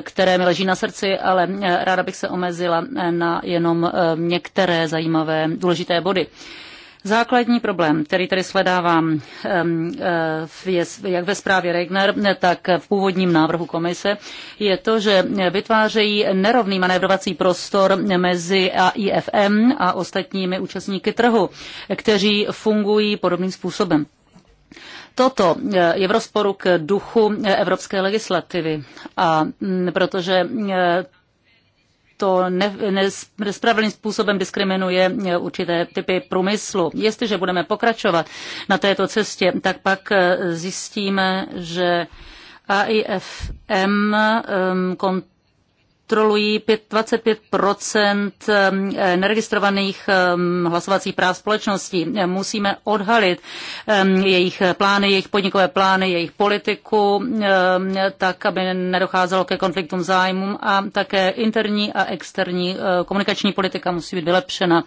Speaker 3: které mi leží na srdci, ale ráda bych se omezila na jenom některé zajímavé důležité body. Základní problém, který tady sledávám eh, je, jak ve zprávě Regner, tak v původním návrhu komise, je to, že vytvářejí nerovný manévrovací prostor mezi AIFM a ostatními účastníky trhu, kteří fungují podobným způsobem. Toto eh, je v rozporu k duchu eh, evropské legislativy, a mm, protože to ne, ne, způsobem diskriminuje určité typy průmyslu. Jestliže budeme pokračovat na této cestě, tak pak eh, zjistíme, že AIFM um, ehm, kont- kontrolují 25 ehm, neregistrovaných ehm, hlasovacích práv společností. Musíme odhalit ehm, jejich plány, jejich podnikové plány, jejich politiku, tak, aby nedocházelo ke konfliktům zájmům a také interní a externí eh, komunikační politika musí být vylepšena.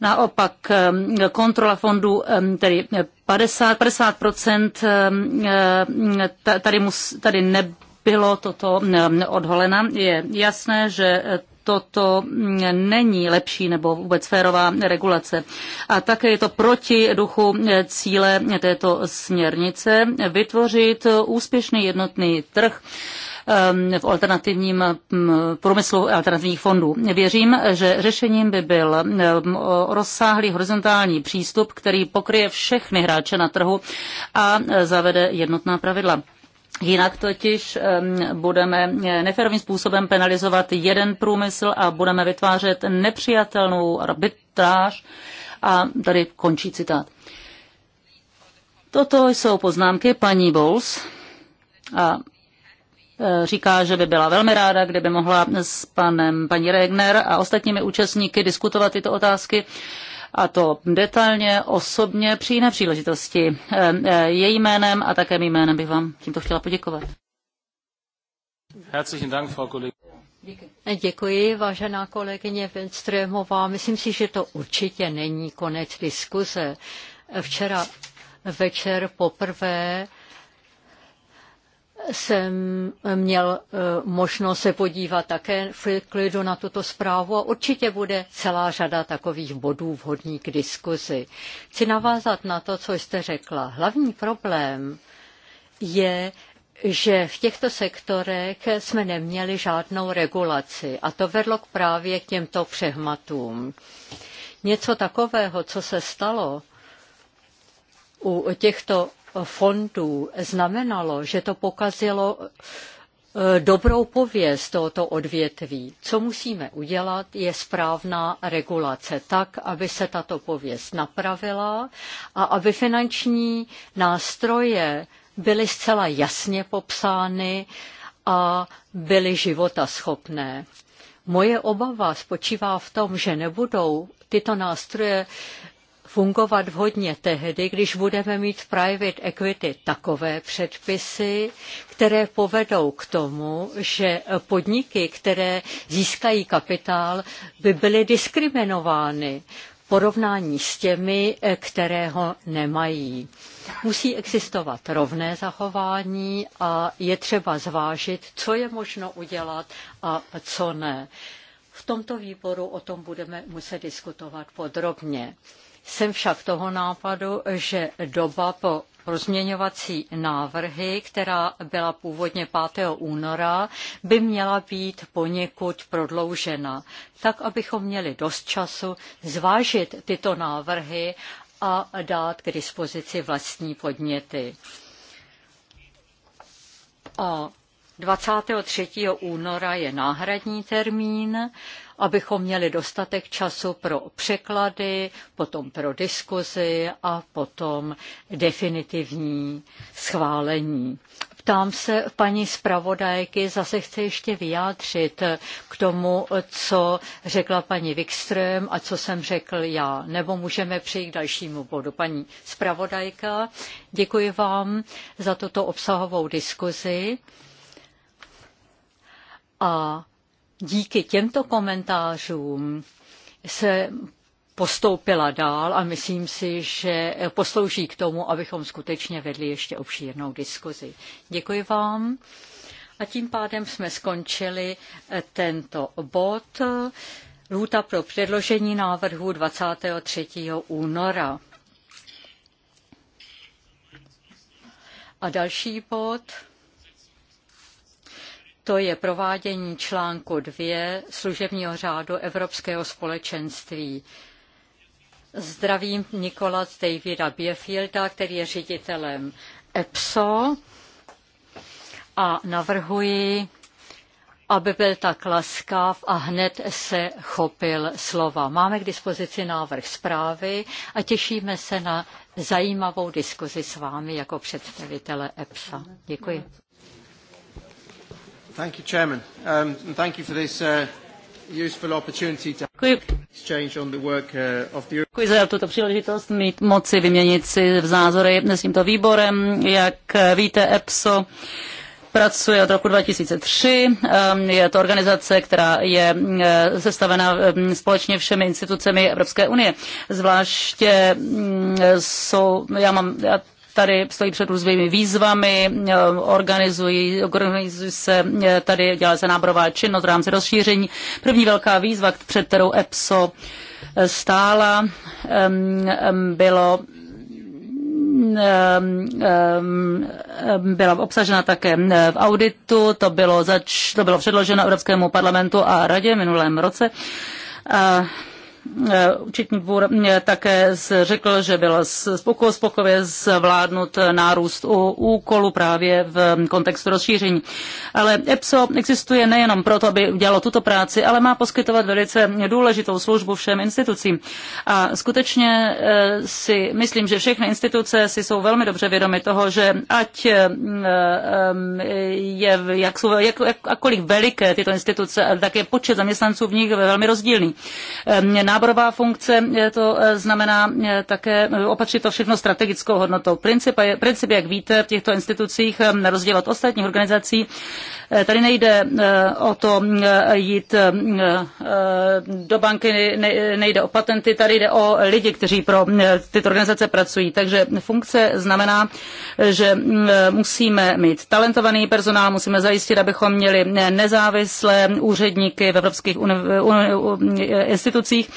Speaker 3: Naopak kontrola fondů, tedy 50, 50% eh, tady, mus, tady ne, bylo toto odholena. Je jasné, že toto není lepší nebo vůbec férová regulace. A také je to proti duchu cíle této směrnice vytvořit úspěšný jednotný trh v alternativním průmyslu alternativních fondů. Věřím, že řešením by byl rozsáhlý horizontální přístup, který pokryje všechny hráče na trhu a zavede jednotná pravidla. Jinak totiž budeme neférovým způsobem penalizovat jeden průmysl a budeme vytvářet nepřijatelnou arbitráž. A tady končí citát. Toto jsou poznámky paní Bowles a e, říká, že by byla velmi ráda, kdyby mohla s panem paní Regner a ostatními účastníky diskutovat tyto otázky a to detailně, osobně, při jiné příležitosti. Eh, eh, Její jménem a také mým jménem bych vám tímto chtěla poděkovat.
Speaker 2: Herzlichen Dank, Frau Kollegin.
Speaker 1: Děkuji. vážená kolegyně Venstrémová. Myslím si, že to určitě není konec diskuze. Včera večer poprvé jsem měl e, možnost se podívat také v klidu na tuto zprávu a určitě bude celá řada takových bodů vhodný k diskuzi. Chci navázat na to, co jste řekla. Hlavní problém je, že v těchto sektorech jsme neměli žádnou regulaci a to vedlo právě k těmto přehmatům. Něco takového, co se stalo u těchto fondů znamenalo, že to pokazilo eh, dobrou pověst tohoto odvětví. Co musíme udělat, je správná regulace tak, aby se tato pověst napravila a aby finanční nástroje byly zcela jasně popsány a byly životaschopné. Moje obava spočívá v tom, že nebudou tyto nástroje fungovat vhodně tehdy, když budeme mít v private equity takové předpisy, které povedou k tomu, že podniky, které získají kapitál, by byly diskriminovány v porovnání s těmi, eh, které ho nemají. Musí existovat rovné zachování a je třeba zvážit, co je možno udělat a co ne. V tomto výboru o tom budeme muset diskutovat podrobně. Jsem však toho nápadu, že doba po rozměňovací návrhy, která byla původně 5. února, by měla být poněkud prodloužena, tak abychom měli dost času zvážit tyto návrhy a dát k dispozici vlastní podněty. A 23. února je náhradní termín, abychom měli dostatek času pro překlady, potom pro diskuzi a potom definitivní schválení. Ptám se paní zpravodajky, zase chce ještě vyjádřit k tomu, co řekla paní Wikström a co jsem řekl já. Nebo můžeme přejít k dalšímu bodu. Paní zpravodajka, děkuji vám za toto obsahovou diskuzi. A díky těmto komentářům se postoupila dál a myslím si, že poslouží k tomu, abychom skutečně vedli ještě obšírnou diskuzi. Děkuji vám. A tím pádem jsme skončili eh, tento bod. Lůta pro předložení návrhu 23. února. A další bod to je provádění článku 2 služebního řádu Evropského společenství. Zdravím Nikola Davida Biefielda, který je ředitelem EPSO a navrhuji, aby byl tak laskav a hned se chopil slova. Máme k dispozici návrh zprávy a těšíme se na zajímavou diskuzi s vámi jako představitele EPSA. Děkuji. Thank you, Chairman. Um, and thank you for this uh, useful opportunity to Děkuji. exchange on the work uh, of the Děkuji
Speaker 3: za tuto příležitost mít moci vyměnit si v názory s tímto výborem. Jak uh, víte, EPSO pracuje od roku 2003. Um, je to organizace, která je uh, sestavena um, společně všemi institucemi Evropské unie. Zvláště mm, jsou, já mám, já tady stojí před různými výzvami, eh, organizují, organizují se eh, tady, dělá se náborová činnost v rámci rozšíření. První velká výzva, před kterou EPSO eh, stála, bylo byla obsažena také v auditu, to bylo, zač, to bylo předloženo Evropskému parlamentu a radě minulém roce. A Eh, účetní dvůr také řekl, že byl spokojivě zvládnut nárůst u úkolu právě v kontextu rozšíření. Ale EPSO existuje nejenom proto, aby dělalo tuto práci, ale má poskytovat velice důležitou službu všem institucím. A skutečně eh, si myslím, že všechny instituce si jsou velmi dobře vědomy toho, že ať eh, je, jak jsou, jak, jak, veliké tyto instituce, tak je počet zaměstnanců v nich velmi rozdílný. Na náborová funkce, eh, to eh, znamená eh, také opatřit to všechno strategickou hodnotou. Princip, princip jak víte, v těchto institucích, na rozdíl od ostatních organizací, Eh, tady nejde eh, o to eh, jít do banky, nejde o patenty, tady jde o lidi, kteří pro tyto organizace pracují. Takže funkce znamená, že musíme mít talentovaný personál, musíme zajistit, abychom měli nezávislé úředníky v evropských institucích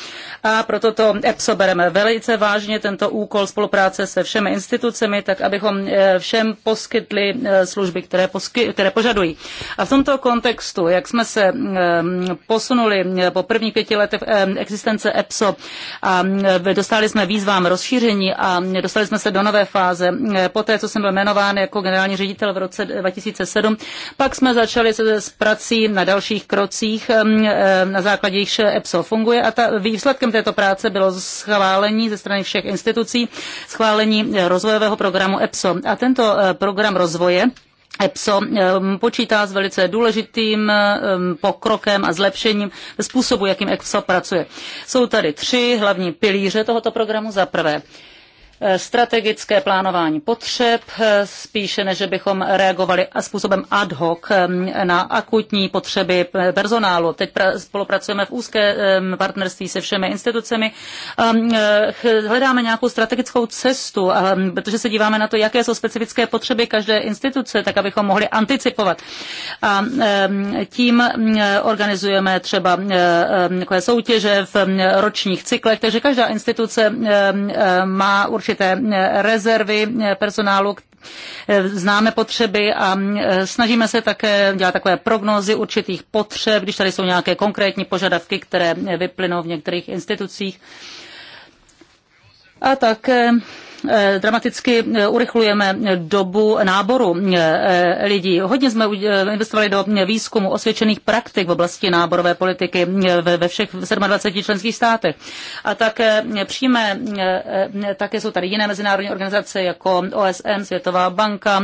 Speaker 3: a proto to EPSO bereme velice vážně, tento úkol spolupráce se všemi institucemi, tak abychom všem poskytli služby, které, posky, které požadují. A v tomto kontextu, jak jsme se posunuli eh, po prvních pěti letech existence EPSO a dostali jsme výzvám rozšíření a dostali jsme se do nové fáze. Poté, co jsem byl jmenován jako generální ředitel v roce 2007, pak jsme začali se s prací na dalších krocích, na základě jichž EPSO funguje a ta, výsledkem této práce bylo schválení ze strany všech institucí, schválení rozvojového programu EPSO. A tento eh, program rozvoje EPSO eh, počítá s velice důležitým eh, pokrokem a zlepšením způsobu, jakým EPSO pracuje. Jsou tady tři hlavní pilíře tohoto programu. Za prvé Eh, strategické plánování potřeb, eh, spíše než bychom reagovali způsobem ad hoc eh, na akutní potřeby personálu. Teď spolupracujeme v úzké partnerství se všemi institucemi. Ehm, hledáme nějakou strategickou cestu, protože se díváme na to, jaké jsou specifické potřeby každé instituce, tak abychom mohli anticipovat. A ehm, tím organizujeme třeba soutěže v ročních cyklech, takže každá instituce ehm, má určitě určité eh, rezervy eh, personálu, eh, známe potřeby a snažíme se také dělat takové prognózy určitých potřeb, když tady jsou nějaké konkrétní požadavky, které vyplynou v některých institucích. A také Eh, dramaticky eh, urychlujeme dobu náboru eh, lidí. Hodně jsme investovali do výzkumu osvědčených praktik v oblasti náborové politiky ve všech 27 členských státech. A také přijme také jsou tady jiné mezinárodní organizace jako OSN, Světová banka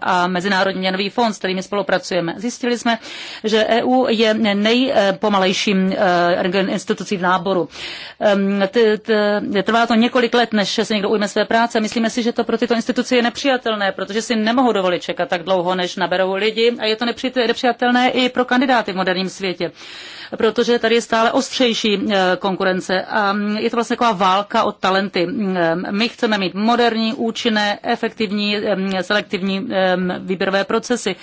Speaker 3: a Mezinárodní měnový fond, s kterými spolupracujeme. Zjistili jsme, že EU je nejpomalejším institucí v náboru. Ehm, trvá to několik let, než se někdo ujme své práce. Myslíme si, že to pro tyto instituce je nepřijatelné, protože si nemohou dovolit čekat tak dlouho, než naberou lidi a je to nepřijatelné i pro kandidáty v moderním světě protože tady je stále ostřejší eh, konkurence a mm, je to vlastně taková válka o talenty. Mm, eh, my chceme mít moderní, účinné, efektivní, eh, mm, selektivní výběrové procesy,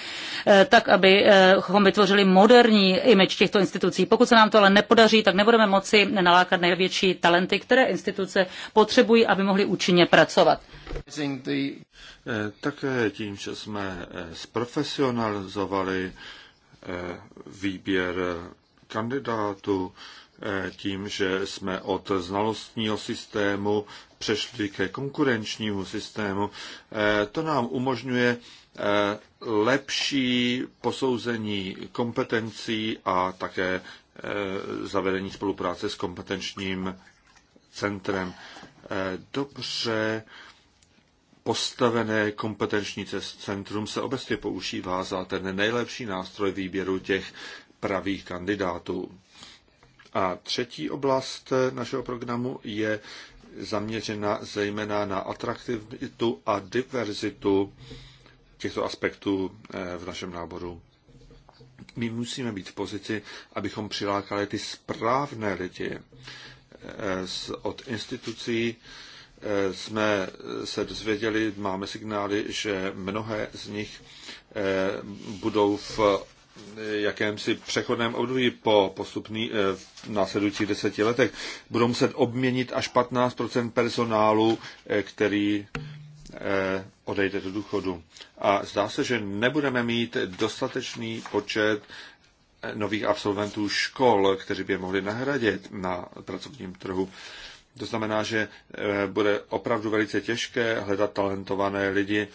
Speaker 3: tak, abychom vytvořili moderní image těchto institucí. Pokud se nám to ale nepodaří, tak nebudeme moci nalákat největší talenty, které instituce potřebují, aby mohly účinně pracovat.
Speaker 2: Také tím, že jsme zprofesionalizovali výběr kandidátů eh, tím, že jsme od znalostního systému přešli ke konkurenčnímu systému. Eh, to nám umožňuje eh, lepší posouzení kompetencí a také zavedení spolupráce s kompetenčním centrem. Dobře postavené kompetenční centrum se obecně používá za ten nejlepší nástroj výběru těch pravých kandidátů. A třetí oblast našeho programu je zaměřena zejména na atraktivitu a diverzitu těchto aspektů eh, v našem náboru. My musíme být v pozici, abychom přilákali ty správné lidi. Eh, od institucí eh, jsme se dozvěděli, máme signály, že mnohé z nich budou v jakémsi přechodném období po postupný e, následujících deseti letech budou muset obměnit až 15 personálu, e, který e, odejde do důchodu. A zdá se, že nebudeme mít dostatečný počet nových absolventů škol, kteří by je mohli nahradit na pracovním trhu. E, to znamená, že eh, bude opravdu velice těžké hledat talentované lidi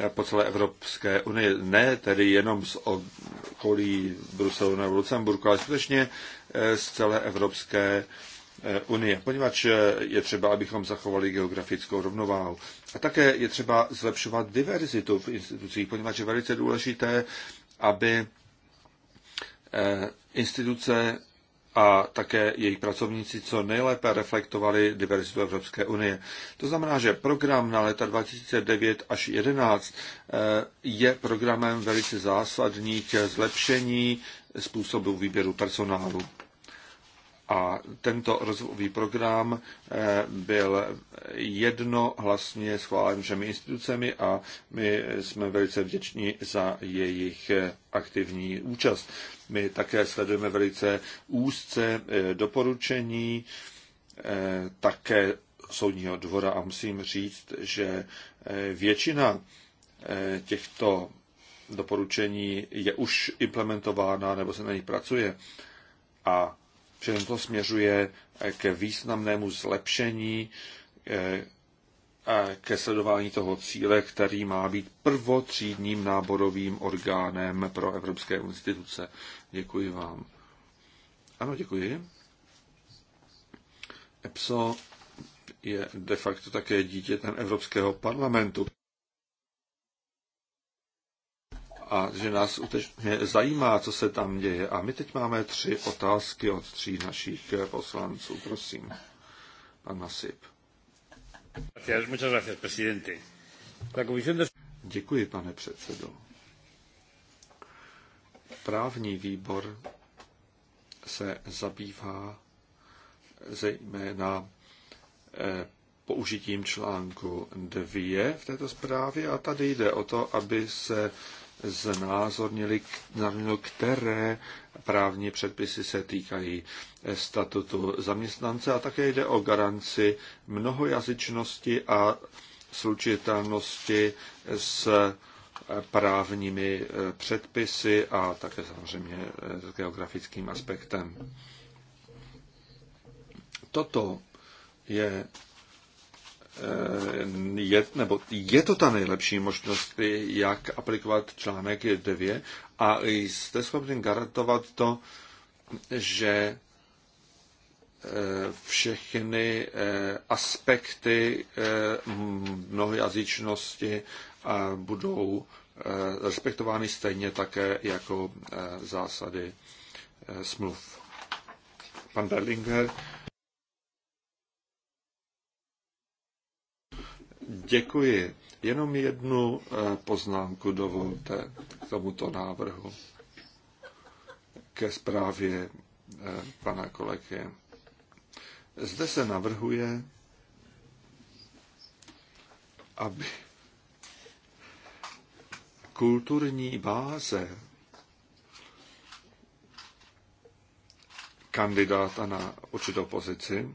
Speaker 2: eh, po celé Evropské unii. Ne tedy jenom z okolí Bruselu nebo Lucemburku, ale skutečně eh, z celé Evropské unie, poněvadž je třeba, abychom zachovali geografickou rovnováhu. A také je třeba zlepšovat diverzitu v institucích, poněvadž je velice důležité, aby instituce a také její pracovníci co nejlépe reflektovali diverzitu Evropské unie. To znamená, že program na leta 2009 až 2011 eh, je programem velice zásadních zlepšení způsobu výběru personálu. A tento rozvojový program eh, byl jednohlasně schválen všemi institucemi a my jsme velice vděční za jejich eh, aktivní účast. My také sledujeme velice úzce eh, doporučení také soudního dvora a musím říct, že většina těchto doporučení je už implementována nebo se na nich pracuje. A Všechno to směřuje k významnému zlepšení eh, ke sledování toho cíle, který má být prvotřídním náborovým orgánem pro evropské instituce. Děkuji vám. Ano, děkuji. EPSO je de facto také ten Evropského parlamentu. a že nás skutečně zajímá, co se tam děje. A my teď máme tři otázky od tří našich poslanců. Prosím, pan Masip. Děkuji, pane předsedo. Právní výbor se zabývá zejména eh, použitím článku 2 v této zprávě a tady jde o to, aby se znázornili, které právní předpisy se týkají statutu zaměstnance a také jde o garanci mnohojazyčnosti a slučitelnosti s právními předpisy a také samozřejmě s geografickým aspektem. Toto je Eh, je, nebo je to ta nejlepší možnost, jak aplikovat článek 2 a jste schopni garantovat to, že eh, všechny eh, aspekty mnohojazyčnosti budou respektovány stejně také jako zásady smluv. Pan Berlinger Děkuji. Jenom jednu eh, poznámku dovolte k tomuto návrhu, ke zprávě eh, pana kolegy. Zde se navrhuje, aby kulturní báze kandidáta na určitou pozici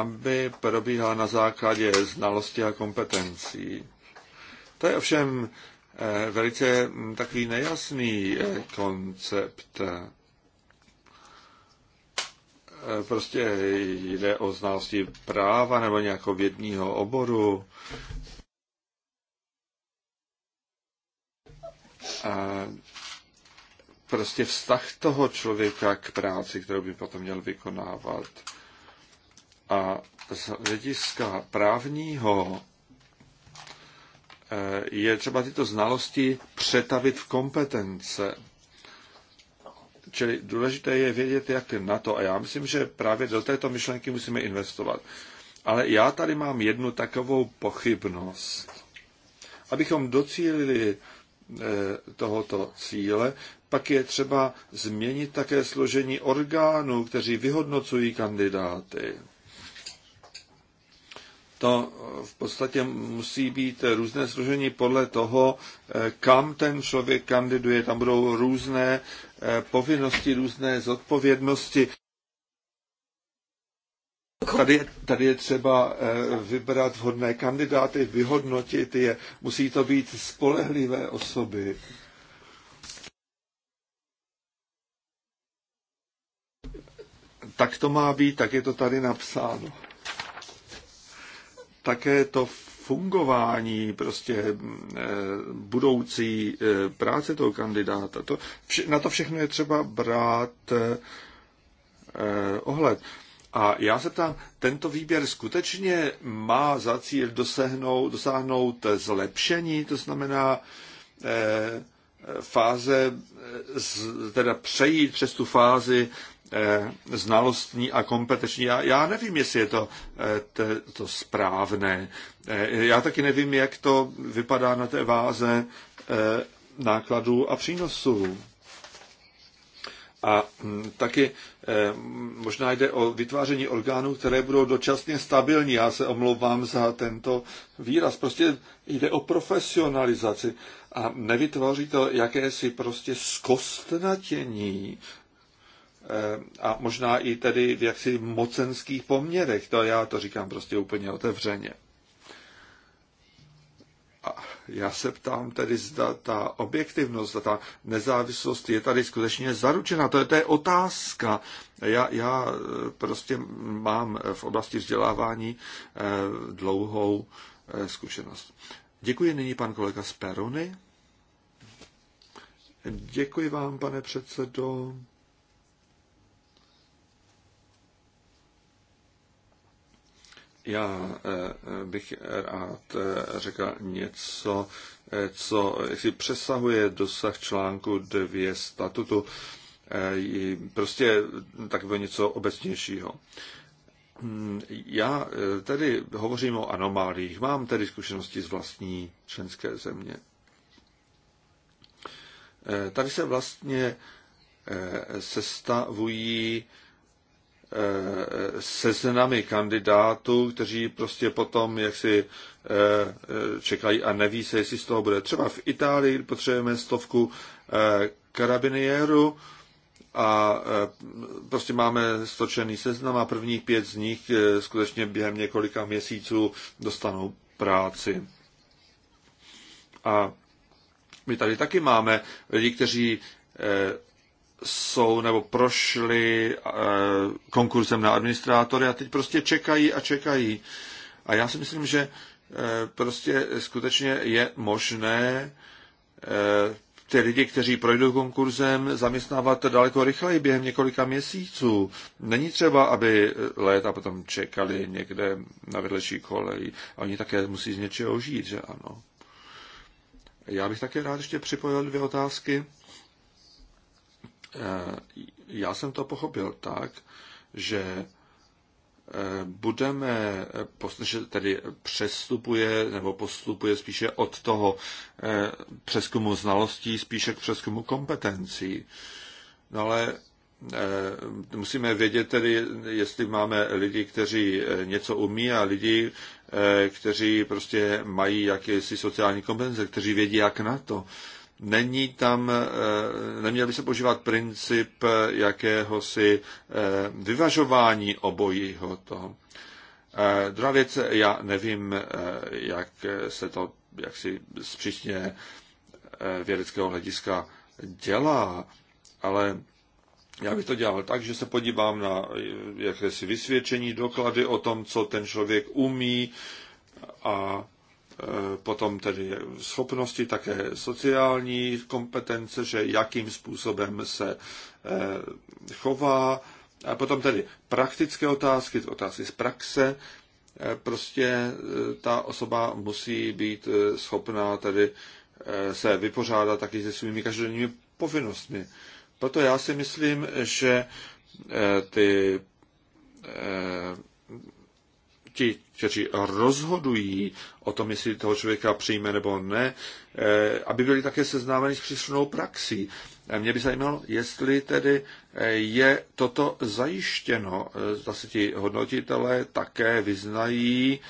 Speaker 2: aby probíhala na základě znalosti a kompetencí. To je ovšem eh, velice hm, takový nejasný eh, koncept. Eh, prostě jde o znalosti práva nebo nějakého vědního oboru. A prostě vztah toho člověka k práci, kterou by potom měl vykonávat a z hlediska právního eh, je třeba tyto znalosti přetavit v kompetence. Čili důležité je vědět, jak na to. A já myslím, že právě do této myšlenky musíme investovat. Ale já tady mám jednu takovou pochybnost. Abychom docílili eh, tohoto cíle, pak je třeba změnit také složení orgánů, kteří vyhodnocují kandidáty to eh, v podstatě musí být různé složení podle toho, eh, kam ten člověk kandiduje. Tam budou různé eh, povinnosti, různé zodpovědnosti. Tady, tady je třeba vybrat vhodné kandidáty, vyhodnotit je. Musí to být spolehlivé osoby. Tak to má být, tak je to tady napsáno také to fungování prostě eh, budoucí eh, práce toho kandidáta. To, na to všechno je třeba brát eh, ohled. A já se tam tento výběr skutečně má za cíl dosáhnout, dosáhnout zlepšení, to znamená fáze, teda přejít přes tu fázi Eh, znalostní a kompetenční. Já, já nevím, jestli je to, eh, to, to správné. Eh, já taky nevím, jak to vypadá na té váze nákladů a přínosů. A hm, taky možná jde o vytváření orgánů, které budou dočasně stabilní. Já se omlouvám za tento výraz. Prostě jde o profesionalizaci a nevytvoří to jakési prostě zkostnatění Eh, a možná i tedy v jaksi mocenských poměrech. To já to říkám prostě úplně otevřeně. A já se ptám tedy, zda ta objektivnost, zda ta nezávislost je tady skutečně zaručena. To je, to je otázka. Já, já eh, prostě mám v oblasti vzdělávání eh, dlouhou zkušenost. Děkuji nyní pan kolega Sperony. Děkuji vám, pane předsedo. Já eh, eh, bych rád eh, řekl něco, co si přesahuje dosah článku 2 statutu. Prostě takové něco obecnějšího. Hmm, já tedy hovořím o anomálích. Mám tedy zkušenosti z vlastní členské země. Tady se vlastně sestavují seznamy kandidátů, kteří prostě potom jaksi eh, eh, čekají a neví se, jestli z toho bude. Třeba v Itálii potřebujeme stovku eh, karabinieru a prostě máme stočený seznam a prvních pět z nich skutečně během několika měsíců dostanou práci. A my tady taky máme lidi, kteří jsou nebo prošli eh, konkursem na administrátory a teď prostě čekají a čekají. A já si myslím, že eh, prostě skutečně je možné eh, ty lidi, kteří projdou konkurzem, zaměstnávat daleko rychleji během několika měsíců. Není třeba, aby léta potom čekali někde na vedlejší a Oni také musí z něčeho žít, že ano. Já bych také rád ještě připojil dvě otázky. Eh, já jsem to pochopil tak, že eh, budeme, že tedy přestupuje nebo postupuje spíše od toho eh, přeskumu znalostí spíše k přeskumu kompetencí. No ale musíme vědět tedy, jestli máme lidi, kteří něco umí a lidi, kteří prostě mají jakési sociální kompetence, kteří vědí jak na to. Není tam, eh, neměl by se používat princip eh, jakéhosi eh, vyvažování obojího toho. Druhá věc, já nevím, jak se to jak si zpřísně vědeckého hlediska dělá, ale já bych to dělal tak, že se podívám na jakési vysvědčení, doklady o tom, co ten člověk umí a Eh, potom tedy schopnosti, také sociální kompetence, že jakým způsobem se eh, chová, a potom tedy praktické otázky, otázky z praxe, eh, prostě ta osoba musí být schopná tedy se vypořádat taky se svými každodenními povinnostmi. Proto já si myslím, že ty ti kteří rozhodují o tom, jestli toho člověka přijme nebo ne, eh, aby byli také seznámeni s příslušnou praxí. Eh, mě by zajímalo, jestli tedy eh, je toto zajištěno. Zase ti hodnotitelé také vyznají,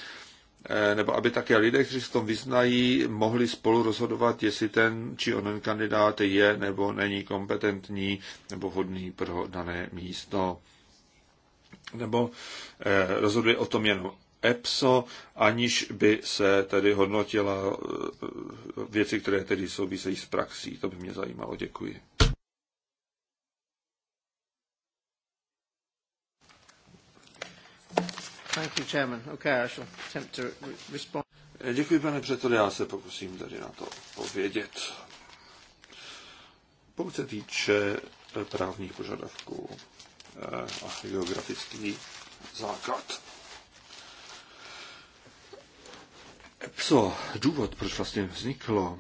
Speaker 2: nebo aby také lidé, kteří se tom vyznají, mohli spolu rozhodovat, jestli ten či onen kandidát je nebo není kompetentní nebo hodný pro dané místo. Nebo rozhoduje o tom jenom EPSO, aniž by se tedy hodnotila eh, věci, které tedy souvisejí s praxí. To by mě zajímalo. Děkuji.
Speaker 1: Thank you, Chairman. Okay, I shall attempt to
Speaker 2: respond. Eh, děkuji, pane předsedo. Já se pokusím tady na to povědět. Pokud se týče eh, právních požadavků a geografický základ. EPSO, důvod, proč vlastně vzniklo,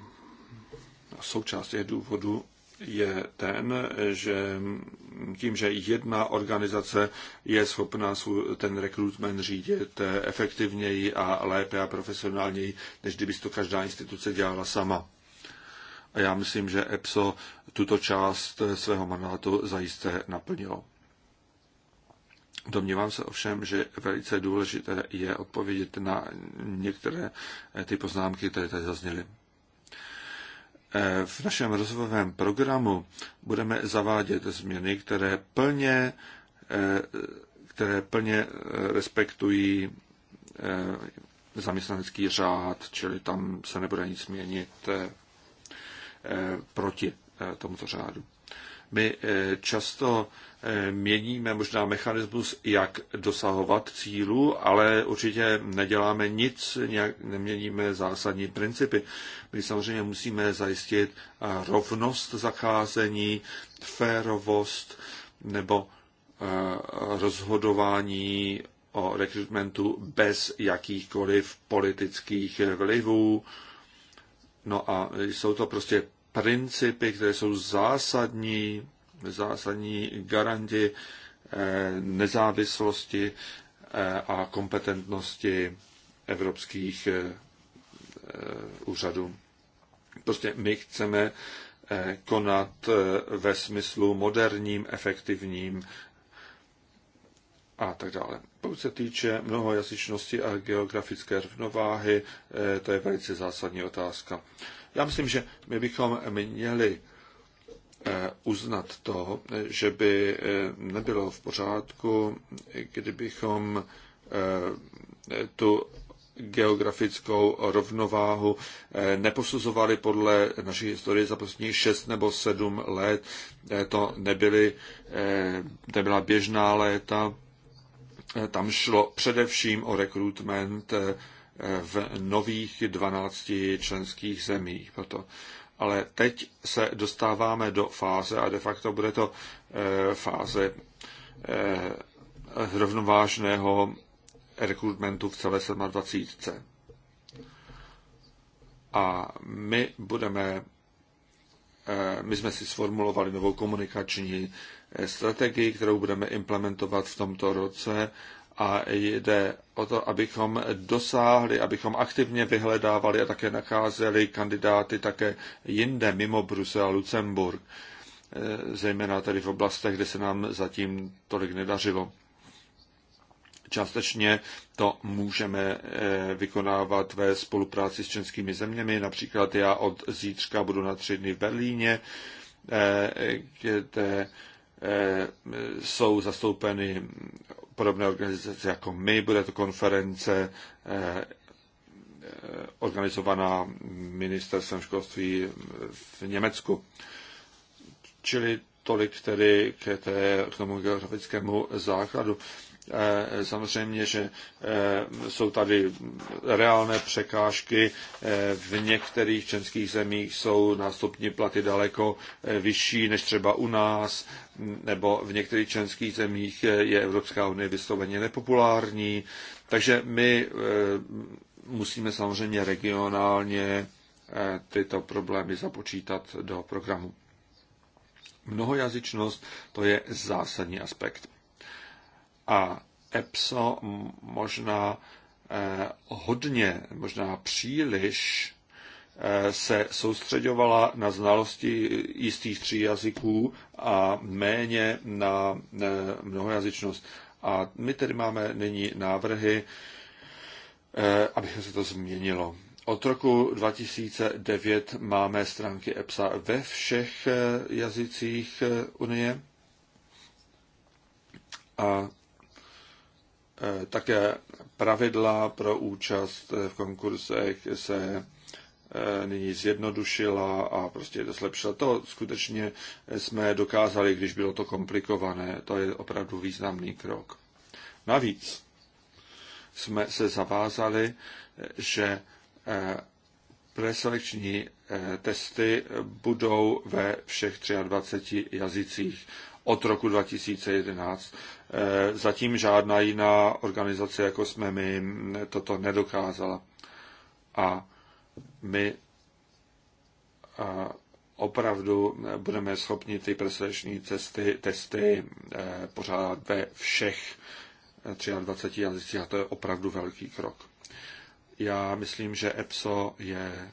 Speaker 2: součást těch důvodů je ten, že tím, že jedna organizace je schopná ten rekrutment řídit efektivněji a lépe a profesionálněji, než kdyby to každá instituce dělala sama. A já myslím, že EPSO tuto část svého mandátu zajisté naplnilo. Domnívám se ovšem, že velice důležité je odpovědět na některé eh, ty poznámky, které tady zazněly. Eh, v našem rozvojovém programu budeme zavádět změny, které plně, eh, které plně respektují zaměstnanecký řád, čili tam se nebude nic měnit proti tomuto řádu. My eh, často eh, měníme možná mechanismus, jak dosahovat cílu, ale určitě neděláme nic, nějak neměníme zásadní principy. My samozřejmě musíme zajistit eh, rovnost zacházení, férovost nebo rozhodování o rekrutmentu bez jakýchkoliv politických vlivů. No a jsou to prostě principy, které jsou zásadní, zásadní garanti eh, nezávislosti eh, a kompetentnosti evropských eh, úřadů. Prostě my chceme konat ve smyslu moderním, efektivním a tak dále. Pokud se týče mnohojazyčnosti a geografické rovnováhy, to je velice zásadní otázka. Já myslím, že my bychom měli eh, uznat to, že by eh, nebylo v pořádku, kdybychom eh, tu geografickou rovnováhu neposuzovali podle naší historie za poslední 6 nebo 7 let. To nebyly, nebyla běžná léta. Tam šlo především o rekrutment v nových 12 členských zemích. Proto. Ale teď se dostáváme do fáze, a de facto bude to eh, fáze eh, rovnovážného rekrutmentu v celé 27. A my budeme, eh, my jsme si sformulovali novou komunikační strategii, kterou budeme implementovat v tomto roce a jde o to, abychom dosáhli, abychom aktivně vyhledávali a také nacházeli kandidáty také jinde, mimo Brusel a Lucemburg, eh, zejména tady v oblastech, kde se nám zatím tolik nedařilo. Částečně to můžeme eh, vykonávat ve spolupráci s českými zeměmi. Například já od zítřka budu na tři dny v Berlíně, eh, kde jsou zastoupeny podobné organizace jako my. Bude to konference eh, eh, organizovaná ministerstvem školství v Německu. Čili tolik tedy k, té, k tomu geografickému základu. Eh, samozřejmě, že eh, jsou tady reálné překážky. Eh, v některých českých zemích jsou nástupní platy daleko vyšší než třeba u nás, mm, nebo v některých českých zemích je Evropská unie vysloveně nepopulární. Takže my musíme samozřejmě regionálně tyto problémy započítat do programu. Mnohojazyčnost to je zásadní aspekt a EPSO možná eh, hodně, možná příliš eh, se soustředovala na znalosti jistých tří jazyků a méně na eh, mnohojazyčnost. A my tedy máme nyní návrhy, aby se to změnilo. Od roku 2009 máme stránky EPSA ve všech jazycích Unie a Eh, také pravidla pro účast v konkursech se eh, nyní zjednodušila a prostě je to zlepšila. To skutečně jsme dokázali, když bylo to komplikované. To je opravdu významný krok. Navíc jsme se zavázali, že eh, preselekční testy budou ve všech 23 jazycích od roku 2011. Eh, zatím žádná jiná organizace, jako jsme my, toto nedokázala. A my eh, opravdu budeme schopni ty presleční cesty, testy eh, pořádat ve všech 23 jazycích a to je opravdu velký krok. Já myslím, že EPSO je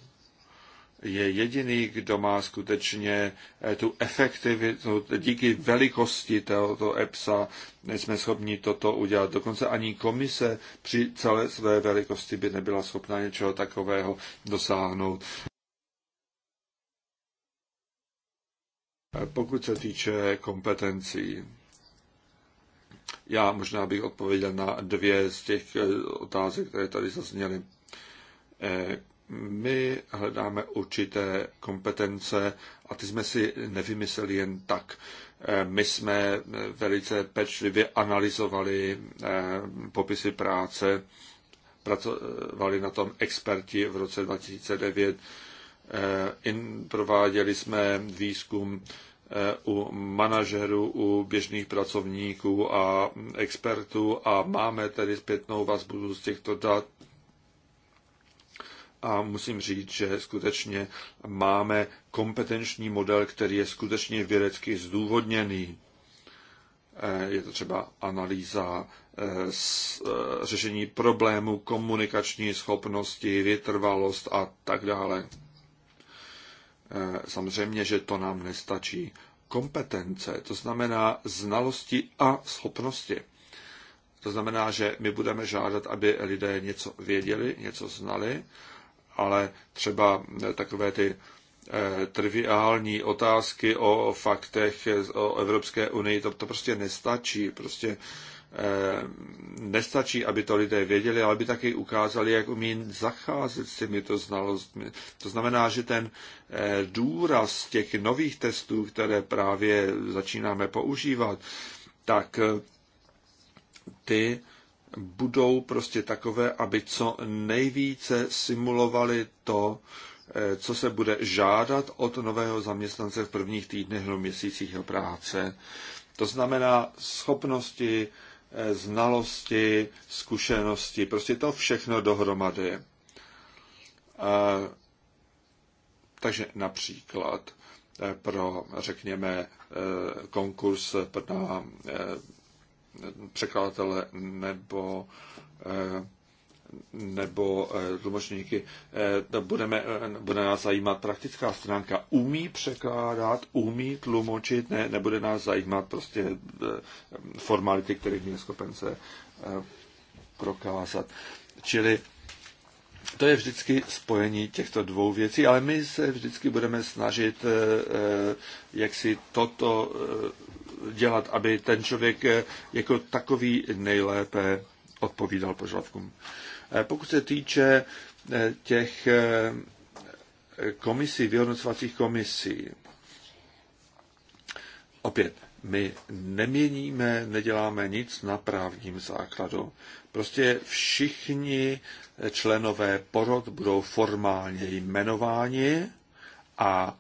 Speaker 2: je jediný, kdo má skutečně eh, tu efektivitu. Díky velikosti tohoto EPSA jsme schopni toto udělat. Dokonce ani komise při celé své velikosti by nebyla schopna něčeho takového dosáhnout. Eh, pokud se týče kompetencí, já možná bych odpověděl na dvě z těch eh, otázek, které tady zazněly my hledáme určité kompetence a ty jsme si nevymysleli jen tak. Eh, my jsme velice pečlivě analyzovali eh, popisy práce, pracovali na tom experti v roce 2009, eh, in, prováděli jsme výzkum u manažerů, u běžných pracovníků a expertů a máme tedy zpětnou vazbu z těchto dat a musím říct, že skutečně máme kompetenční model, který je skutečně vědecky zdůvodněný. Eh, je to třeba analýza eh, eh, řešení problémů, komunikační schopnosti, vytrvalost a tak dále. Samozřejmě, že to nám nestačí. Kompetence, to znamená znalosti a schopnosti. To znamená, že my budeme žádat, aby lidé něco věděli, něco znali, ale třeba eh, takové ty eh, triviální otázky o faktech eh, o Evropské unii, to, to prostě nestačí. Prostě nestačí, aby to lidé věděli, ale by taky ukázali, jak umí zacházet s těmito znalostmi. To znamená, že ten důraz těch nových testů, které právě začínáme používat, tak ty budou prostě takové, aby co nejvíce simulovali to, eh, co se bude žádat od nového zaměstnance v prvních týdnech nebo měsících jeho práce. To znamená schopnosti, eh, znalosti, zkušenosti, prostě to všechno dohromady. Takže například eh, pro, řekněme, konkurs na překladatele nebo eh, nebo eh, tlumočníky. Eh, budeme, bude nás zajímat praktická stránka. Umí překládat, umí tlumočit, ne, nebude nás zajímat prostě formality, kterých je schopen se prokázat. Čili to je vždycky spojení těchto dvou věcí, ale my se vždycky budeme snažit, jak si toto dělat, aby ten člověk eh, jako takový nejlépe odpovídal požadavkům. Eh, pokud se týče eh, těch komisí, vyhodnocovacích komisí, opět, my neměníme, neděláme nic na právním základu. Prostě všichni členové porod budou formálně jmenováni a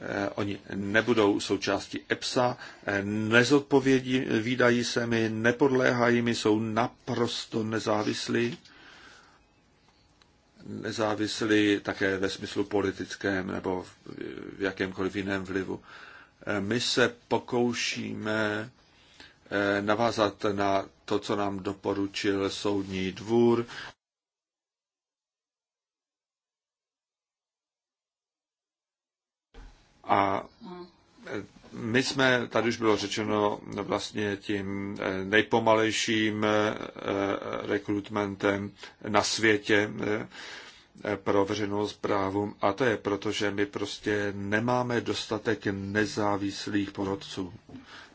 Speaker 2: Eh, oni nebudou součástí EPSA, eh, nezodpovědí výdají se mi, nepodléhají mi, jsou naprosto nezávislí. Nezávislí také ve smyslu politickém nebo v jakémkoliv jiném vlivu. Eh, my se pokoušíme navázat na to, co nám doporučil soudní dvůr, A no. eh, my jsme, tady už bylo řečeno, vlastně tím eh, nejpomalejším eh, rekrutmentem na světě pro veřejnou zprávu a to je proto, že my prostě nemáme dostatek nezávislých porodců.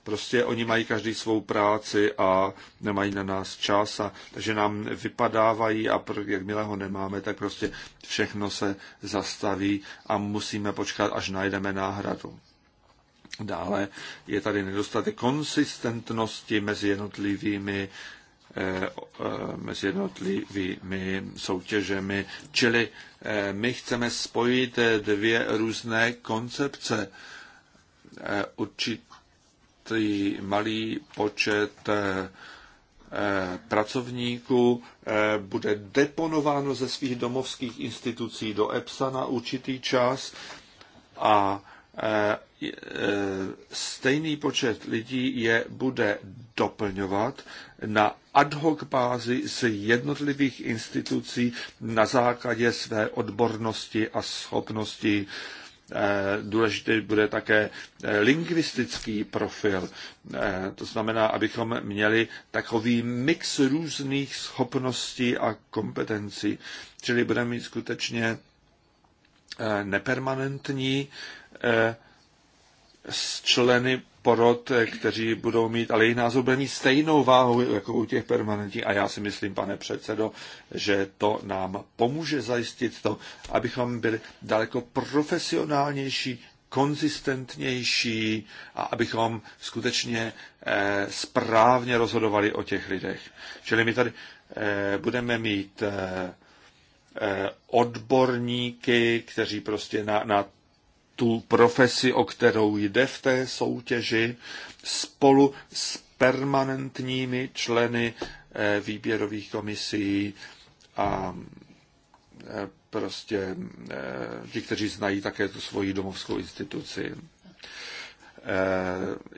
Speaker 2: Prostě oni mají každý svou práci a nemají na nás čas, a, takže nám vypadávají a jakmile ho nemáme, tak prostě všechno se zastaví a musíme počkat, až najdeme náhradu. Dále je tady nedostatek konsistentnosti mezi jednotlivými eh, eh, mezi jednotlivými soutěžemi. Čili eh, my chceme spojit dvě různé koncepce. Určit malý počet eh, eh, pracovníků eh, bude deponováno ze svých domovských institucí do EPSA na určitý čas a stejný počet lidí je bude doplňovat na ad hoc bázi z jednotlivých institucí na základě své odbornosti a schopnosti Eh, důležitý bude také eh, lingvistický profil. Eh, to znamená, abychom měli takový mix různých schopností a kompetencí. Čili budeme mít skutečně nepermanentní s členy porod, eh, kteří budou mít, ale jejich názor bude mít stejnou váhu jako u těch permanentních. A já si myslím, pane předsedo, že to nám pomůže zajistit to, abychom byli daleko profesionálnější, konzistentnější a abychom skutečně eh, správně rozhodovali o těch lidech. Čili my tady eh, budeme mít eh, eh odborníky, kteří prostě na, na tu profesi, o kterou jde v té soutěži, spolu s permanentními členy eh, výběrových komisí a eh, prostě eh, ti, kteří znají také tu svoji domovskou instituci.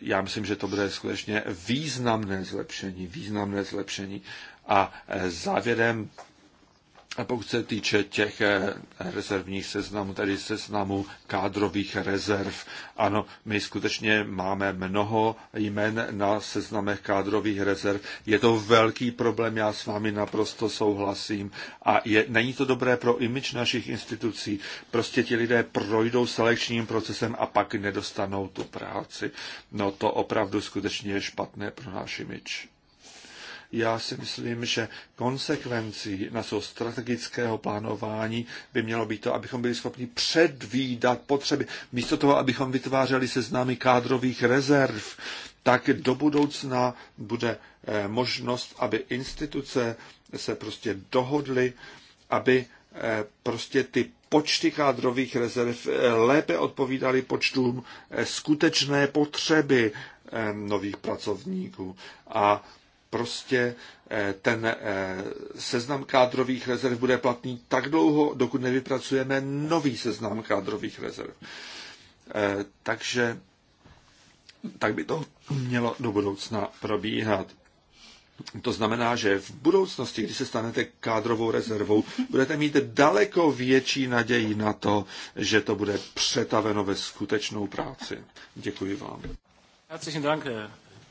Speaker 2: Já myslím, že to bude skutečně významné zlepšení, významné zlepšení. A závěrem a pokud se týče těch eh, rezervních seznamů, tedy seznamů kádrových rezerv, ano, my skutečně máme mnoho jmen na seznamech kádrových rezerv. Je to velký problém, já s vámi naprosto souhlasím. A je, není to dobré pro imič našich institucí. Prostě ti lidé projdou selekčním procesem a pak nedostanou tu práci. No to opravdu skutečně je špatné pro náš imič já si myslím, že konsekvencí našeho strategického plánování by mělo být to, abychom byli schopni předvídat potřeby. Místo toho, abychom vytvářeli seznamy kádrových rezerv, tak do budoucna bude eh, možnost, aby instituce se prostě dohodly, aby eh, prostě ty počty kádrových rezerv eh, lépe odpovídaly počtům skutečné potřeby nových pracovníků. A prostě eh, ten eh, seznam kádrových rezerv bude platný tak dlouho, dokud nevypracujeme nový seznam kádrových rezerv. Eh, takže tak by to mělo do budoucna probíhat. To znamená, že v budoucnosti, když se stanete kádrovou rezervou, budete mít daleko větší naději na to, že to bude přetaveno ve skutečnou práci. Děkuji vám.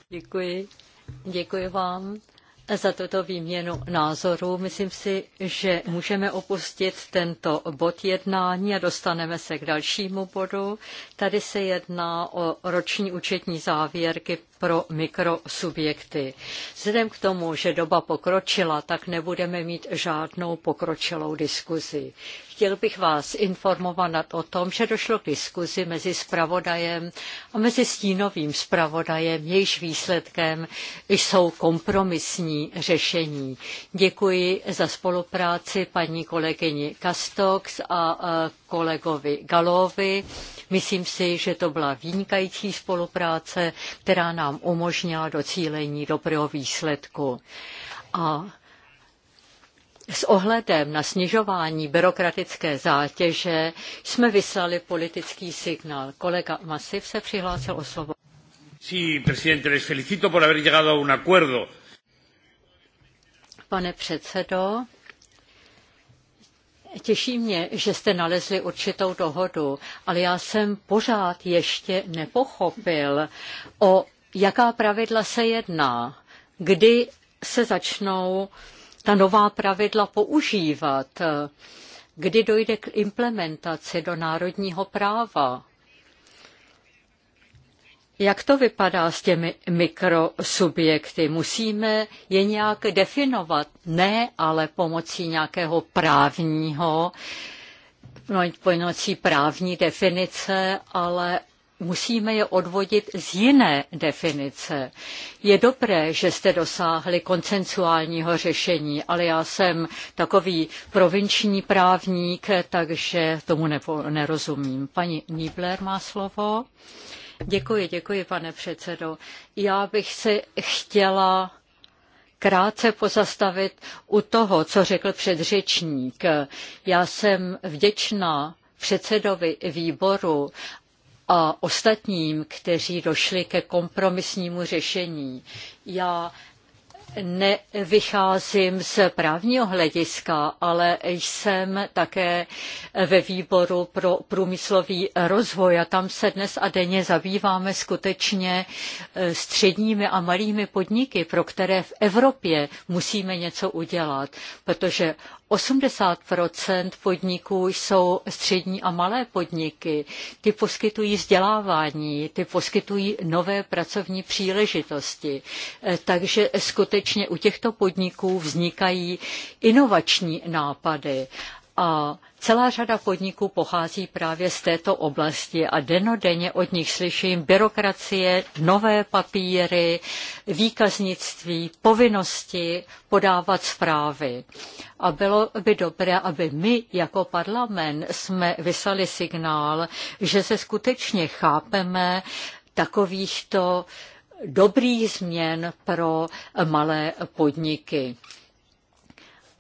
Speaker 1: Děkuji. Děkuji vám za tuto výměnu názorů. Myslím si, že můžeme opustit tento bod jednání a dostaneme se k dalšímu bodu. Tady se jedná o roční účetní závěrky pro mikrosubjekty. Vzhledem k tomu, že doba pokročila, tak nebudeme mít žádnou pokročilou diskuzi. Chtěl bych vás informovat o tom, že došlo k diskuzi mezi spravodajem a mezi stínovým spravodajem, jejíž výsledkem jsou kompromisní řešení. Děkuji za spolupráci paní kolegyni Kastox a eh, kolegovi Galovi. Myslím si, že to byla vynikající spolupráce, která nám umožnila docílení dobrého výsledku. A s ohledem na snižování byrokratické zátěže jsme vyslali politický signál. Kolega Masiv se přihlásil o slovo.
Speaker 2: Sí, presidente, les felicito por haber llegado a un acuerdo.
Speaker 1: Pane předsedo, Těší mě, že jste nalezli určitou dohodu, ale já jsem pořád ještě nepochopil, o jaká pravidla se jedná, kdy se začnou ta nová pravidla používat, kdy dojde k implementaci do národního práva. Jak to vypadá s těmi mikrosubjekty? Musíme je nějak definovat, ne ale pomocí nějakého právního, no, pomocí právní definice, ale musíme je odvodit z jiné definice. Je dobré, že jste dosáhli koncensuálního řešení, ale já jsem takový provinční právník, takže tomu nerozumím. Paní Niebler má slovo. Uh, Děkuji, děkuji, pane předsedo. Já bych se chtěla krátce pozastavit u toho, co řekl předřečník. Já jsem vděčná předsedovi výboru a ostatním, kteří došli ke kompromisnímu řešení. Já nevycházím z právního hlediska, ale jsem také ve výboru pro průmyslový rozvoj a tam se dnes a denně zabýváme skutečně e, středními a malými podniky, pro které v Evropě musíme něco udělat, protože 80 podniků jsou střední a malé podniky. Ty poskytují vzdělávání, ty poskytují nové pracovní příležitosti. Eh, takže skutečně u těchto podniků vznikají inovační nápady. A celá řada podniků pochází právě z této oblasti a denodenně od nich slyším byrokracie, nové papíry, výkaznictví, povinnosti podávat zprávy. A bylo by dobré, aby my jako parlament jsme vyslali signál, že se skutečně chápeme takovýchto dobrých změn pro malé podniky.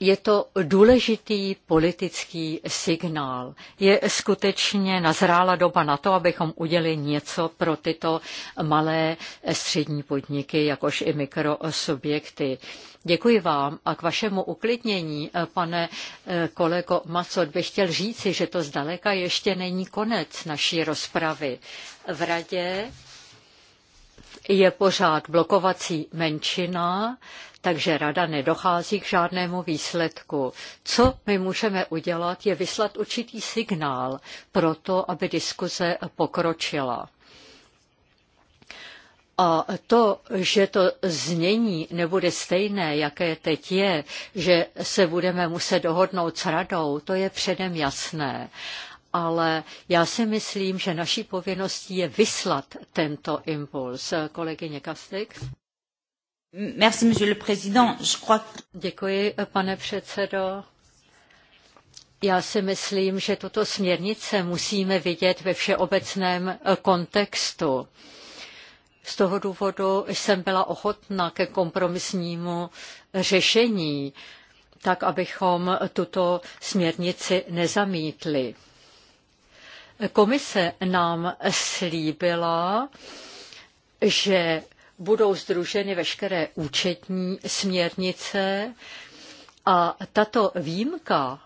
Speaker 1: Je to důležitý politický signál. Je skutečně nazrála doba na to, abychom udělali něco pro tyto malé střední podniky, jakož i mikrosubjekty. Děkuji vám a k vašemu uklidnění, pane eh, kolego Macot, bych chtěl říci, že to zdaleka ještě není konec naší rozpravy. V radě je pořád blokovací menšina, takže rada nedochází k žádnému výsledku. Co my můžeme udělat, je vyslat určitý signál pro to, aby diskuze pokročila. A to, že to znění nebude stejné, jaké teď je, že se budeme muset dohodnout s radou, to je předem jasné ale já si myslím, že naší povinností je vyslat tento impuls. Kolegyně Kastik. Merci, monsieur le président. Je crois... Děkuji, pane předsedo. Já si myslím, že tuto směrnice musíme vidět ve všeobecném kontextu. Z toho důvodu jsem byla ochotna ke kompromisnímu řešení, tak abychom tuto směrnici nezamítli. Komise nám slíbila, že budou združeny veškeré účetní směrnice a tato výjimka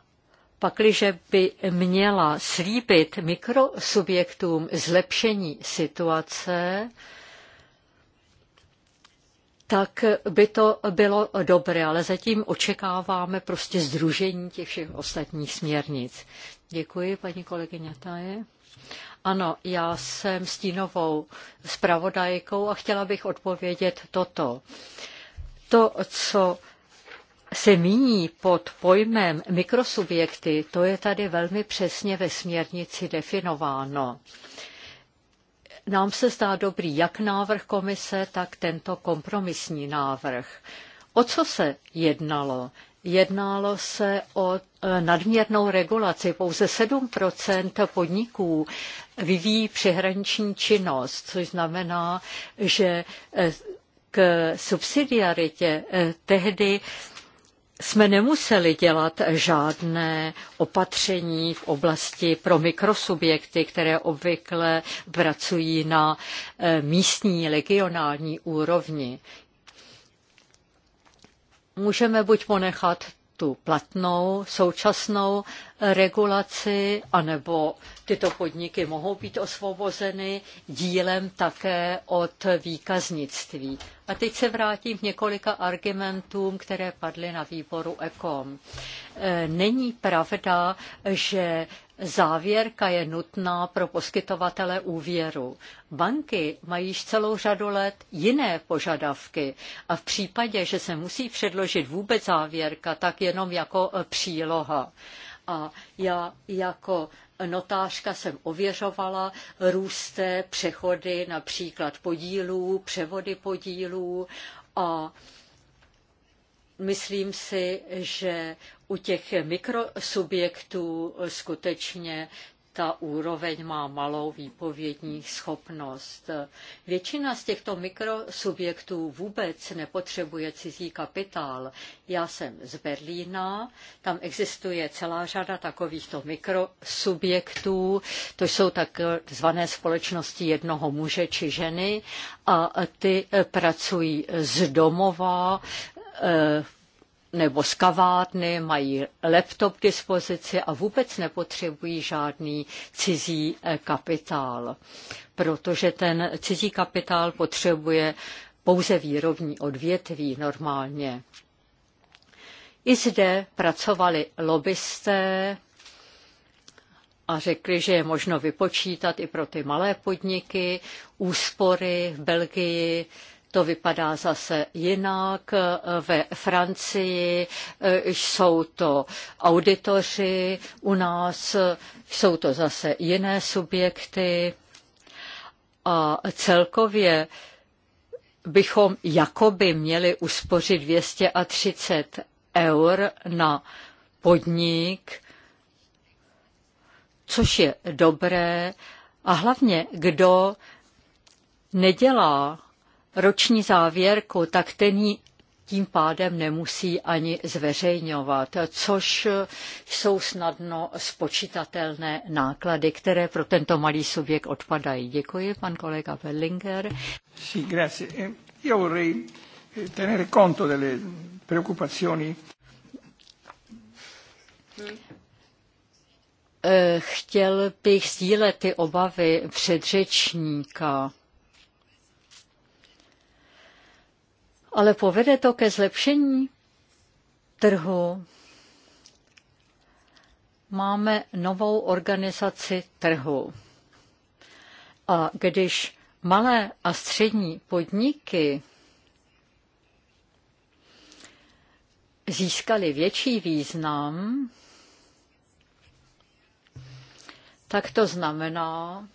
Speaker 1: pakliže by měla slíbit mikrosubjektům zlepšení situace, tak by to bylo dobré, ale zatím očekáváme prostě združení těch všech ostatních směrnic. Děkuji, paní kolegyně Taje. Ano, já jsem stínovou zpravodajkou a chtěla bych odpovědět toto. To, co se míní pod pojmem mikrosubjekty, to je tady velmi přesně ve směrnici definováno. Nám se zdá dobrý jak návrh komise, tak tento kompromisní návrh. O co se jednalo? Jednalo se o e, nadměrnou regulaci. Pouze 7 podniků vyvíjí přehraniční činnost, což znamená, že e, k subsidiaritě e, tehdy jsme nemuseli dělat žádné opatření v oblasti pro mikrosubjekty, které obvykle pracují na místní, regionální úrovni můžeme buď ponechat tu platnou, současnou regulaci, anebo tyto podniky mohou být osvobozeny dílem také od výkaznictví. A teď se vrátím k několika argumentům, které padly na výboru ECOM. E, není pravda, že závěrka je nutná pro poskytovatele úvěru. Banky mají již celou řadu let jiné požadavky a v případě, že se musí předložit vůbec závěrka, tak jenom jako příloha. A já jako notářka jsem ověřovala růsté přechody například podílů, převody podílů a myslím si, že u těch mikrosubjektů skutečně ta úroveň má malou výpovědní schopnost. Většina z těchto mikrosubjektů vůbec nepotřebuje cizí kapitál. Já jsem z Berlína, tam existuje celá řada takovýchto mikrosubjektů, to jsou takzvané společnosti jednoho muže či ženy a ty pracují z domova, eh, nebo z kavárny, mají laptop k dispozici a vůbec nepotřebují žádný cizí eh, kapitál, protože ten cizí kapitál potřebuje pouze výrobní odvětví normálně. I zde pracovali lobbysté a řekli, že je možno vypočítat i pro ty malé podniky úspory v Belgii to vypadá zase jinak. Ve Francii eh, jsou to auditoři, u nás jsou to zase jiné subjekty. A celkově bychom jakoby měli uspořit 230 eur na podnik, což je dobré. A hlavně, kdo nedělá roční závěrku, tak ten ji tím pádem nemusí ani zveřejňovat, což jsou snadno spočítatelné náklady, které pro tento malý subjekt odpadají. Děkuji, pan kolega Bellinger.
Speaker 2: Sí, grazie. Eh, io vorrei eh, tenere conto delle
Speaker 1: preoccupazioni. Eh, chtěl bych sdílet ty obavy předřečníka ale povede to ke zlepšení trhu. Máme novou organizaci trhu. A když malé a střední podniky získaly větší význam, tak to znamená,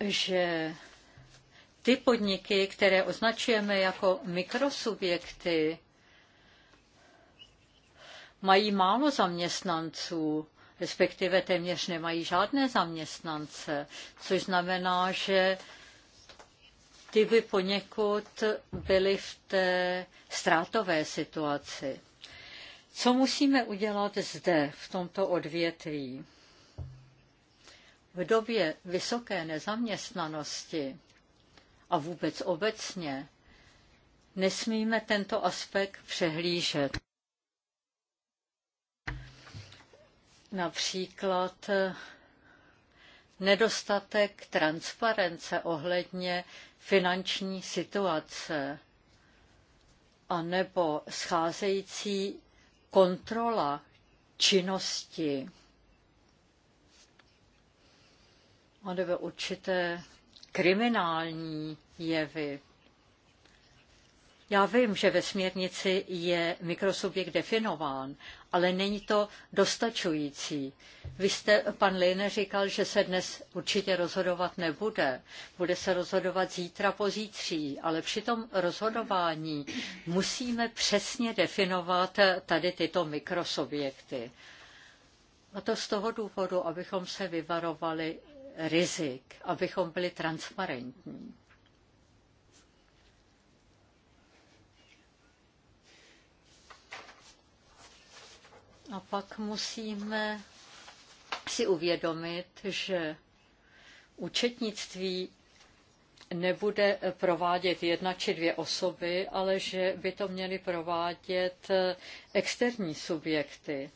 Speaker 1: že ty podniky, které označujeme jako mikrosubjekty, mají málo zaměstnanců, respektive téměř nemají žádné zaměstnance, což znamená, že ty by poněkud byly v té ztrátové situaci. Co musíme udělat zde, v tomto odvětví? V době vysoké nezaměstnanosti a vůbec obecně, nesmíme tento aspekt přehlížet. Například eh, nedostatek transparence ohledně finanční situace anebo scházející kontrola činnosti anebo určité kriminální jevy. Já vím, že ve směrnici je mikrosubjekt definován, ale není to dostačující. Vy jste, pan Lejne, říkal, že se dnes určitě rozhodovat nebude. Bude se rozhodovat zítra, pozítří, ale při tom rozhodování musíme přesně definovat tady tyto mikrosubjekty. A to z toho důvodu, abychom se vyvarovali rizik, abychom byli transparentní. A pak musíme si uvědomit, že účetnictví nebude provádět jedna či dvě osoby, ale že by to měly provádět externí subjekty.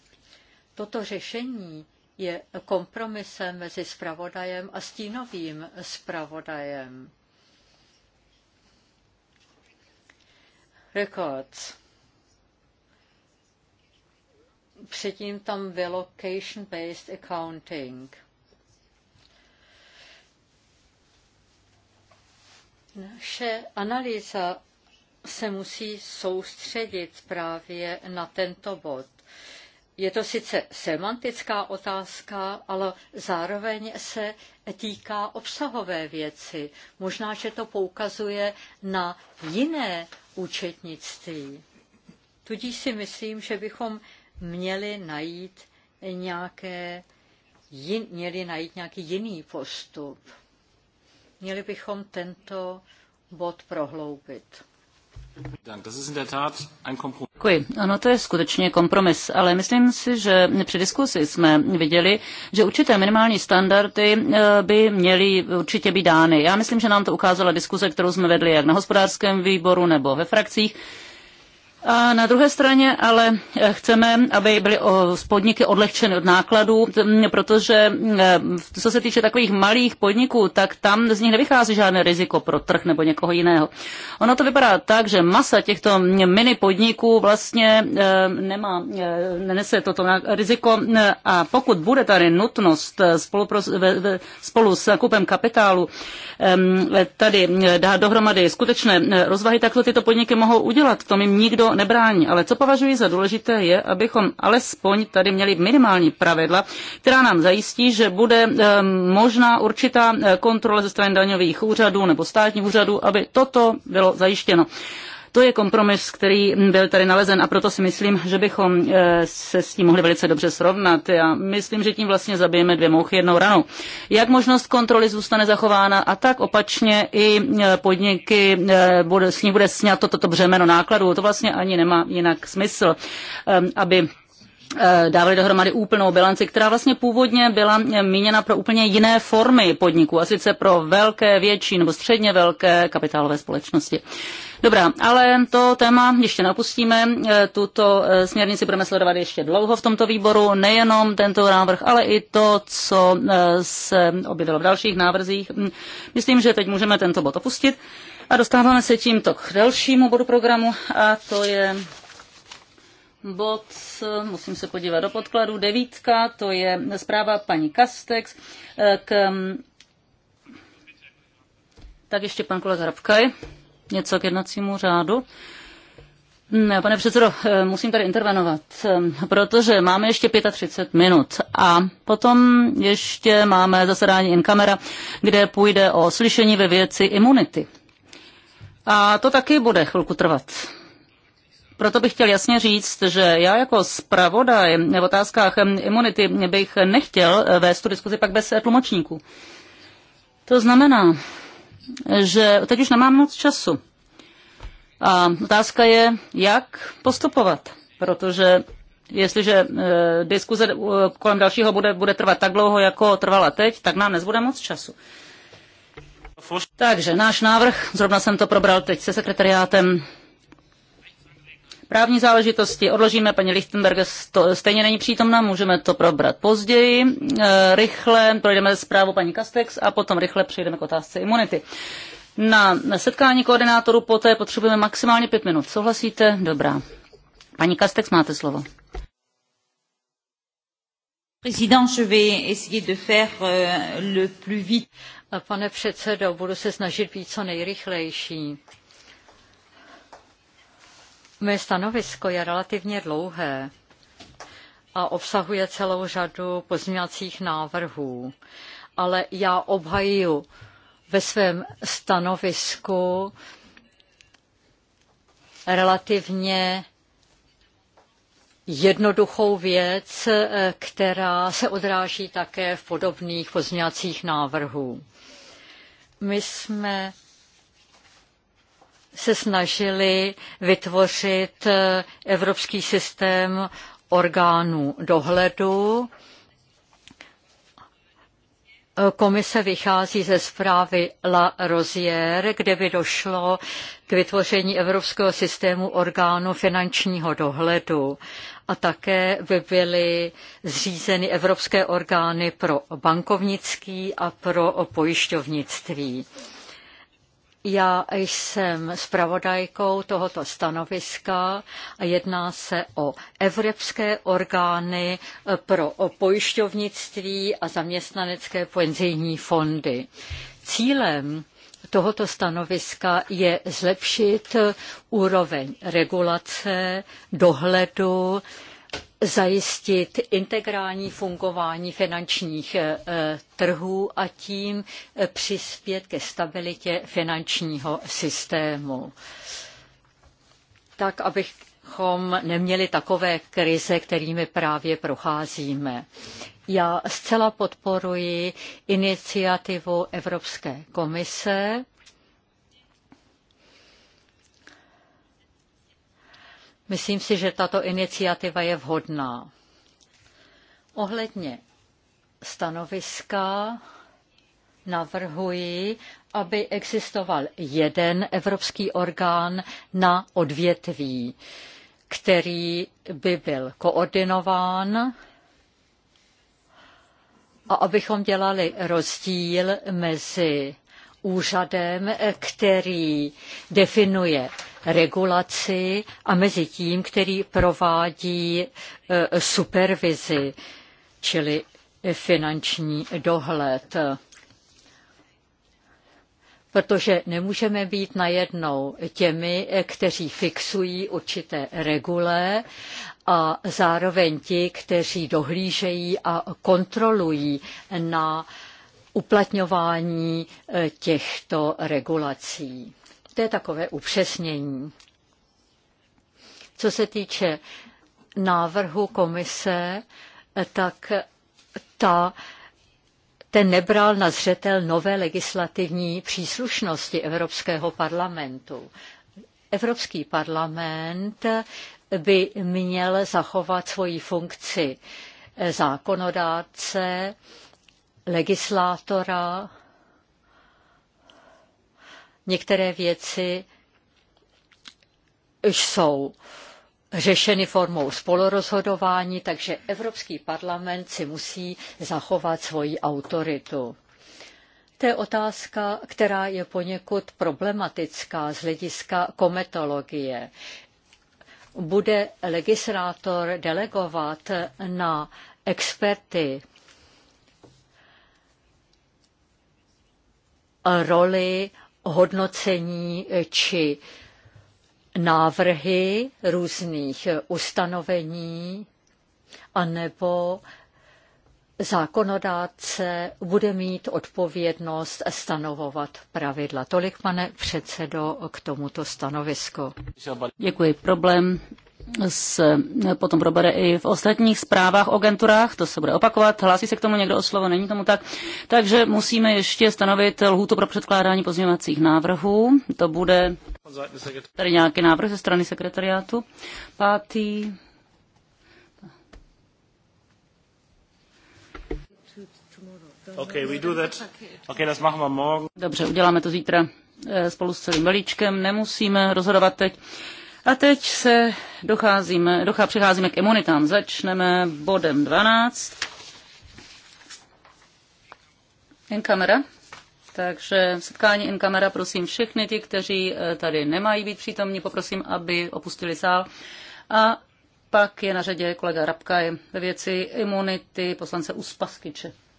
Speaker 1: Toto řešení je kompromisem mezi spravodajem a stínovým spravodajem. Records. Předtím tam bylo location-based accounting. Naše analýza se musí soustředit právě na tento bod. Je to sice semantická otázka, ale zároveň se týká obsahové věci. Možná, že to poukazuje na jiné účetnictví. Tudíž si myslím, že bychom měli najít nějaké, jin, měli najít nějaký jiný postup. Měli bychom tento bod prohloubit.
Speaker 3: Děkuji. Ano, to je skutečně kompromis, ale myslím si, že při diskusi jsme viděli, že určité minimální standardy eh, by měly určitě být dány. Já myslím, že nám to ukázala diskuse, kterou jsme vedli jak na hospodářském výboru nebo ve frakcích a na druhé straně ale eh, chceme, aby byly podniky odlehčeny od nákladů, mm, protože eh, co se týče takových malých podniků, tak tam z nich nevychází žádné riziko pro trh nebo někoho jiného. Ono to vypadá tak, že masa těchto mm, mini podniků vlastně eh, nemá, nenese toto riziko a pokud bude tady nutnost spolu, pro, spolu s nakupem kapitálu tady dát dohromady skutečné rozvahy, tak to tyto podniky mohou udělat. To jim nikdo nebrání, ale co považuji za důležité je, abychom alespoň tady měli minimální pravidla, která nám zajistí, že bude eh, možná určitá eh, kontrola ze strany daňových úřadů nebo státních úřadů, aby toto bylo zajištěno. To je kompromis, který byl tady nalezen a proto si myslím, že bychom eh, se s tím mohli velice dobře srovnat. Já myslím, že tím vlastně zabijeme dvě mouchy jednou ranou. Jak možnost kontroly zůstane zachována a tak opačně i eh, podniky, eh, bude, s ní bude sňato toto břemeno nákladů. To vlastně ani nemá jinak smysl, aby dávali dohromady úplnou bilanci, která vlastně původně byla míněna pro úplně jiné formy podniků, a sice pro velké, větší nebo středně velké kapitálové společnosti. Dobrá, ale to téma ještě napustíme. E, tuto e, směrnici budeme sledovat ještě dlouho v tomto výboru, nejenom tento návrh, ale i to, co e, se objevilo v dalších návrzích. Myslím, že teď můžeme tento bod opustit a dostáváme se tímto k dalšímu bodu programu a to je bod, musím se podívat do podkladu, devítka, to je zpráva paní Kastex k tak ještě pan kolega Rabkaj něco k jednacímu řádu. Pane předsedo, eh, musím tady intervenovat, eh, protože máme ještě 35 minut a potom ještě máme zasedání in kamera, kde půjde o slyšení ve věci imunity. A to taky bude chvilku trvat. Proto bych chtěl jasně říct, že já jako zpravodaj v otázkách eh, imunity bych nechtěl vést tu diskuzi pak bez tlumočníků. To znamená, že teď už nemám moc času. A otázka je, jak postupovat, protože jestliže e, diskuze e, kolem dalšího bude, bude trvat tak dlouho, jako trvala teď, tak nám nezbude moc času. Takže náš návrh, zrovna jsem to probral teď se sekretariátem, Právní záležitosti odložíme, paní to stejně není přítomna, můžeme to probrat později. E, rychle projdeme zprávu paní Kastex a potom rychle přejdeme k otázce imunity. Na setkání koordinátorů poté potřebujeme maximálně pět minut. Souhlasíte? Dobrá. Paní Kastex, máte slovo.
Speaker 1: Euh, Pane předsedo, budu se snažit být co nejrychlejší. Mé stanovisko je relativně dlouhé a obsahuje celou řadu pozměňovacích návrhů, ale já obhaju ve svém stanovisku relativně jednoduchou věc, která se odráží také v podobných pozměňovacích návrhů. My jsme se snažili vytvořit eh, evropský systém orgánů dohledu. Eh, komise vychází ze zprávy La Rozier, kde by došlo k vytvoření evropského systému orgánu finančního dohledu a také by byly zřízeny evropské orgány pro bankovnictví a pro pojišťovnictví. Já jsem zpravodajkou tohoto stanoviska a jedná se o evropské orgány eh, pro pojišťovnictví a zaměstnanecké penzijní fondy. Cílem tohoto stanoviska je zlepšit úroveň regulace, dohledu, zajistit integrální fungování finančních eh, trhů a tím eh, přispět ke stabilitě finančního systému. Tak, abychom neměli takové krize, kterými právě procházíme. Já zcela podporuji iniciativu Evropské komise, Myslím si, že tato iniciativa je vhodná. Ohledně stanoviska navrhuji, aby existoval jeden evropský orgán na odvětví, který by byl koordinován a abychom dělali rozdíl mezi úřadem, který definuje regulaci a mezi tím, který provádí e, supervizi, čili finanční dohled protože nemůžeme být najednou těmi, kteří fixují určité regule a zároveň ti, kteří dohlížejí a kontrolují na uplatňování e, těchto regulací. To je takové upřesnění. Co se týče návrhu komise, tak ta ten nebral na zřetel nové legislativní příslušnosti Evropského parlamentu. Evropský parlament by měl zachovat svoji funkci zákonodárce, legislátora Některé věci jsou řešeny formou spolurozhodování, takže Evropský parlament si musí zachovat svoji autoritu. To je otázka, která je poněkud problematická z hlediska kometologie. Bude legislátor delegovat na experty roli hodnocení eh, či návrhy různých eh, ustanovení, anebo zákonodáce bude mít odpovědnost stanovovat pravidla. Tolik, pane předsedo, k tomuto stanovisku. Děkuji. Problém
Speaker 3: se potom probere i v ostatních zprávách o agenturách, to se bude opakovat, hlásí se k tomu někdo o slovo, není tomu tak. Takže musíme ještě stanovit lhůtu pro předkládání pozměňovacích návrhů, to bude
Speaker 2: tady nějaký návrh ze strany
Speaker 3: sekretariátu. Pátý.
Speaker 2: Okay,
Speaker 1: we do that. Okay, das machen wir morgen. Dobře,
Speaker 3: uděláme to zítra eh, spolu s celým balíčkem, nemusíme rozhodovat teď. A teď se docházíme, dochá, přicházíme k imunitám. Začneme bodem 12. In kamera. Takže setkání in kamera, prosím všechny ty, kteří eh, tady nemají být přítomní, poprosím, aby opustili sál. A pak je na řadě kolega Rabka ve věci imunity poslance Uspaskyče.